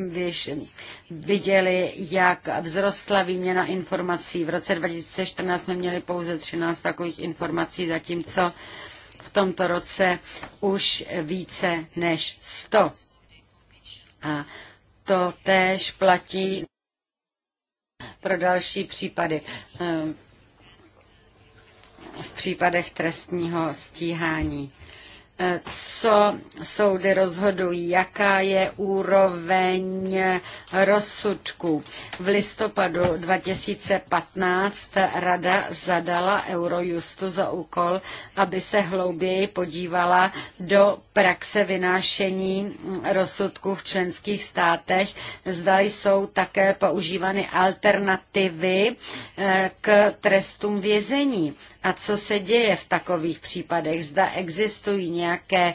viděli, jak vzrostla výměna informací. V roce 2014 jsme měli pouze 13 takových informací, zatímco v tomto roce už více než 100. A to též platí pro další případy. Ehm, v případech trestního stíhání. Eh, co soudy rozhodují, jaká je úroveň rozsudků. V listopadu 2015 rada zadala Eurojustu za úkol, aby se hlouběji podívala do praxe vynášení rozsudků v členských státech. Zda jsou také používány alternativy eh, k trestům vězení. A co se děje v takových případech? Zda existují nějaké eh,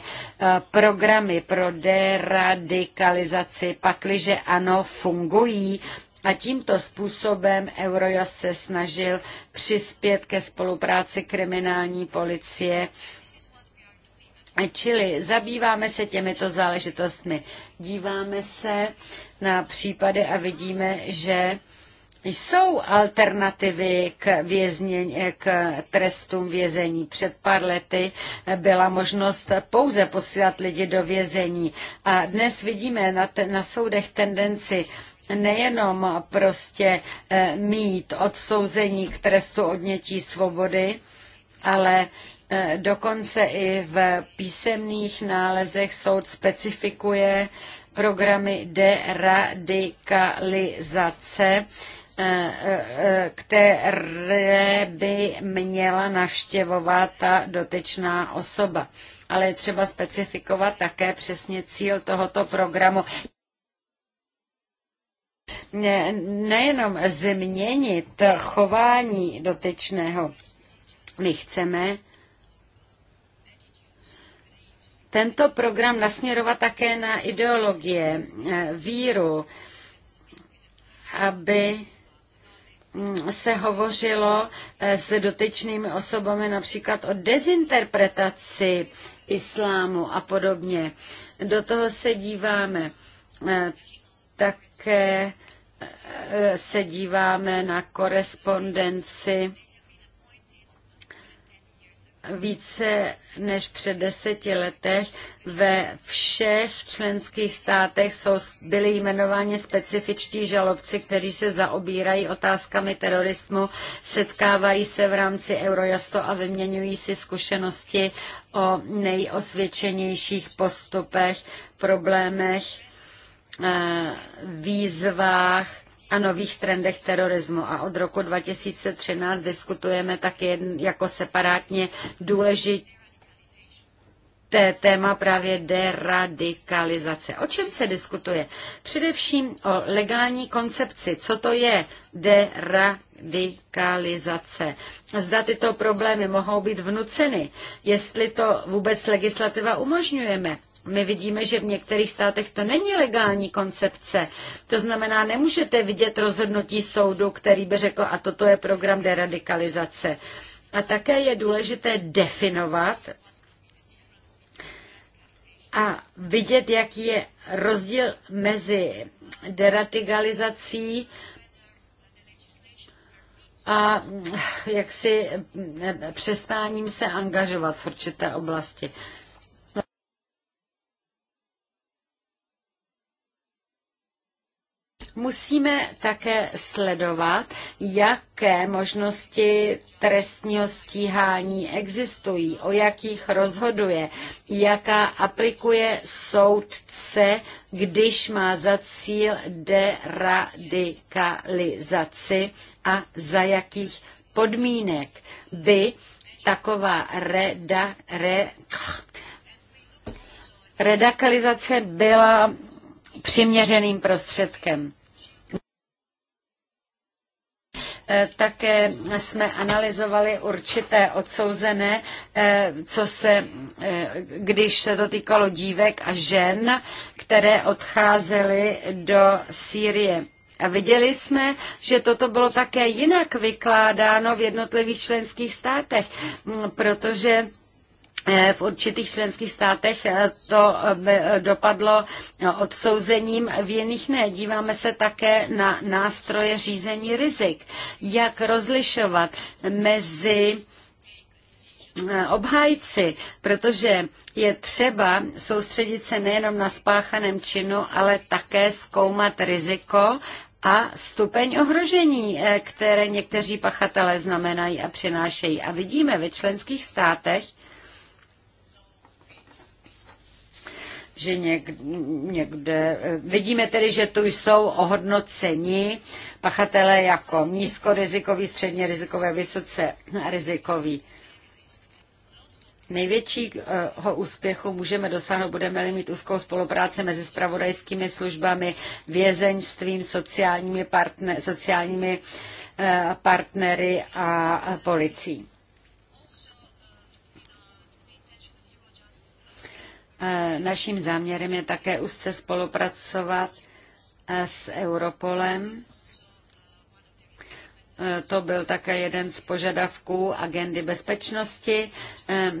programy pro deradikalizaci, pakliže ano, fungují. A tímto způsobem Eurojust se snažil přispět ke spolupráci kriminální policie Čili zabýváme se těmito záležitostmi. Díváme se na případy a vidíme, že jsou alternativy k, vězněň, k trestům vězení. Před pár lety byla možnost pouze posílat lidi do vězení. A dnes vidíme na, te, na soudech tendenci nejenom prostě eh, mít odsouzení k trestu odnětí svobody, ale eh, dokonce i v písemných nálezech soud specifikuje programy deradikalizace které by měla navštěvovat ta dotyčná osoba. Ale je třeba specifikovat také přesně cíl tohoto programu. Ne, nejenom změnit chování dotyčného. My chceme tento program nasměrovat také na ideologie, víru, aby Mm, se hovořilo eh, s dotyčnými osobami například o dezinterpretaci islámu a podobně. Do toho se díváme. Eh, také eh, se díváme na korespondenci více než před deseti letech ve všech členských státech jsou, byli jmenováni specifičtí žalobci, kteří se zaobírají otázkami terorismu, setkávají se v rámci Eurojasto a vyměňují si zkušenosti o nejosvědčenějších postupech, problémech, eh, výzvách, a nových trendech terorismu. A od roku 2013 diskutujeme také jako separátně důležité téma právě deradikalizace. O čem se diskutuje? Především o legální koncepci. Co to je deradikalizace? Zda tyto problémy mohou být vnuceny, jestli to vůbec legislativa umožňujeme my vidíme, že v některých státech to není legální koncepce. To znamená, nemůžete vidět rozhodnutí soudu, který by řekl, a toto je program deradikalizace. A také je důležité definovat a vidět, jaký je rozdíl mezi deradikalizací a hm, jaksi hm, přestáním se angažovat v určité oblasti. Musíme také sledovat, jaké možnosti trestního stíhání existují, o jakých rozhoduje, jaká aplikuje soudce, když má za cíl deradikalizaci a za jakých podmínek by taková reda, re, redakalizace byla přiměřeným prostředkem. Eh, také jsme analyzovali určité odsouzené, eh, co se, eh, když se to týkalo dívek a žen, které odcházely do Sýrie. A viděli jsme, že toto bylo také jinak vykládáno v jednotlivých členských státech, protože Eh, v určitých členských státech eh, to eh, dopadlo odsouzením, v jiných ne. Díváme se také na nástroje řízení rizik. Jak rozlišovat mezi obhájci, protože je třeba soustředit se nejenom na spáchaném činu, ale také zkoumat riziko a stupeň ohrožení, které někteří pachatelé znamenají a přinášejí. A vidíme ve členských státech, že někde, eh, vidíme tedy, že tu jsou ohodnoceni pachatele jako nízkorizikový, středně rizikové, vysoce rizikový. Největšího úspěchu můžeme dosáhnout, budeme-li mít úzkou spolupráci mezi spravodajskými službami, vězeňstvím, sociálními, partner, sociálními eh, partnery a policií. E, naším záměrem je také úzce spolupracovat e, s Europolem. E, to byl také jeden z požadavků agendy bezpečnosti,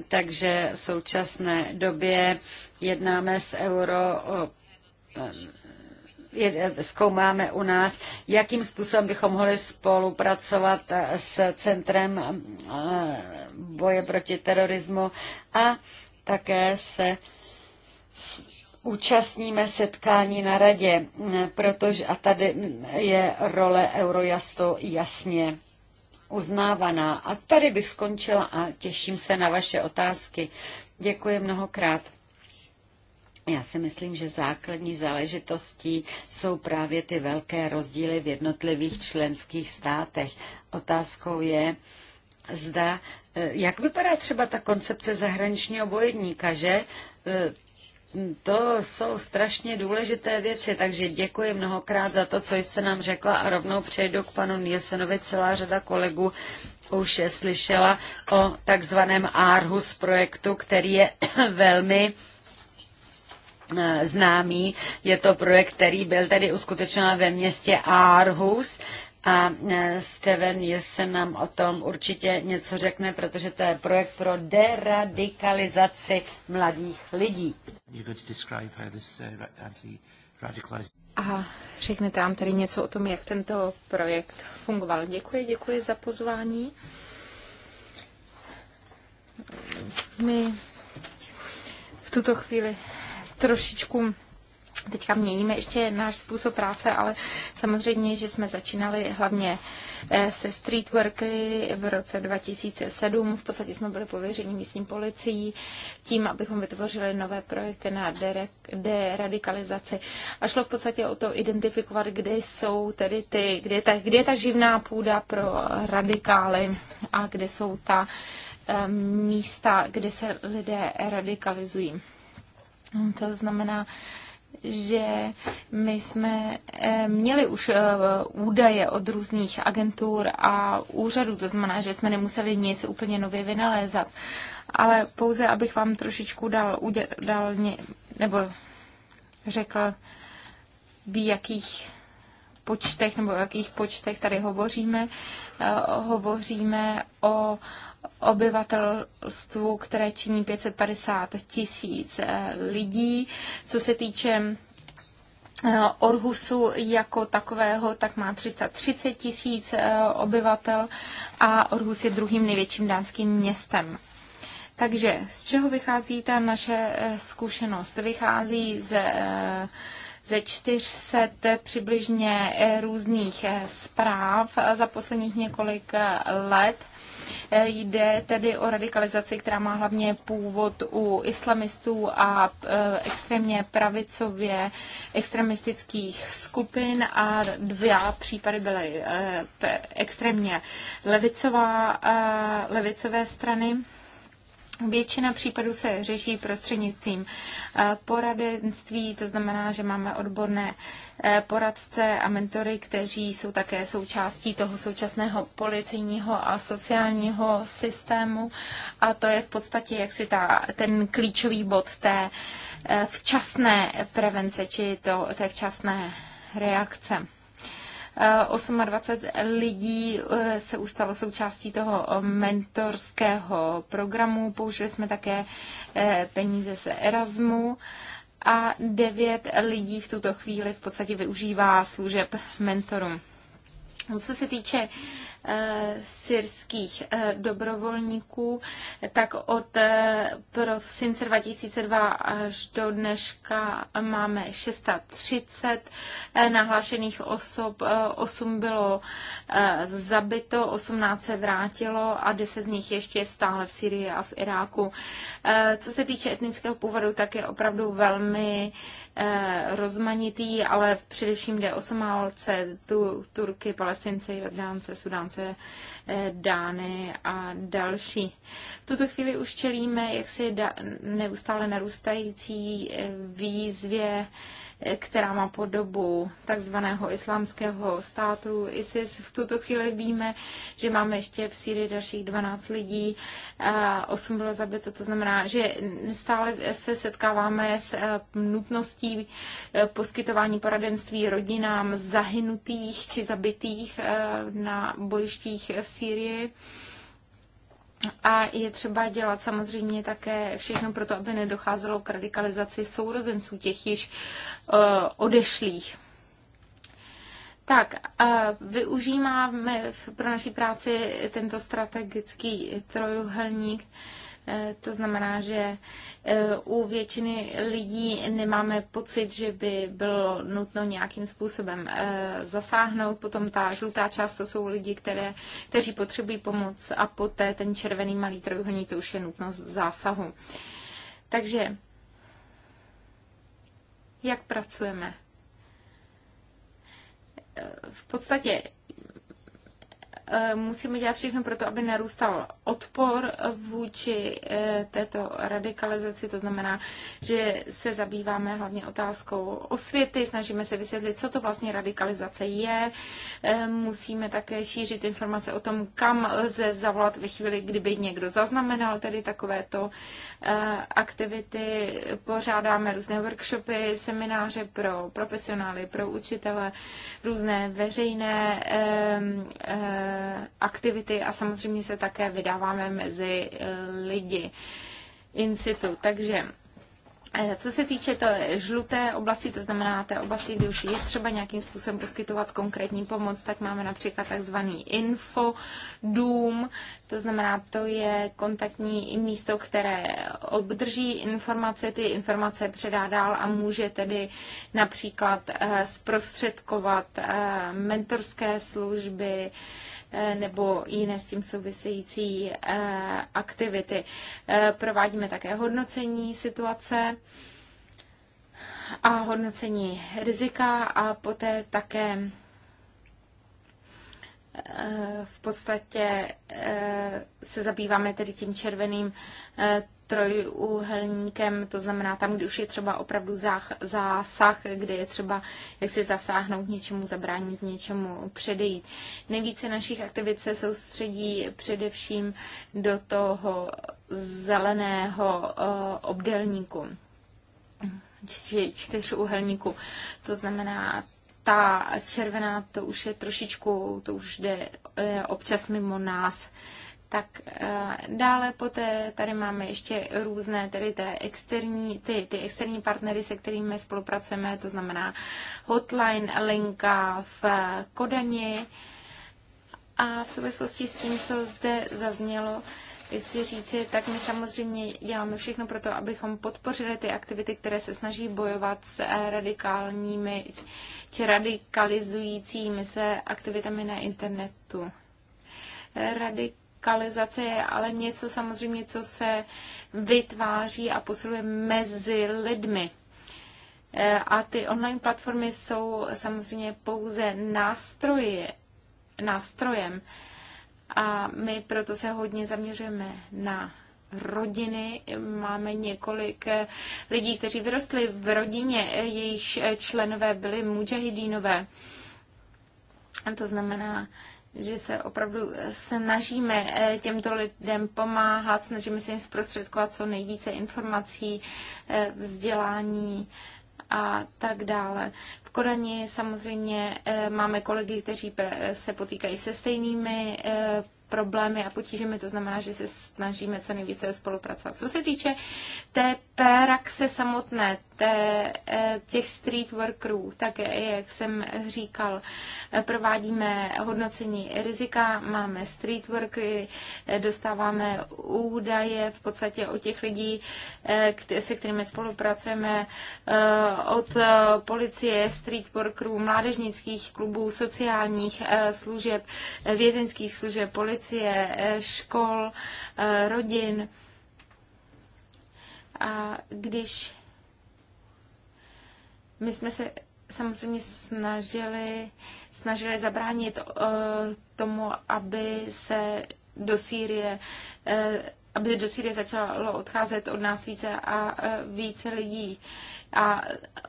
takže v současné době jednáme s Euro zkoumáme u nás, jakým způsobem bychom mohli spolupracovat s Centrem boje proti terorismu a také se účastníme setkání na radě, protože a tady je role eurojasto jasně uznávaná. A tady bych skončila a těším se na vaše otázky. Děkuji mnohokrát. Já si myslím, že základní záležitostí jsou právě ty velké rozdíly v jednotlivých členských státech. Otázkou je, zda Eh, jak vypadá třeba ta koncepce zahraničního bojovníka, že eh, to jsou strašně důležité věci, takže děkuji mnohokrát za to, co jste nám řekla a rovnou přejdu k panu Nielsenovi. Celá řada kolegů už slyšela o takzvaném Arhus projektu, který je velmi eh, známý. Je to projekt, který byl tedy uskutečněn ve městě Aarhus a e, Steven se nám o tom určitě něco řekne, protože to je projekt pro deradikalizaci mladých lidí. Uh, a řeknete nám tady něco o tom, jak tento projekt fungoval. Děkuji, děkuji za pozvání. My v tuto chvíli trošičku teďka měníme ještě náš způsob práce, ale samozřejmě, že jsme začínali hlavně eh, se street worky v roce 2007. V podstatě jsme byli pověřeni místním policií tím, abychom vytvořili nové projekty na deradikalizaci. A šlo v podstatě o to identifikovat, kde jsou tedy ty, kde je ta, kde je ta živná půda pro radikály a kde jsou ta eh, místa, kde se lidé radikalizují. To znamená, že my jsme eh, měli už eh, údaje od různých agentur a úřadů, to znamená, že jsme nemuseli nic úplně nově vynalézat. Ale pouze, abych vám trošičku dal, dal nebo řekl, v jakých počtech nebo o jakých počtech tady hovoříme. Eh, hovoříme o obyvatelstvu, které činí 550 tisíc eh, lidí. Co se týče eh, Orhusu jako takového, tak má 330 tisíc eh, obyvatel a Orhus je druhým největším dánským městem. Takže z čeho vychází ta naše zkušenost? Vychází z ze 400 přibližně různých zpráv za posledních několik let. Eh, jde tedy o radikalizaci, která má hlavně původ u islamistů a eh, extrémně pravicově extremistických skupin a dva případy byly eh, extrémně levicová, levicové strany. Většina případů se řeší prostřednictvím eh, poradenství, to znamená, že máme odborné eh, poradce a mentory, kteří jsou také součástí toho současného policejního a sociálního systému. A to je v podstatě jaksi ta, ten klíčový bod té eh, včasné prevence, či to, té včasné reakce. 28 eh, lidí eh, se už stalo součástí toho eh, mentorského programu. Použili jsme také peníze z Erasmu a devět lidí v tuto chvíli v podstatě využívá služeb mentorům. No, co se týče eh, syrských eh, dobrovolníků, tak od eh, prosince 2002 až do dneška máme 630 nahlášených osob, 8 bylo zabito, 18 se vrátilo a 10 z nich ještě stále v Syrii a v Iráku. Co se týče etnického původu, tak je opravdu velmi Eh, rozmanitý, ale především jde o Somálce, tu, Turky, Palestince, Jordánce, Sudánce, eh, Dány a další. V tuto chvíli už čelíme si da, neustále narůstající eh, výzvě která má podobu takzvaného islámského státu ISIS. V tuto chvíli víme, že máme ještě v Sýrii dalších 12 lidí, 8 bylo zabito, to znamená, že stále se setkáváme s eh, nutností eh, poskytování poradenství rodinám zahynutých či zabitých eh, na bojištích v Sýrii. A je třeba dělat samozřejmě také všechno pro to, aby nedocházelo k radikalizaci sourozenců těch již e, odešlých. Tak, e, využíváme pro naší práci tento strategický trojuhelník. E, to znamená, že Eh, u většiny lidí nemáme pocit, že by bylo nutno nějakým způsobem eh, zasáhnout. Potom ta žlutá část, to jsou lidi, které, kteří potřebují pomoc a poté ten červený malý trojuhelník, to už je nutnost zásahu. Takže jak pracujeme? Eh, v podstatě Eh, musíme dělat všechno pro to, aby narůstal odpor vůči eh, této radikalizaci. To znamená, že se zabýváme hlavně otázkou osvěty, snažíme se vysvětlit, co to vlastně radikalizace je. Eh, musíme také šířit informace o tom, kam lze zavolat ve chvíli, kdyby někdo zaznamenal tedy takovéto aktivity. Pořádáme různé workshopy, semináře pro profesionály, pro učitele, různé veřejné aktivity a samozřejmě se také vydáváme mezi eh, lidi in situ. Takže eh, co se týče to žluté oblasti, to znamená té oblasti, kde už je třeba nějakým způsobem poskytovat konkrétní pomoc, tak máme například takzvaný info dům, to znamená, to je kontaktní místo, které obdrží informace, ty informace předá dál a může tedy například eh, zprostředkovat mentorské služby, Eh, nebo jiné s tím související eh, aktivity. Eh, provádíme také hodnocení situace a hodnocení rizika a poté také v podstatě se zabýváme tedy tím červeným trojúhelníkem, to znamená tam, kde už je třeba opravdu zách, zásah, kde je třeba jak si zasáhnout něčemu, zabránit něčemu, předejít. Nejvíce našich aktivit se soustředí především do toho zeleného eh, obdelníku čtyřúhelníku. To znamená, ta červená, to už je trošičku, to už jde eh, občas mimo nás tak eh, dále poté tady máme ještě různé tedy té externí, ty, ty externí partnery, se kterými spolupracujeme, to znamená hotline, linka v eh, Kodani. A v souvislosti s tím, co zde zaznělo, chci říci, tak my samozřejmě děláme všechno pro to, abychom podpořili ty aktivity, které se snaží bojovat s eh, radikálními či radikalizujícími se aktivitami na internetu. Radik radikalizace je ale něco samozřejmě, co se vytváří a posiluje mezi lidmi. E, a ty online platformy jsou samozřejmě pouze nástroje, nástrojem. A my proto se hodně zaměřujeme na rodiny. Máme několik e, lidí, kteří vyrostli v rodině, e, jejichž členové byli mujahidínové. To znamená, že se opravdu snažíme eh, těmto lidem pomáhat, snažíme se jim zprostředkovat co nejvíce informací, eh, vzdělání a tak dále. V Kodani samozřejmě eh, máme kolegy, kteří se potýkají se stejnými problémy a potížemi, to znamená, že se snažíme co nejvíce spolupracovat. Co se týče té praxe samotné, té, eh, těch street workerů, tak eh, jak jsem říkal, eh, provádíme hodnocení rizika, máme street workery, dostáváme údaje v podstatě o těch lidí, se kterými spolupracujeme od policie, street workerů, mládežnických klubů, sociálních služeb, vězeňských služeb, policie, škol, rodin. A když my jsme se samozřejmě snažili, snažili zabránit eh, tomu, aby se do Sýrie eh, aby do Sýrie začalo odcházet od nás více a eh, více lidí. A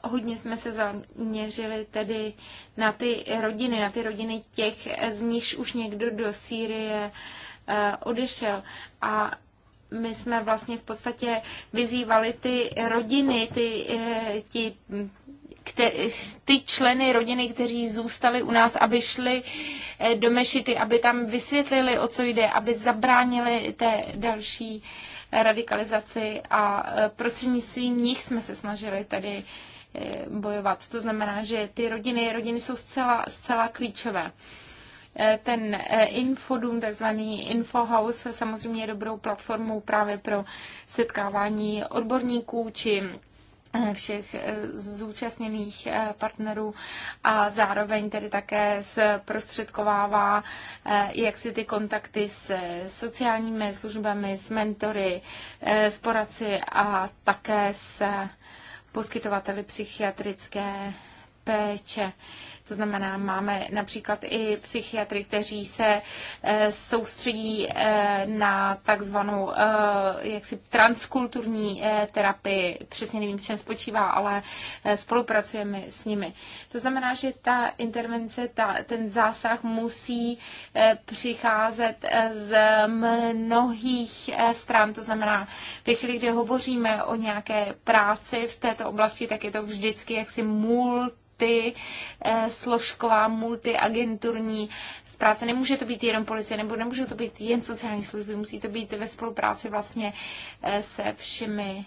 hodně jsme se zaměřili tedy na ty rodiny, na ty rodiny těch, z nichž už někdo do Sýrie odešel. A my jsme vlastně v podstatě vyzývali ty rodiny, ty, ti kte- ty členy rodiny, kteří zůstali u nás, aby šli eh, do mešity, aby tam vysvětlili, o co jde, aby zabránili té další radikalizaci a eh, prostřednictvím nich jsme se snažili tady eh, bojovat. To znamená, že ty rodiny, rodiny jsou zcela, zcela klíčové. Ten infodum, takzvaný infohouse, samozřejmě je dobrou platformou právě pro setkávání odborníků či Eh, všech eh, zúčastněných eh, partnerů a zároveň tedy také zprostředkovává jak si ty kontakty s sociálními službami, s mentory, s poradci a také s poskytovateli psychiatrické péče. To znamená, máme například i psychiatry, kteří se eh, soustředí eh, na takzvanou eh, jaksi transkulturní terapii. Přesně nevím, v čem spočívá, ale spolupracujeme s nimi. To znamená, že ta intervence, ta, ten zásah musí přicházet z mnohých stran. To znamená, ve chvíli, kdy hovoříme o nějaké práci v této oblasti, tak je to vždycky jaksi multi multisložková, eh, multiagenturní zpráce. Nemůže to být jenom policie, nebo nemůže to být jen sociální služby, musí to být ve spolupráci vlastně eh, se všemi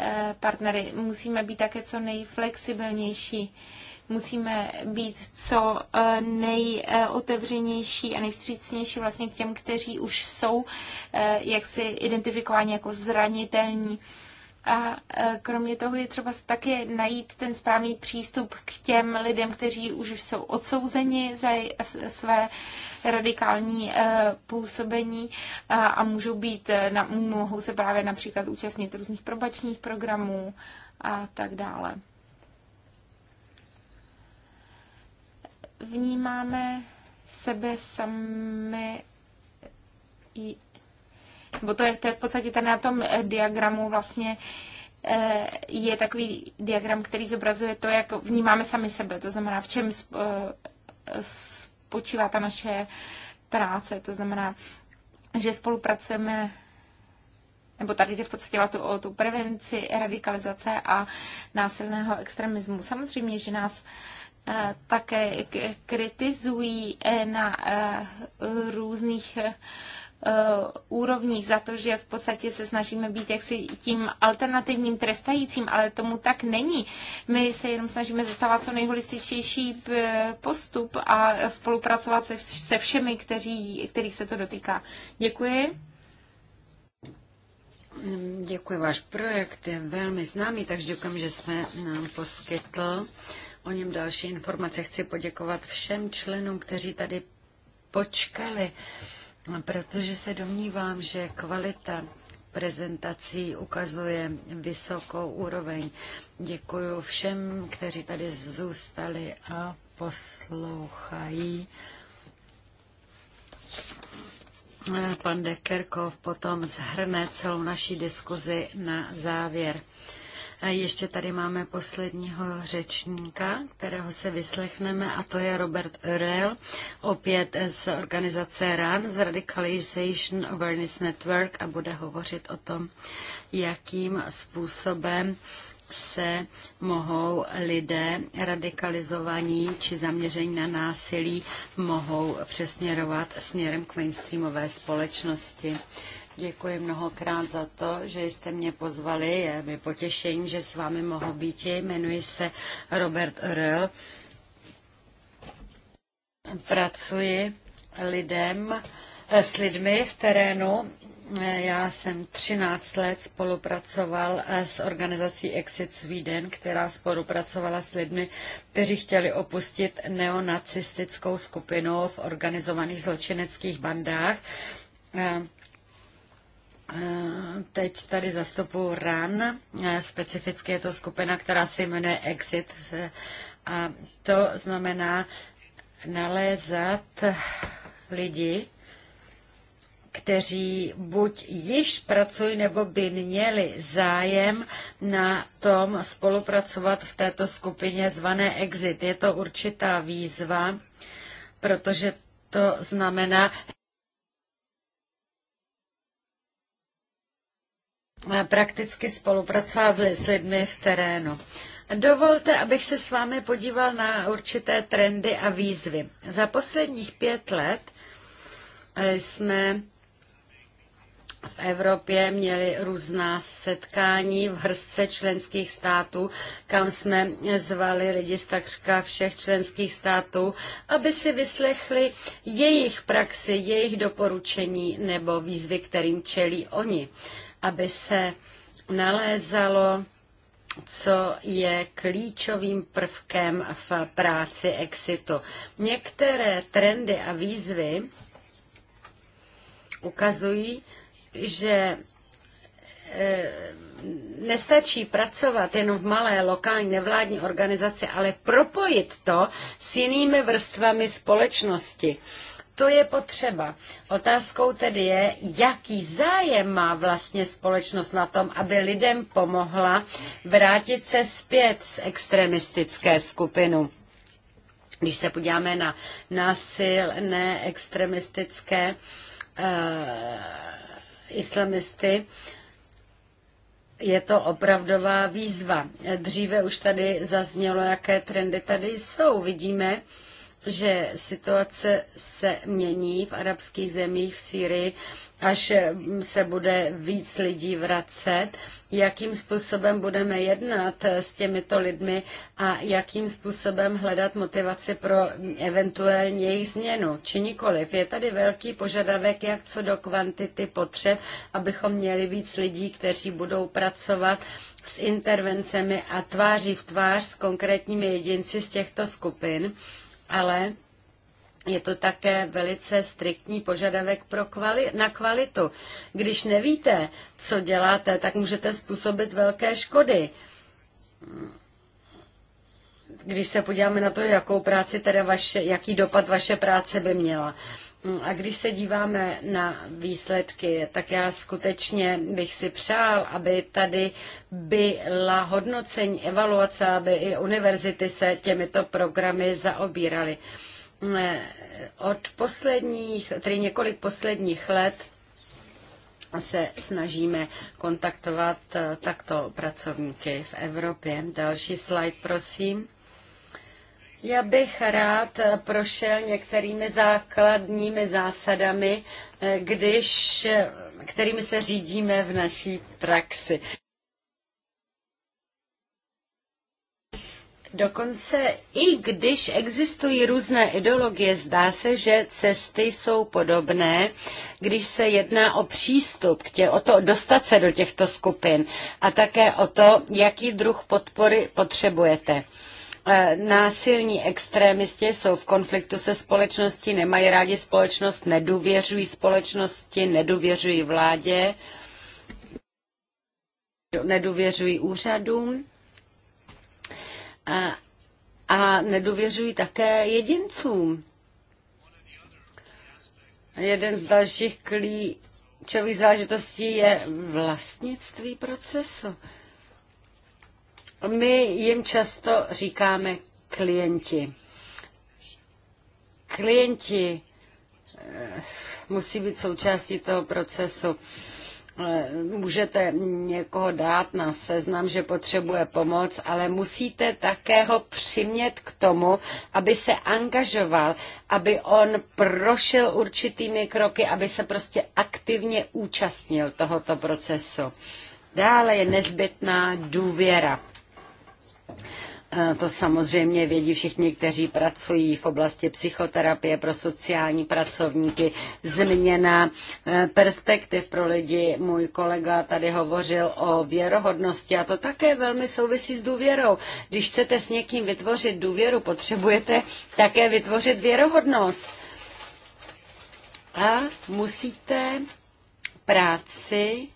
eh, partnery. Musíme být také co nejflexibilnější musíme být co nejotevřenější a nejvstřícnější vlastně k těm, kteří už jsou jaksi identifikováni jako zranitelní a e, kromě toho je třeba taky najít ten správný přístup k těm lidem, kteří už jsou odsouzeni za své radikální e, působení a můžou, být, e, mohou se právě například účastnit různých probačních programů a tak dále. Vnímáme sebe sami nebo to je, to je v podstatě tady na tom eh, diagramu vlastně eh, je takový diagram, který zobrazuje to, jak vnímáme sami sebe, to znamená, v čem eh, spočívá ta naše práce, to znamená, že spolupracujeme nebo tady jde v podstatě o tu, o tu prevenci radikalizace a násilného extremismu. Samozřejmě, že nás také kritizují na různých Eh, úrovních za to, že v podstatě se snažíme být jaksi tím alternativním trestajícím, ale tomu tak není. My se jenom snažíme zastávat co nejholističtější postup a spolupracovat se, se všemi, kteří, kterých se to dotýká. Děkuji. Děkuji, váš projekt je velmi známý, takže děkuji, že jsme nám poskytl o něm další informace. Chci poděkovat všem členům, kteří tady počkali protože se domnívám, že kvalita prezentací ukazuje vysokou úroveň. Děkuji všem, kteří tady zůstali a poslouchají. Pan Dekerkov potom zhrne celou naší diskuzi na závěr. Ještě tady máme posledního řečníka, kterého se vyslechneme, a to je Robert Earl, opět z organizace RAN, z Radicalization Awareness Network a bude hovořit o tom, jakým způsobem se mohou lidé radikalizovaní či zaměření na násilí mohou přesměrovat směrem k mainstreamové společnosti. Děkuji mnohokrát za to, že jste mě pozvali. Je mi potěšením, že s vámi mohu být. Jmenuji se Robert Earl. Pracuji lidem, eh, s lidmi v terénu. Eh, já jsem 13 let spolupracoval eh, s organizací Exit Sweden, která spolupracovala s lidmi, kteří chtěli opustit neonacistickou skupinu v organizovaných zločineckých bandách. Eh, teď tady zastupu RAN, eh, specificky je to skupina, která se jmenuje Exit eh, a to znamená nalézat lidi, kteří buď již pracují nebo by měli zájem na tom spolupracovat v této skupině zvané Exit. Je to určitá výzva, protože to znamená, prakticky spolupracovali s lidmi v terénu. Dovolte, abych se s vámi podíval na určité trendy a výzvy. Za posledních pět let eh, jsme v Evropě měli různá setkání v hrstce členských států, kam jsme zvali lidi z takřka všech členských států, aby si vyslechli jejich praxi, jejich doporučení nebo výzvy, kterým čelí oni aby se nalézalo co je klíčovým prvkem v práci Exitu. Některé trendy a výzvy ukazují, že e, nestačí pracovat jenom v malé lokální nevládní organizaci, ale propojit to s jinými vrstvami společnosti. To je potřeba. Otázkou tedy je, jaký zájem má vlastně společnost na tom, aby lidem pomohla vrátit se zpět z extremistické skupinu. Když se podíváme na násilné extremistické uh, islamisty, je to opravdová výzva. Dříve už tady zaznělo, jaké trendy tady jsou. Vidíme, uh, že situace se mění v arabských zemích, v Syrii, až mm, se bude víc lidí vracet, jakým způsobem budeme jednat eh, s těmito lidmi a jakým způsobem hledat motivaci pro mm, eventuální jejich změnu, či nikoliv. Je tady velký požadavek, jak co do kvantity potřeb, abychom měli víc lidí, kteří budou pracovat s intervencemi a tváří v tvář s konkrétními jedinci z těchto skupin ale je to také velice striktní požadavek pro kvali- na kvalitu. Když nevíte, co děláte, tak můžete způsobit velké škody. Když se podíváme na to, jakou práci teda vaše, jaký dopad vaše práce by měla. Mm, a když se díváme na výsledky, tak já skutečně bych si přál, aby tady byla hodnocení, evaluace, aby i univerzity se těmito programy zaobíraly. Mm, eh, od posledních, tedy několik posledních let se snažíme kontaktovat eh, takto pracovníky v Evropě. Další slide, prosím. Já bych rád prošel některými základními zásadami, eh, když, eh, kterými se řídíme v naší praxi. Dokonce i když existují různé ideologie, zdá se, že cesty jsou podobné, když se jedná o přístup, k tě, o to dostat se do těchto skupin a také o to, jaký druh podpory potřebujete. Násilní extrémisti jsou v konfliktu se společností, nemají rádi společnost, nedůvěřují společnosti, nedůvěřují vládě, nedůvěřují úřadům a, a nedůvěřují také jedincům. Jeden z dalších klíčových záležitostí je vlastnictví procesu. My jim často říkáme klienti. Klienti eh, musí být součástí toho procesu. Eh, můžete někoho dát na seznam, že potřebuje pomoc, ale musíte také ho přimět k tomu, aby se angažoval, aby on prošel určitými kroky, aby se prostě aktivně účastnil tohoto procesu. Dále je nezbytná důvěra Eh, to samozřejmě vědí všichni, kteří pracují v oblasti psychoterapie pro sociální pracovníky. Změna eh, perspektiv pro lidi. Můj kolega tady hovořil o věrohodnosti a to také velmi souvisí s důvěrou. Když chcete s někým vytvořit důvěru, potřebujete také vytvořit věrohodnost. A musíte práci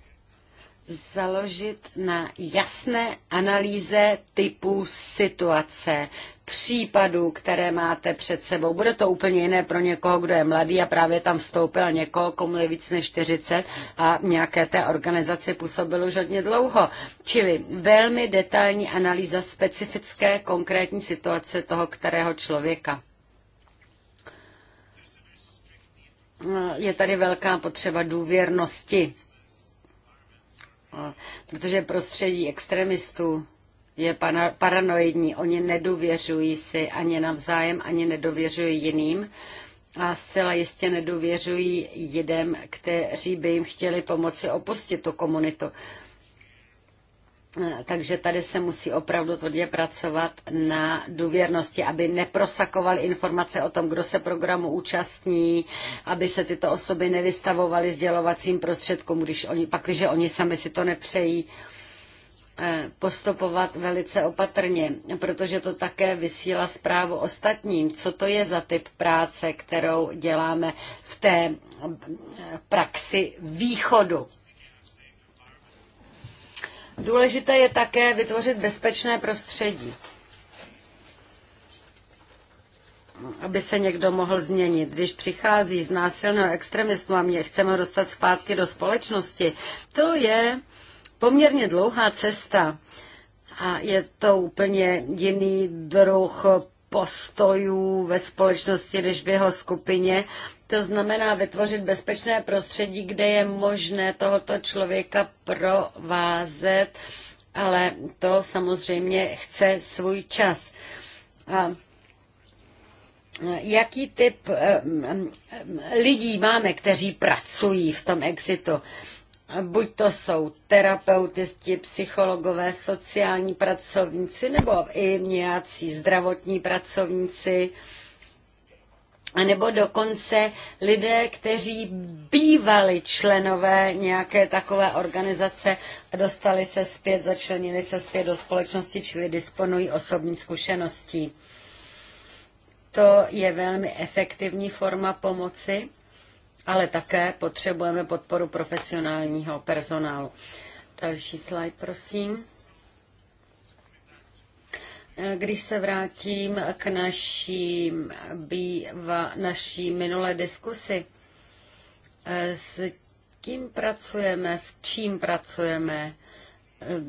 založit na jasné analýze typu situace, případů, které máte před sebou. Bude to úplně jiné pro někoho, kdo je mladý a právě tam vstoupil někoho, komu je víc než 40 a nějaké té organizaci působilo už hodně dlouho. Čili velmi detailní analýza specifické konkrétní situace toho, kterého člověka. Je tady velká potřeba důvěrnosti protože prostředí extremistů je paranoidní. Oni nedůvěřují si ani navzájem, ani nedověřují jiným a zcela jistě nedůvěřují jedem, kteří by jim chtěli pomoci opustit tu komunitu. Eh, takže tady se musí opravdu tvrdě pracovat na důvěrnosti, aby neprosakoval informace o tom, kdo se programu účastní, aby se tyto osoby nevystavovaly sdělovacím prostředkům, když oni, pak, když oni sami si to nepřejí eh, postupovat velice opatrně, protože to také vysílá zprávu ostatním, co to je za typ práce, kterou děláme v té eh, praxi východu Důležité je také vytvořit bezpečné prostředí, aby se někdo mohl změnit. Když přichází z násilného extremismu a mě chceme dostat zpátky do společnosti, to je poměrně dlouhá cesta a je to úplně jiný druh postojů ve společnosti než v jeho skupině to znamená vytvořit bezpečné prostředí, kde je možné tohoto člověka provázet, ale to samozřejmě chce svůj čas. A jaký typ e, lidí máme, kteří pracují v tom exitu? Buď to jsou terapeutisti, psychologové, sociální pracovníci nebo i nějací zdravotní pracovníci. Uh, nebo dokonce lidé, kteří bývali členové nějaké takové organizace, a dostali se zpět, začlenili se zpět do společnosti, čili disponují osobní zkušeností. To je velmi efektivní forma pomoci, ale také potřebujeme podporu profesionálního personálu. Další slide, prosím. Když se vrátím k naší, býva, naší minulé diskusi, eh, s kým pracujeme, s čím pracujeme,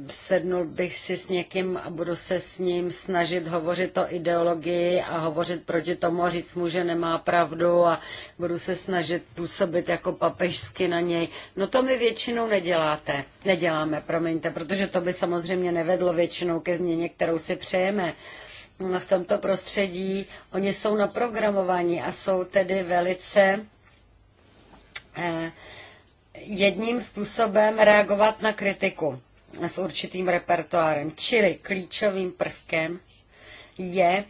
sednul bych si s někým a budu se s ním snažit hovořit o ideologii a hovořit proti tomu a říct mu, že nemá pravdu a budu se snažit působit jako papežsky na něj. No to my většinou neděláte, neděláme, promiňte, protože to by samozřejmě nevedlo většinou ke změně, kterou si přejeme no, v tomto prostředí. Oni jsou programování a jsou tedy velice eh, jedním způsobem reagovat na kritiku s určitým repertoárem. Čili klíčovým prvkem je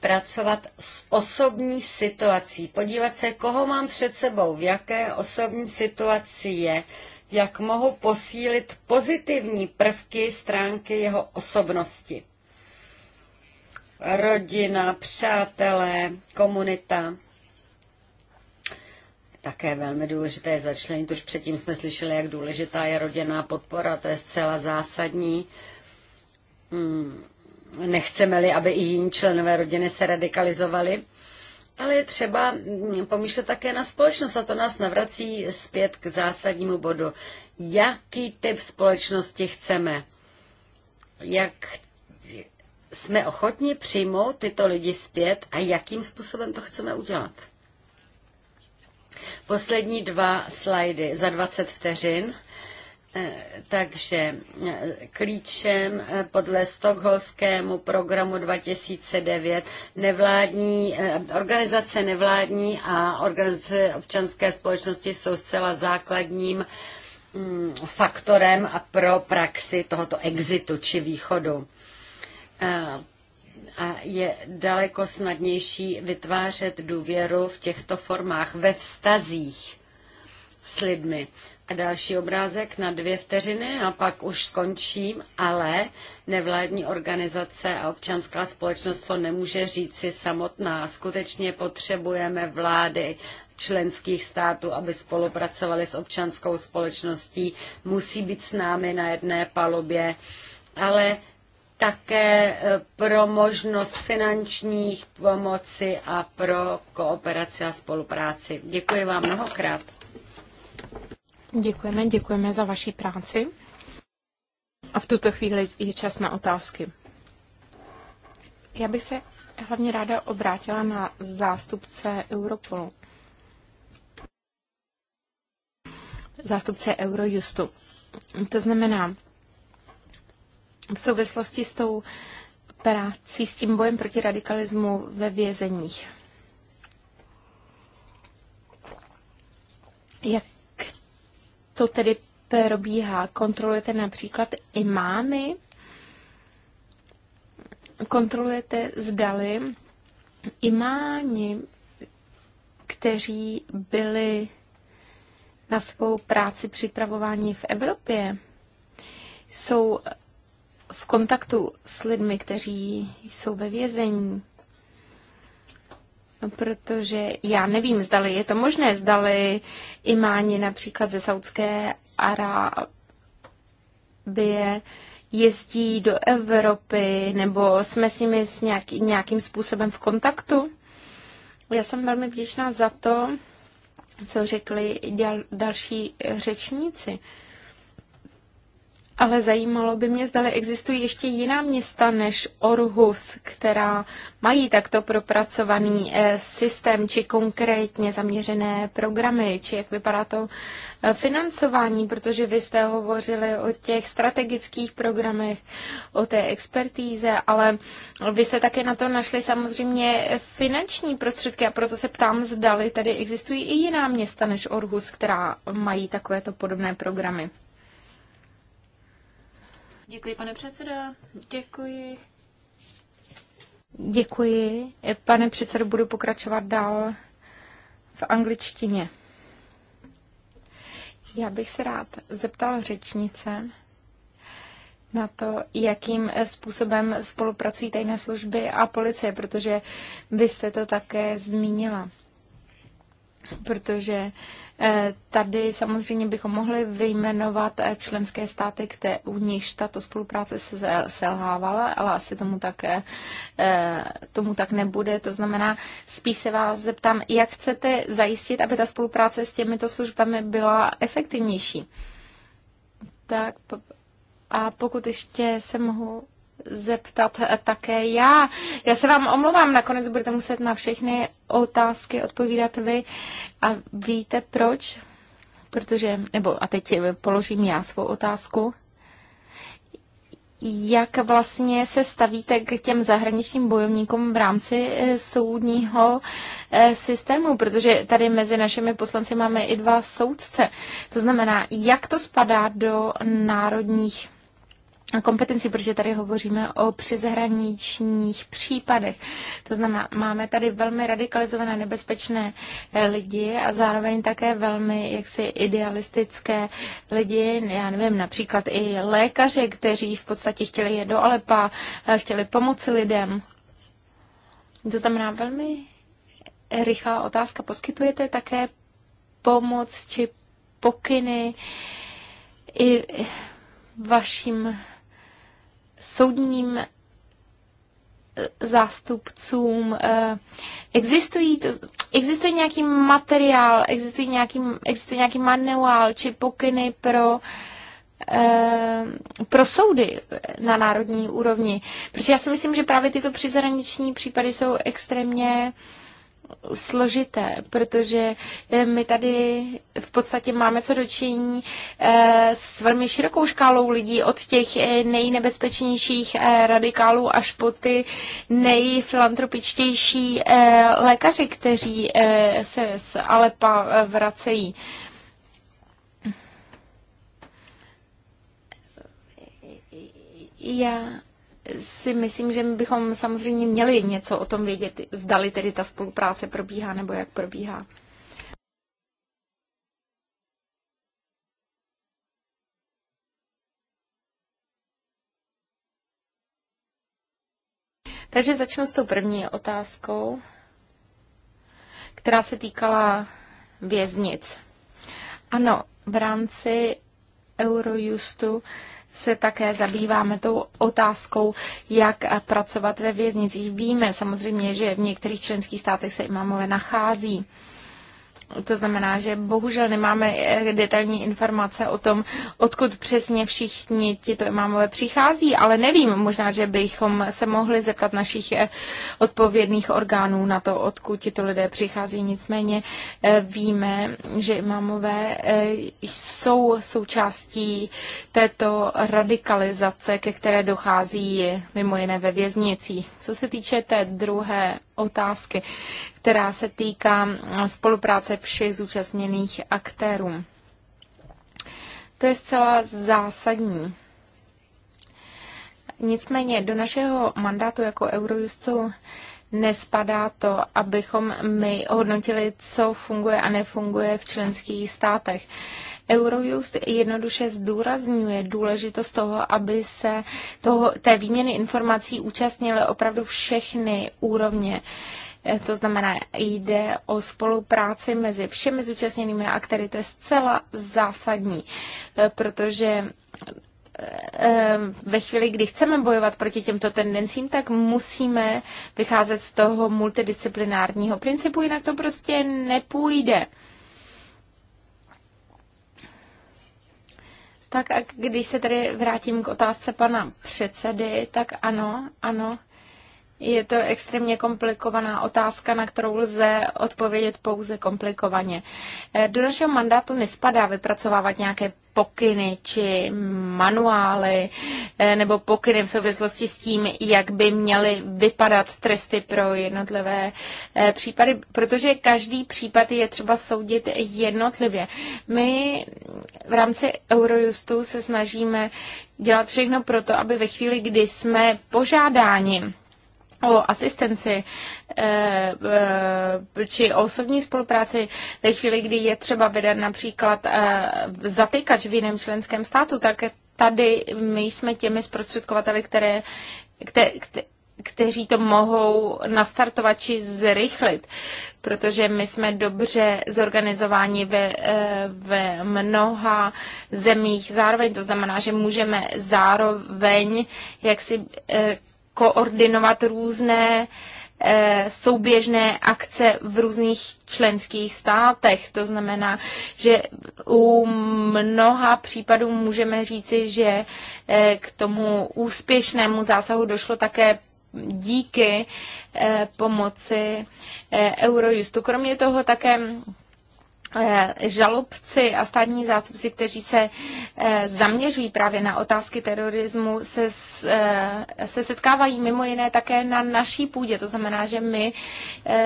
pracovat s osobní situací, podívat se, koho mám před sebou, v jaké osobní situaci je, jak mohu posílit pozitivní prvky stránky jeho osobnosti. Rodina, přátelé, komunita. Také velmi důležité začlenit, Tož předtím jsme slyšeli, jak důležitá je rodinná podpora, to je zcela zásadní. Hmm. Nechceme-li, aby i jiní členové rodiny se radikalizovali, ale je třeba hmm, pomýšlet také na společnost a to nás navrací zpět k zásadnímu bodu. Jaký typ společnosti chceme? Jak jsme ochotni přijmout tyto lidi zpět a jakým způsobem to chceme udělat? Poslední dva slajdy za 20 vteřin. Eh, takže eh, klíčem eh, podle stokholskému programu 2009 nevládní, organizace nevládní a organizace občanské společnosti jsou zcela základním mm, faktorem a pro praxi tohoto exitu či východu. A je daleko snadnější vytvářet důvěru v těchto formách, ve vztazích s lidmi. A další obrázek na dvě vteřiny a pak už skončím, ale nevládní organizace a občanská společnost to nemůže si samotná. Skutečně potřebujeme vlády členských států, aby spolupracovali s občanskou společností. Musí být s námi na jedné palubě, ale také eh, pro možnost finančních pomoci a pro kooperaci a spolupráci. Děkuji vám mnohokrát. Děkujeme, děkujeme za vaši práci. A v tuto chvíli je čas na otázky. Já bych se hlavně ráda obrátila na zástupce Europolu. Zástupce Eurojustu. To znamená, v souvislosti s tou práci, s tím bojem proti radikalismu ve vězeních. Jak to tedy probíhá? Kontrolujete například imámy? Kontrolujete zdali imáni, kteří byli na svou práci připravování v Evropě, jsou v kontaktu s lidmi, kteří jsou ve vězení, no, protože já nevím, zdali je to možné, zdali imáni například ze Saudské Arábie jezdí do Evropy, nebo jsme s nimi s nějaký, nějakým způsobem v kontaktu. Já jsem velmi vděčná za to, co řekli dal, další řečníci. Uh, ale zajímalo by mě, zda existují ještě jiná města než Orhus, která mají takto propracovaný eh, systém či konkrétně zaměřené programy, či jak vypadá to eh, financování, protože vy jste hovořili o těch strategických programech, o té expertíze, ale vy jste také na to našli samozřejmě finanční prostředky a proto se ptám, zdali tady existují i jiná města než Orhus, která mají takovéto podobné programy. Děkuji, pane předsedo. Děkuji. Děkuji. Pane předsedo, budu pokračovat dál v angličtině. Já bych se rád zeptal řečnice na to, jakým způsobem spolupracují tajné služby a policie, protože vy jste to také zmínila. Protože Eh, tady samozřejmě bychom mohli vyjmenovat eh, členské státy, které u nichž tato spolupráce se selhávala, ale asi tomu tak, eh, tomu tak nebude. To znamená, spíš se vás zeptám, jak chcete zajistit, aby ta spolupráce s těmito službami byla efektivnější. Tak a pokud ještě se mohu zeptat také já. Já se vám omlouvám, nakonec budete muset na všechny otázky odpovídat vy. A víte proč? Protože, nebo a teď položím já svou otázku. Jak vlastně se stavíte k těm zahraničním bojovníkům v rámci eh, soudního eh, systému? Protože tady mezi našimi poslanci máme i dva soudce. To znamená, jak to spadá do národních kompetenci, protože tady hovoříme o přezahraničních případech. To znamená, máme tady velmi radikalizované nebezpečné eh, lidi a zároveň také velmi jaksi idealistické lidi, já nevím, například i lékaři, kteří v podstatě chtěli jet do Alepa, eh, chtěli pomoci lidem. To znamená velmi rychlá otázka. Poskytujete také pomoc či pokyny i vašim soudním eh, zástupcům. Eh, existují, existuje nějaký materiál, existuje nějaký, existuje nějaký manuál či pokyny pro eh, pro soudy na národní úrovni. Protože já si myslím, že právě tyto přizraniční případy jsou extrémně uh, složité, protože eh, my tady v podstatě máme co dočinění eh, s velmi širokou škálou lidí, od těch eh, nejnebezpečnějších radikálů až po ty nejfilantropičtější lékaři, kteří se z Alepa vracejí. Já si myslím, že my bychom samozřejmě měli něco o tom vědět, zdali tedy ta spolupráce probíhá nebo jak probíhá. Takže začnu s tou první otázkou, která se týkala věznic. Ano, v rámci Eurojustu se také zabýváme tou otázkou, jak pracovat ve věznicích. Víme samozřejmě, že v některých členských státech se imamové nachází. To znamená, že bohužel nemáme eh, detailní informace o tom, odkud přesně všichni tito imámové přichází, ale nevím, možná, že bychom se mohli zeptat našich eh, odpovědných orgánů na to, odkud tito lidé přichází. Nicméně eh, víme, že imámové jsou součástí této radikalizace, ke které dochází mimo jiné ve věznicích. Co se týče té druhé otázky, která se týká spolupráce všech zúčastněných aktérů. To je zcela zásadní. Nicméně do našeho mandátu jako Eurojustu nespadá to, abychom my hodnotili, co funguje a nefunguje v členských státech. Eurojust jednoduše zdůrazňuje důležitost toho, aby se toho, té výměny informací účastnily opravdu všechny úrovně. E, to znamená, jde o spolupráci mezi všemi zúčastněnými aktéry. To je zcela zásadní, e, protože e, ve chvíli, kdy chceme bojovat proti těmto tendencím, tak musíme vycházet z toho multidisciplinárního principu, jinak to prostě nepůjde. Tak a když se tedy vrátím k otázce pana předsedy, tak ano, ano, je to extrémně komplikovaná otázka, na kterou lze odpovědět pouze komplikovaně. Eh, do našeho mandátu nespadá vypracovávat nějaké pokyny či manuály eh, nebo pokyny v souvislosti s tím, jak by měly vypadat tresty pro jednotlivé eh, případy, protože každý případ je třeba soudit jednotlivě. My v rámci Eurojustu se snažíme dělat všechno pro to, aby ve chvíli, kdy jsme požádáni, o asistenci eh, eh, či o osobní spolupráci ve chvíli, kdy je třeba vydat například eh, zatýkač v jiném členském státu, tak tady my jsme těmi zprostředkovateli, které, kte, kte, kteří to mohou nastartovat či zrychlit, protože my jsme dobře zorganizováni ve, ve mnoha zemích zároveň. To znamená, že můžeme zároveň jak si koordinovat různé eh, souběžné akce v různých členských státech. To znamená, že u mnoha případů můžeme říci, že eh, k tomu úspěšnému zásahu došlo také díky eh, pomoci Eurojustu. Kromě toho také Eh, žalobci a státní zástupci, kteří se eh, zaměřují právě na otázky terorismu, se, eh, se setkávají mimo jiné také na naší půdě. To znamená, že my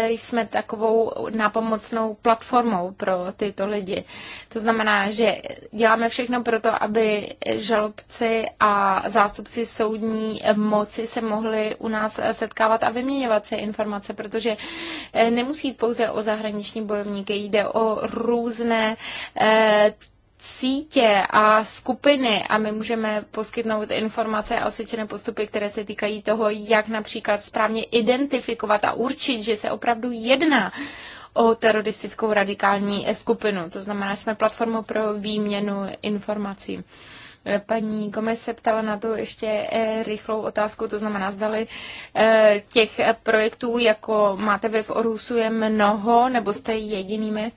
jsme takovou napomocnou platformou pro tyto lidi. To znamená, že děláme všechno pro to, aby žalobci a zástupci soudní moci se mohli u nás setkávat a vyměňovat se informace, protože nemusí jít pouze o zahraniční bojovníky, jde o různé eh, sítě a skupiny a my můžeme poskytnout informace a osvědčené postupy, které se týkají toho, jak například správně identifikovat a určit, že se opravdu jedná o teroristickou radikální skupinu. To znamená, jsme platformou pro výměnu informací. Eh, paní Gomez se ptala na tu ještě eh, rychlou otázku, to znamená, zdali těch projektů, jako máte vy v Orusu, je mnoho, nebo jste jedinými?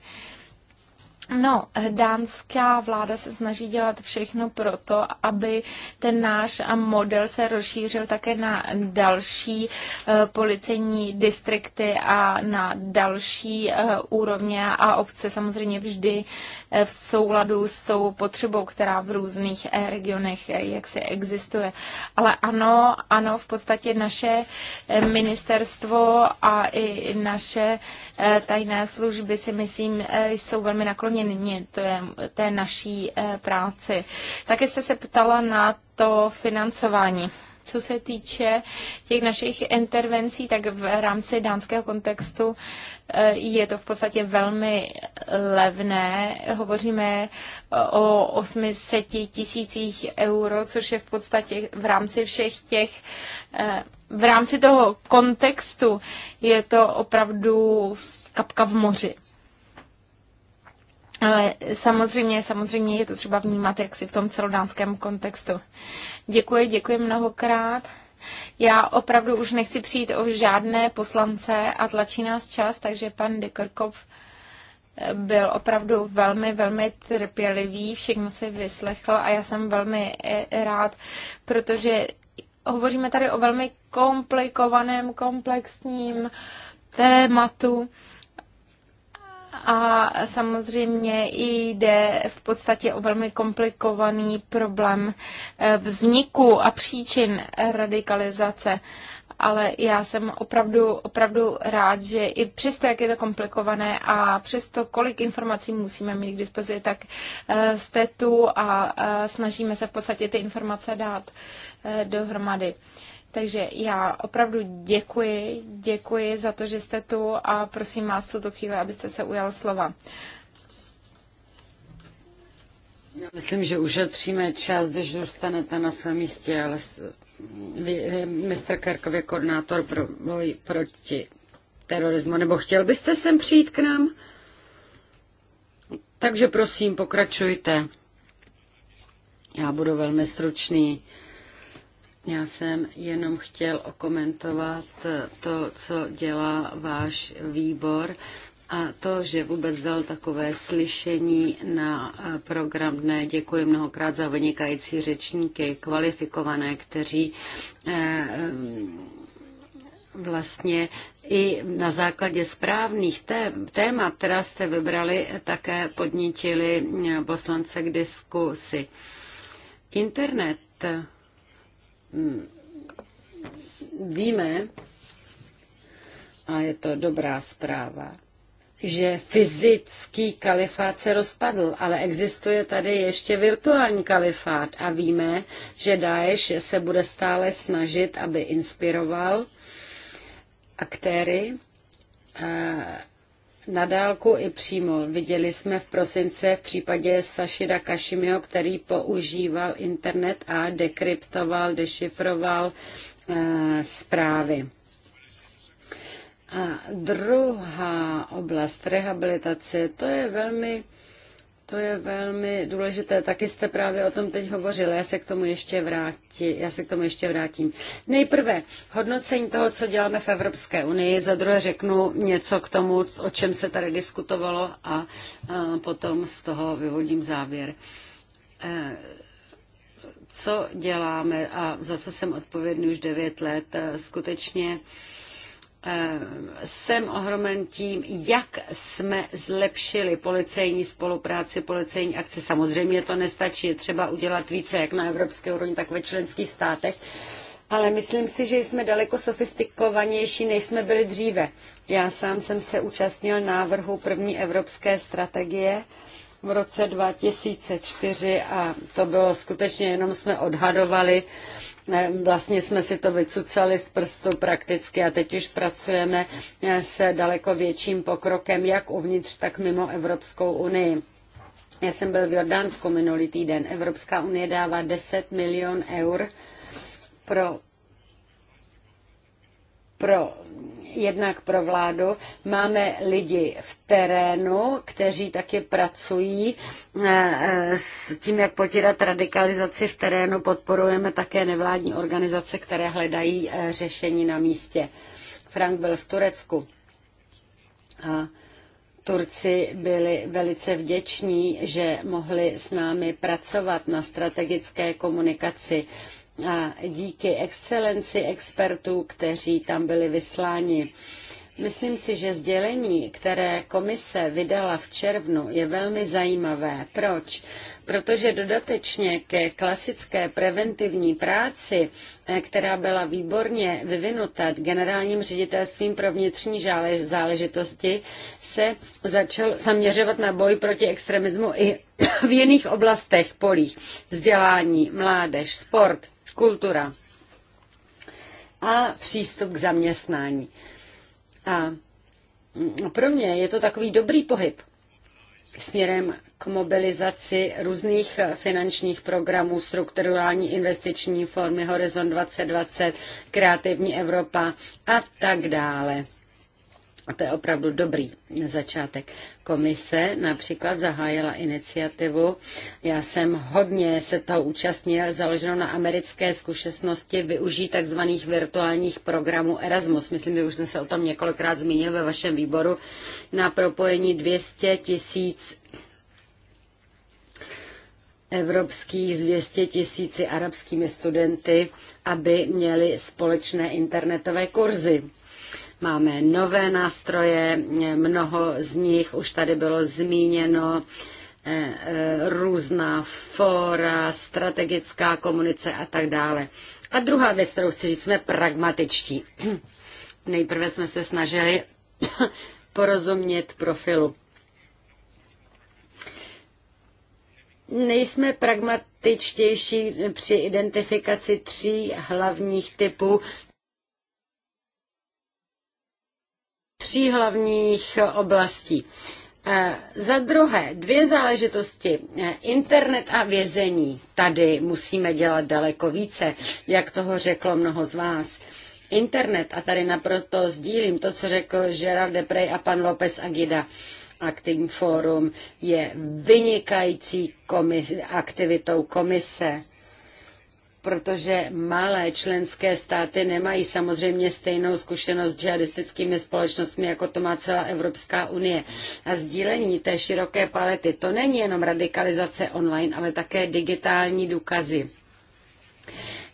No, dánská vláda se snaží dělat všechno pro to, aby ten náš model se rozšířil také na další eh, policejní distrikty a na další eh, úrovně a obce samozřejmě vždy Eh, v souladu s tou potřebou, která v různých eh, regionech eh, jaksi existuje. Ale ano, ano, v podstatě naše ministerstvo a i naše tajné služby si myslím jsou velmi nakloněny té, té naší práci. Také jste se ptala na to financování co se týče těch našich intervencí, tak v rámci dánského kontextu Eh, je to v podstatě velmi levné. Hovoříme eh, o 800 tisících euro, což je v podstatě v rámci všech těch, eh, v rámci toho kontextu je to opravdu kapka v moři. Ale samozřejmě, samozřejmě je to třeba vnímat si v tom celodánském kontextu. Děkuji, děkuji mnohokrát. Já opravdu už nechci přijít o žádné poslance a tlačí nás čas, takže pan Dekorkov eh, byl opravdu velmi, velmi trpělivý, všechno si vyslechl a já jsem velmi eh, rád, protože hovoříme tady o velmi komplikovaném, komplexním tématu a samozřejmě jde v podstatě o velmi komplikovaný problém eh, vzniku a příčin radikalizace. Ale já jsem opravdu, opravdu rád, že i přesto, jak je to komplikované a přesto, kolik informací musíme mít k dispozici, tak eh, jste tu a eh, snažíme se v podstatě ty informace dát dohromady. Takže já opravdu děkuji, děkuji za to, že jste tu a prosím vás tuto chvíli, abyste se ujal slova. Já myslím, že ušetříme čas, když zůstanete na svém místě, ale eh, mistr Karkov je koordinátor pro boj proti terorismu. Nebo chtěl byste sem přijít k nám? Takže prosím, pokračujte. Já budu velmi stručný. Já jsem jenom chtěl okomentovat to, co dělá váš výbor a to, že vůbec dal takové slyšení na program dne. Děkuji mnohokrát za vynikající řečníky, kvalifikované, kteří eh, vlastně i na základě správných témat, která jste vybrali, také podnítili poslance k diskusi. Internet Mm. víme, a je to dobrá zpráva, že fyzický kalifát se rozpadl, ale existuje tady ještě virtuální kalifát a víme, že Daesh se bude stále snažit, aby inspiroval aktéry na dálku i přímo. Viděli jsme v prosince v případě Sašida Kašimio, který používal internet a dekryptoval, dešifroval e, zprávy. A druhá oblast rehabilitace, to je velmi to je velmi důležité. Taky jste právě o tom teď hovořil. Já se k tomu ještě vrátí. Já se k tomu ještě vrátím. Nejprve hodnocení toho, co děláme v Evropské unii. Za druhé řeknu něco k tomu, o čem se tady diskutovalo a, a potom z toho vyvodím závěr. E, co děláme a za co jsem odpovědný už 9 let, e, skutečně Eh, jsem ohromen tím, jak jsme zlepšili policejní spolupráci, policejní akce. Samozřejmě to nestačí, je třeba udělat více, jak na evropské úrovni, tak ve členských státech. Ale myslím si, že jsme daleko sofistikovanější, než jsme byli dříve. Já sám jsem se účastnil návrhu první evropské strategie v roce 2004 a to bylo skutečně, jenom jsme odhadovali, Vlastně jsme si to vycucali z prstu prakticky a teď už pracujeme eh, s daleko větším pokrokem, jak uvnitř, tak mimo Evropskou unii. Já jsem byl v Jordánsku minulý týden. Evropská unie dává 10 milion eur pro pro jednak pro vládu. Máme lidi v terénu, kteří taky pracují eh, eh, s tím, jak potírat radikalizaci v terénu. Podporujeme také nevládní organizace, které hledají eh, řešení na místě. Frank byl v Turecku. A Turci byli velice vděční, že mohli s námi pracovat na strategické komunikaci díky excelenci expertů, kteří tam byli vysláni. Myslím si, že sdělení, které komise vydala v červnu, je velmi zajímavé. Proč? Protože dodatečně ke klasické preventivní práci, eh, která byla výborně vyvinuta generálním ředitelstvím pro vnitřní záležitosti, se začal zaměřovat na boj proti extremismu i v jiných oblastech, polích, vzdělání, mládež, sport kultura a přístup k zaměstnání. A pro mě je to takový dobrý pohyb směrem k mobilizaci různých finančních programů, strukturální investiční formy Horizon 2020, Kreativní Evropa a tak dále. A to je opravdu dobrý začátek. Komise například zahájila iniciativu, já jsem hodně se toho účastnila. Založeno na americké zkušenosti využít tzv. virtuálních programů Erasmus. Myslím, že už jsem se o tom několikrát zmínil ve vašem výboru na propojení 200 tisíc evropských s 200 tisíci arabskými studenty, aby měli společné internetové kurzy. Máme nové nástroje, mnoho z nich už tady bylo zmíněno, eh, eh, různá fora, strategická komunice a tak dále. A druhá věc, kterou chci říct, jsme pragmatičtí. Nejprve jsme se snažili porozumět profilu. Nejsme pragmatičtější při identifikaci tří hlavních typů tří hlavních oblastí. E, za druhé, dvě záležitosti. E, internet a vězení. Tady musíme dělat daleko více, jak toho řeklo mnoho z vás. Internet, a tady naprosto sdílím to, co řekl Gerard Deprej a pan López Agida. Acting Forum je vynikající komis- aktivitou komise protože malé členské státy nemají samozřejmě stejnou zkušenost s džihadistickými společnostmi, jako to má celá Evropská unie. A sdílení té široké palety, to není jenom radikalizace online, ale také digitální důkazy.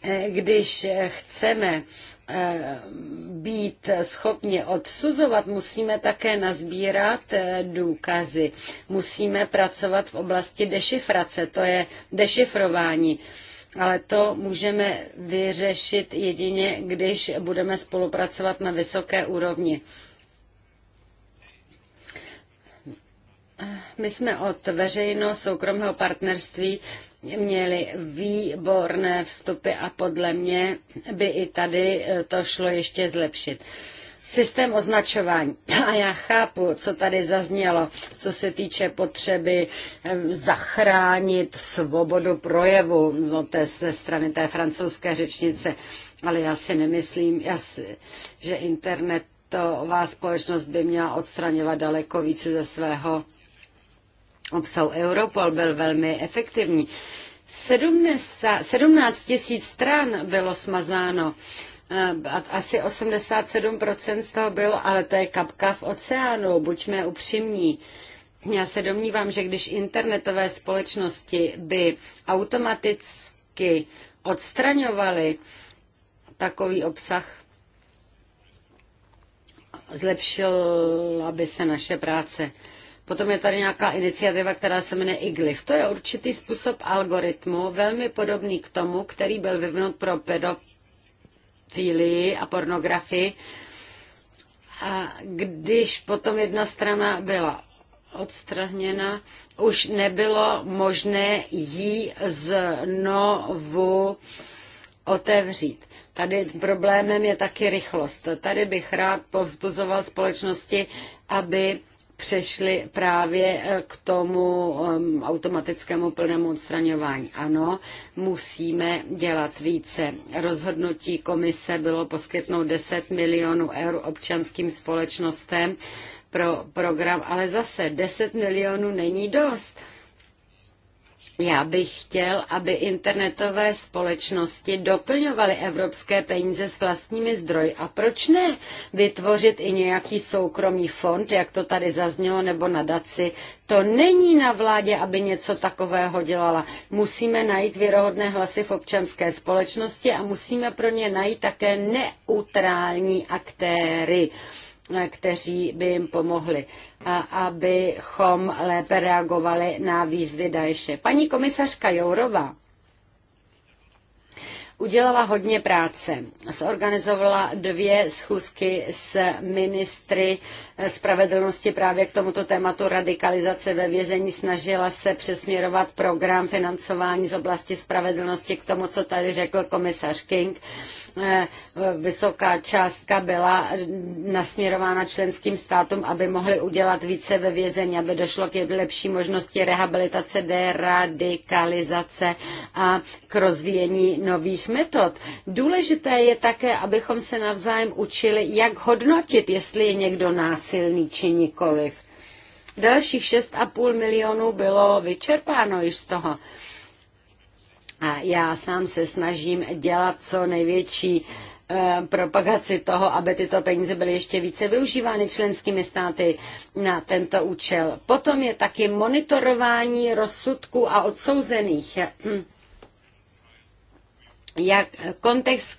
Eh, když chceme eh, být schopni odsuzovat, musíme také nazbírat eh, důkazy. Musíme pracovat v oblasti dešifrace, to je dešifrování. Ale to můžeme vyřešit jedině, když budeme spolupracovat na vysoké úrovni. My jsme od veřejno-soukromého partnerství měli výborné vstupy a podle mě by i tady to šlo ještě zlepšit. Systém označování. A já chápu, co tady zaznělo, co se týče potřeby eh, zachránit svobodu projevu no, té, ze strany té francouzské řečnice. Ale já si nemyslím, já si, že internetová společnost by měla odstraňovat daleko více ze svého obsahu. Europol byl velmi efektivní. 17 tisíc stran bylo smazáno. Eh, asi 87% z toho bylo, ale to je kapka v oceánu, buďme upřímní. Já se domnívám, že když internetové společnosti by automaticky odstraňovaly takový obsah, zlepšila by se naše práce. Potom je tady nějaká iniciativa, která se jmenuje IGLIF. To je určitý způsob algoritmu, velmi podobný k tomu, který byl vyvinut pro pedo pedofílii a pornografii. A když potom jedna strana byla odstraněna, už nebylo možné ji znovu otevřít. Tady problémem je taky rychlost. Tady bych rád povzbuzoval společnosti, aby přešli právě eh, k tomu ehm, automatickému plnému odstraňování. Ano, musíme dělat více. Rozhodnutí komise bylo poskytnout 10 milionů eur občanským společnostem pro program, ale zase 10 milionů není dost já bych chtěl, aby internetové společnosti doplňovaly evropské peníze s vlastními zdroji. A proč ne vytvořit i nějaký soukromý fond, jak to tady zaznělo, nebo nadaci? To není na vládě, aby něco takového dělala. Musíme najít věrohodné hlasy v občanské společnosti a musíme pro ně najít také neutrální aktéry kteří by jim pomohli, abychom lépe reagovali na výzvy Daeše. Paní komisařka Jourova udělala hodně práce. Zorganizovala dvě schůzky s ministry spravedlnosti právě k tomuto tématu radikalizace ve vězení. Snažila se přesměrovat program financování z oblasti spravedlnosti k tomu, co tady řekl komisař King. Eh, vysoká částka byla nasměrována členským státům, aby mohli udělat více ve vězení, aby došlo k lepší možnosti rehabilitace, deradikalizace a k rozvíjení nových různých metod. Důležité je také, abychom se navzájem učili, jak hodnotit, jestli je někdo násilný či nikoliv. Dalších 6,5 milionů bylo vyčerpáno již z toho. A já sám se snažím dělat co největší eh, propagaci toho, aby tyto peníze byly ještě více využívány členskými státy na tento účel. Potom je taky monitorování rozsudků a odsouzených. Hm jak kontext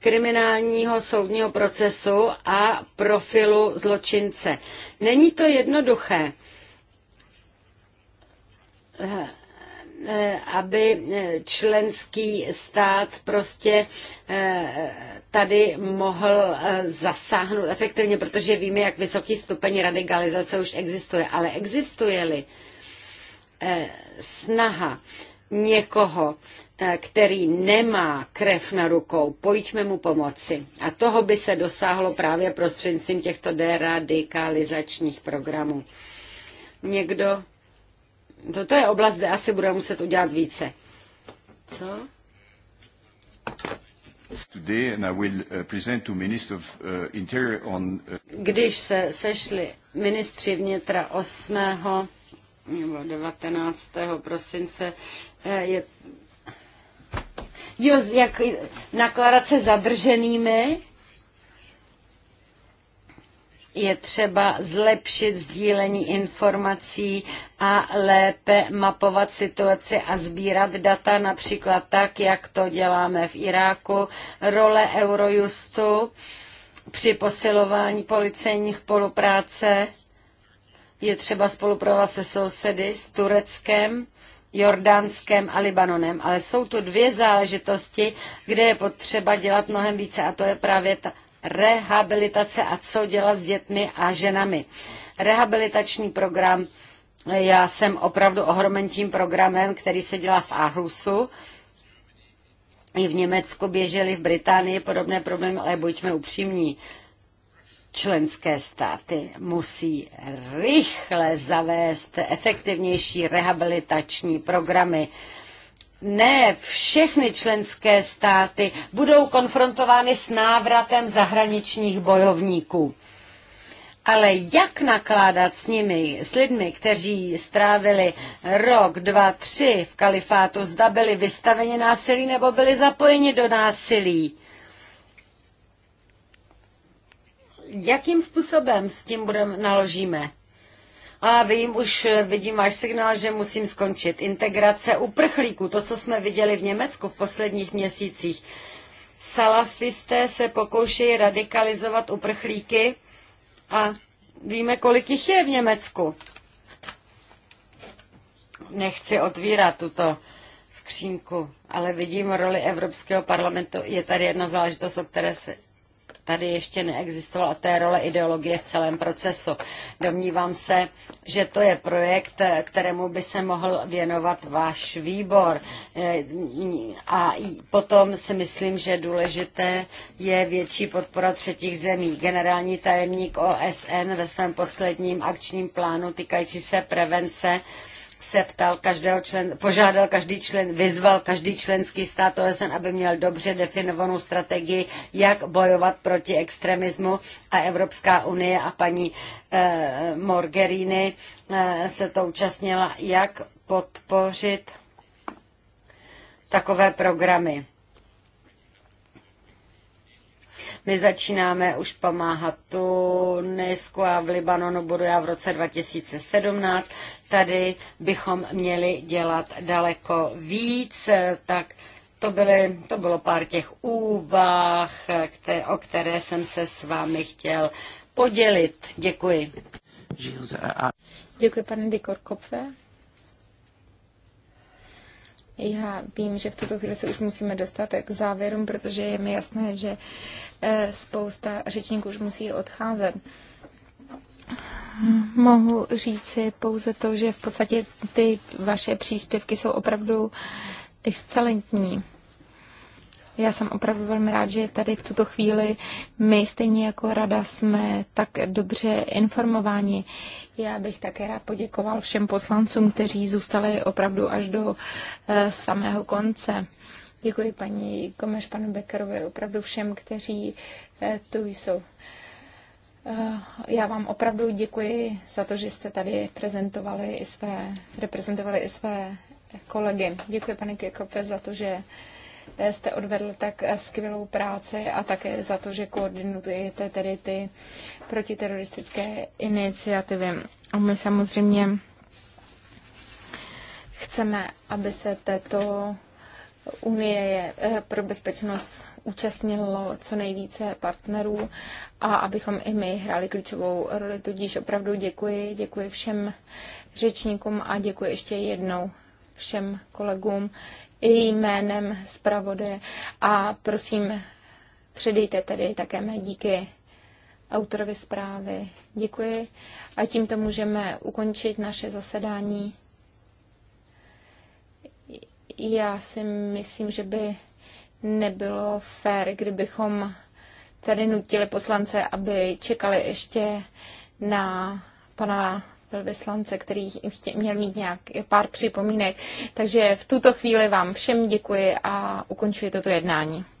kriminálního soudního procesu a profilu zločince. Není to jednoduché, aby členský stát prostě eh, tady mohl eh, zasáhnout efektivně, protože víme, jak vysoký stupeň radikalizace už existuje. Ale existuje-li eh, snaha někoho, eh, který nemá krev na rukou, pojďme mu pomoci. A toho by se dosáhlo právě prostřednictvím těchto deradikalizačních programů. Někdo, toto je oblast, kde asi bude muset udělat více. Co? Eh, eh, Když se sešli ministři vnitra 8. nebo 19. prosince, Eh, je, jo, jak nakládat se zadrženými, je třeba zlepšit sdílení informací a lépe mapovat situaci a sbírat data, například tak, jak to děláme v Iráku, role Eurojustu při posilování policejní spolupráce. Je třeba spolupráce se sousedy s Tureckem Jordánskem a Libanonem, ale jsou tu dvě záležitosti, kde je potřeba dělat mnohem více a to je právě ta rehabilitace a co dělat s dětmi a ženami. Rehabilitační program, já jsem opravdu ohromen tím programem, který se dělá v Aarhusu, i v Německu běželi v Británii podobné problémy, ale buďme upřímní členské státy musí rychle zavést efektivnější rehabilitační programy. Ne všechny členské státy budou konfrontovány s návratem zahraničních bojovníků. Ale jak nakládat s nimi, s lidmi, kteří strávili rok, dva, tři v kalifátu, zda byli vystaveni násilí nebo byli zapojeni do násilí? jakým způsobem s tím budeme naložíme? A vím, už eh, vidím váš signál, že musím skončit. Integrace uprchlíků, to, co jsme viděli v Německu v posledních měsících. Salafisté se pokoušejí radikalizovat uprchlíky a víme, kolik jich je v Německu. Nechci otvírat tuto skřínku, ale vidím roli Evropského parlamentu. Je tady jedna záležitost, o které se tady ještě neexistovala té role ideologie v celém procesu. Domnívám se, že to je projekt, kterému by se mohl věnovat váš výbor. A potom si myslím, že důležité je větší podpora třetích zemí. Generální tajemník OSN ve svém posledním akčním plánu týkající se prevence se ptal každého člen, požádal každý člen, vyzval každý členský stát OSN, aby měl dobře definovanou strategii, jak bojovat proti extremismu a Evropská unie a paní eh, Morgerini eh, se to účastnila, jak podpořit takové programy. My začínáme už pomáhat Tunisku a v Libanonu budu já v roce 2017. Tady bychom měli dělat daleko víc, tak to, byly, to bylo pár těch úvah, které, o které jsem se s vámi chtěl podělit. Děkuji. Děkuji, pane Dikor Kopfe. Já vím, že v tuto chvíli se už musíme dostat k závěrům, protože je mi jasné, že eh, spousta řečníků už musí odcházet. Mohu říci pouze to, že v podstatě ty vaše příspěvky jsou opravdu excelentní. Já jsem opravdu velmi rád, že tady v tuto chvíli my stejně jako rada jsme tak dobře informováni. Já bych také rád poděkoval všem poslancům, kteří zůstali opravdu až do eh, samého konce. Děkuji paní Komeš, panu Beckerovi, opravdu všem, kteří eh, tu jsou. Eh, já vám opravdu děkuji za to, že jste tady prezentovali i své, reprezentovali i své kolegy. Děkuji, pane Kirkope, za to, že jste odvedl tak skvělou práci a také za to, že koordinujete tedy ty protiteroristické iniciativy. A my samozřejmě chceme, aby se této Unie je eh, pro bezpečnost účastnilo co nejvíce partnerů a abychom i my hráli klíčovou roli. Tudíž opravdu děkuji, děkuji všem řečníkům a děkuji ještě jednou všem kolegům jménem zpravodaje a prosím, předejte tedy také mé díky autorovi zprávy. Děkuji a tímto můžeme ukončit naše zasedání. Já si myslím, že by nebylo fér, kdybychom tady nutili poslance, aby čekali ještě na pana velvyslance, který měl mít nějak pár připomínek. Takže v tuto chvíli vám všem děkuji a ukončuji toto jednání.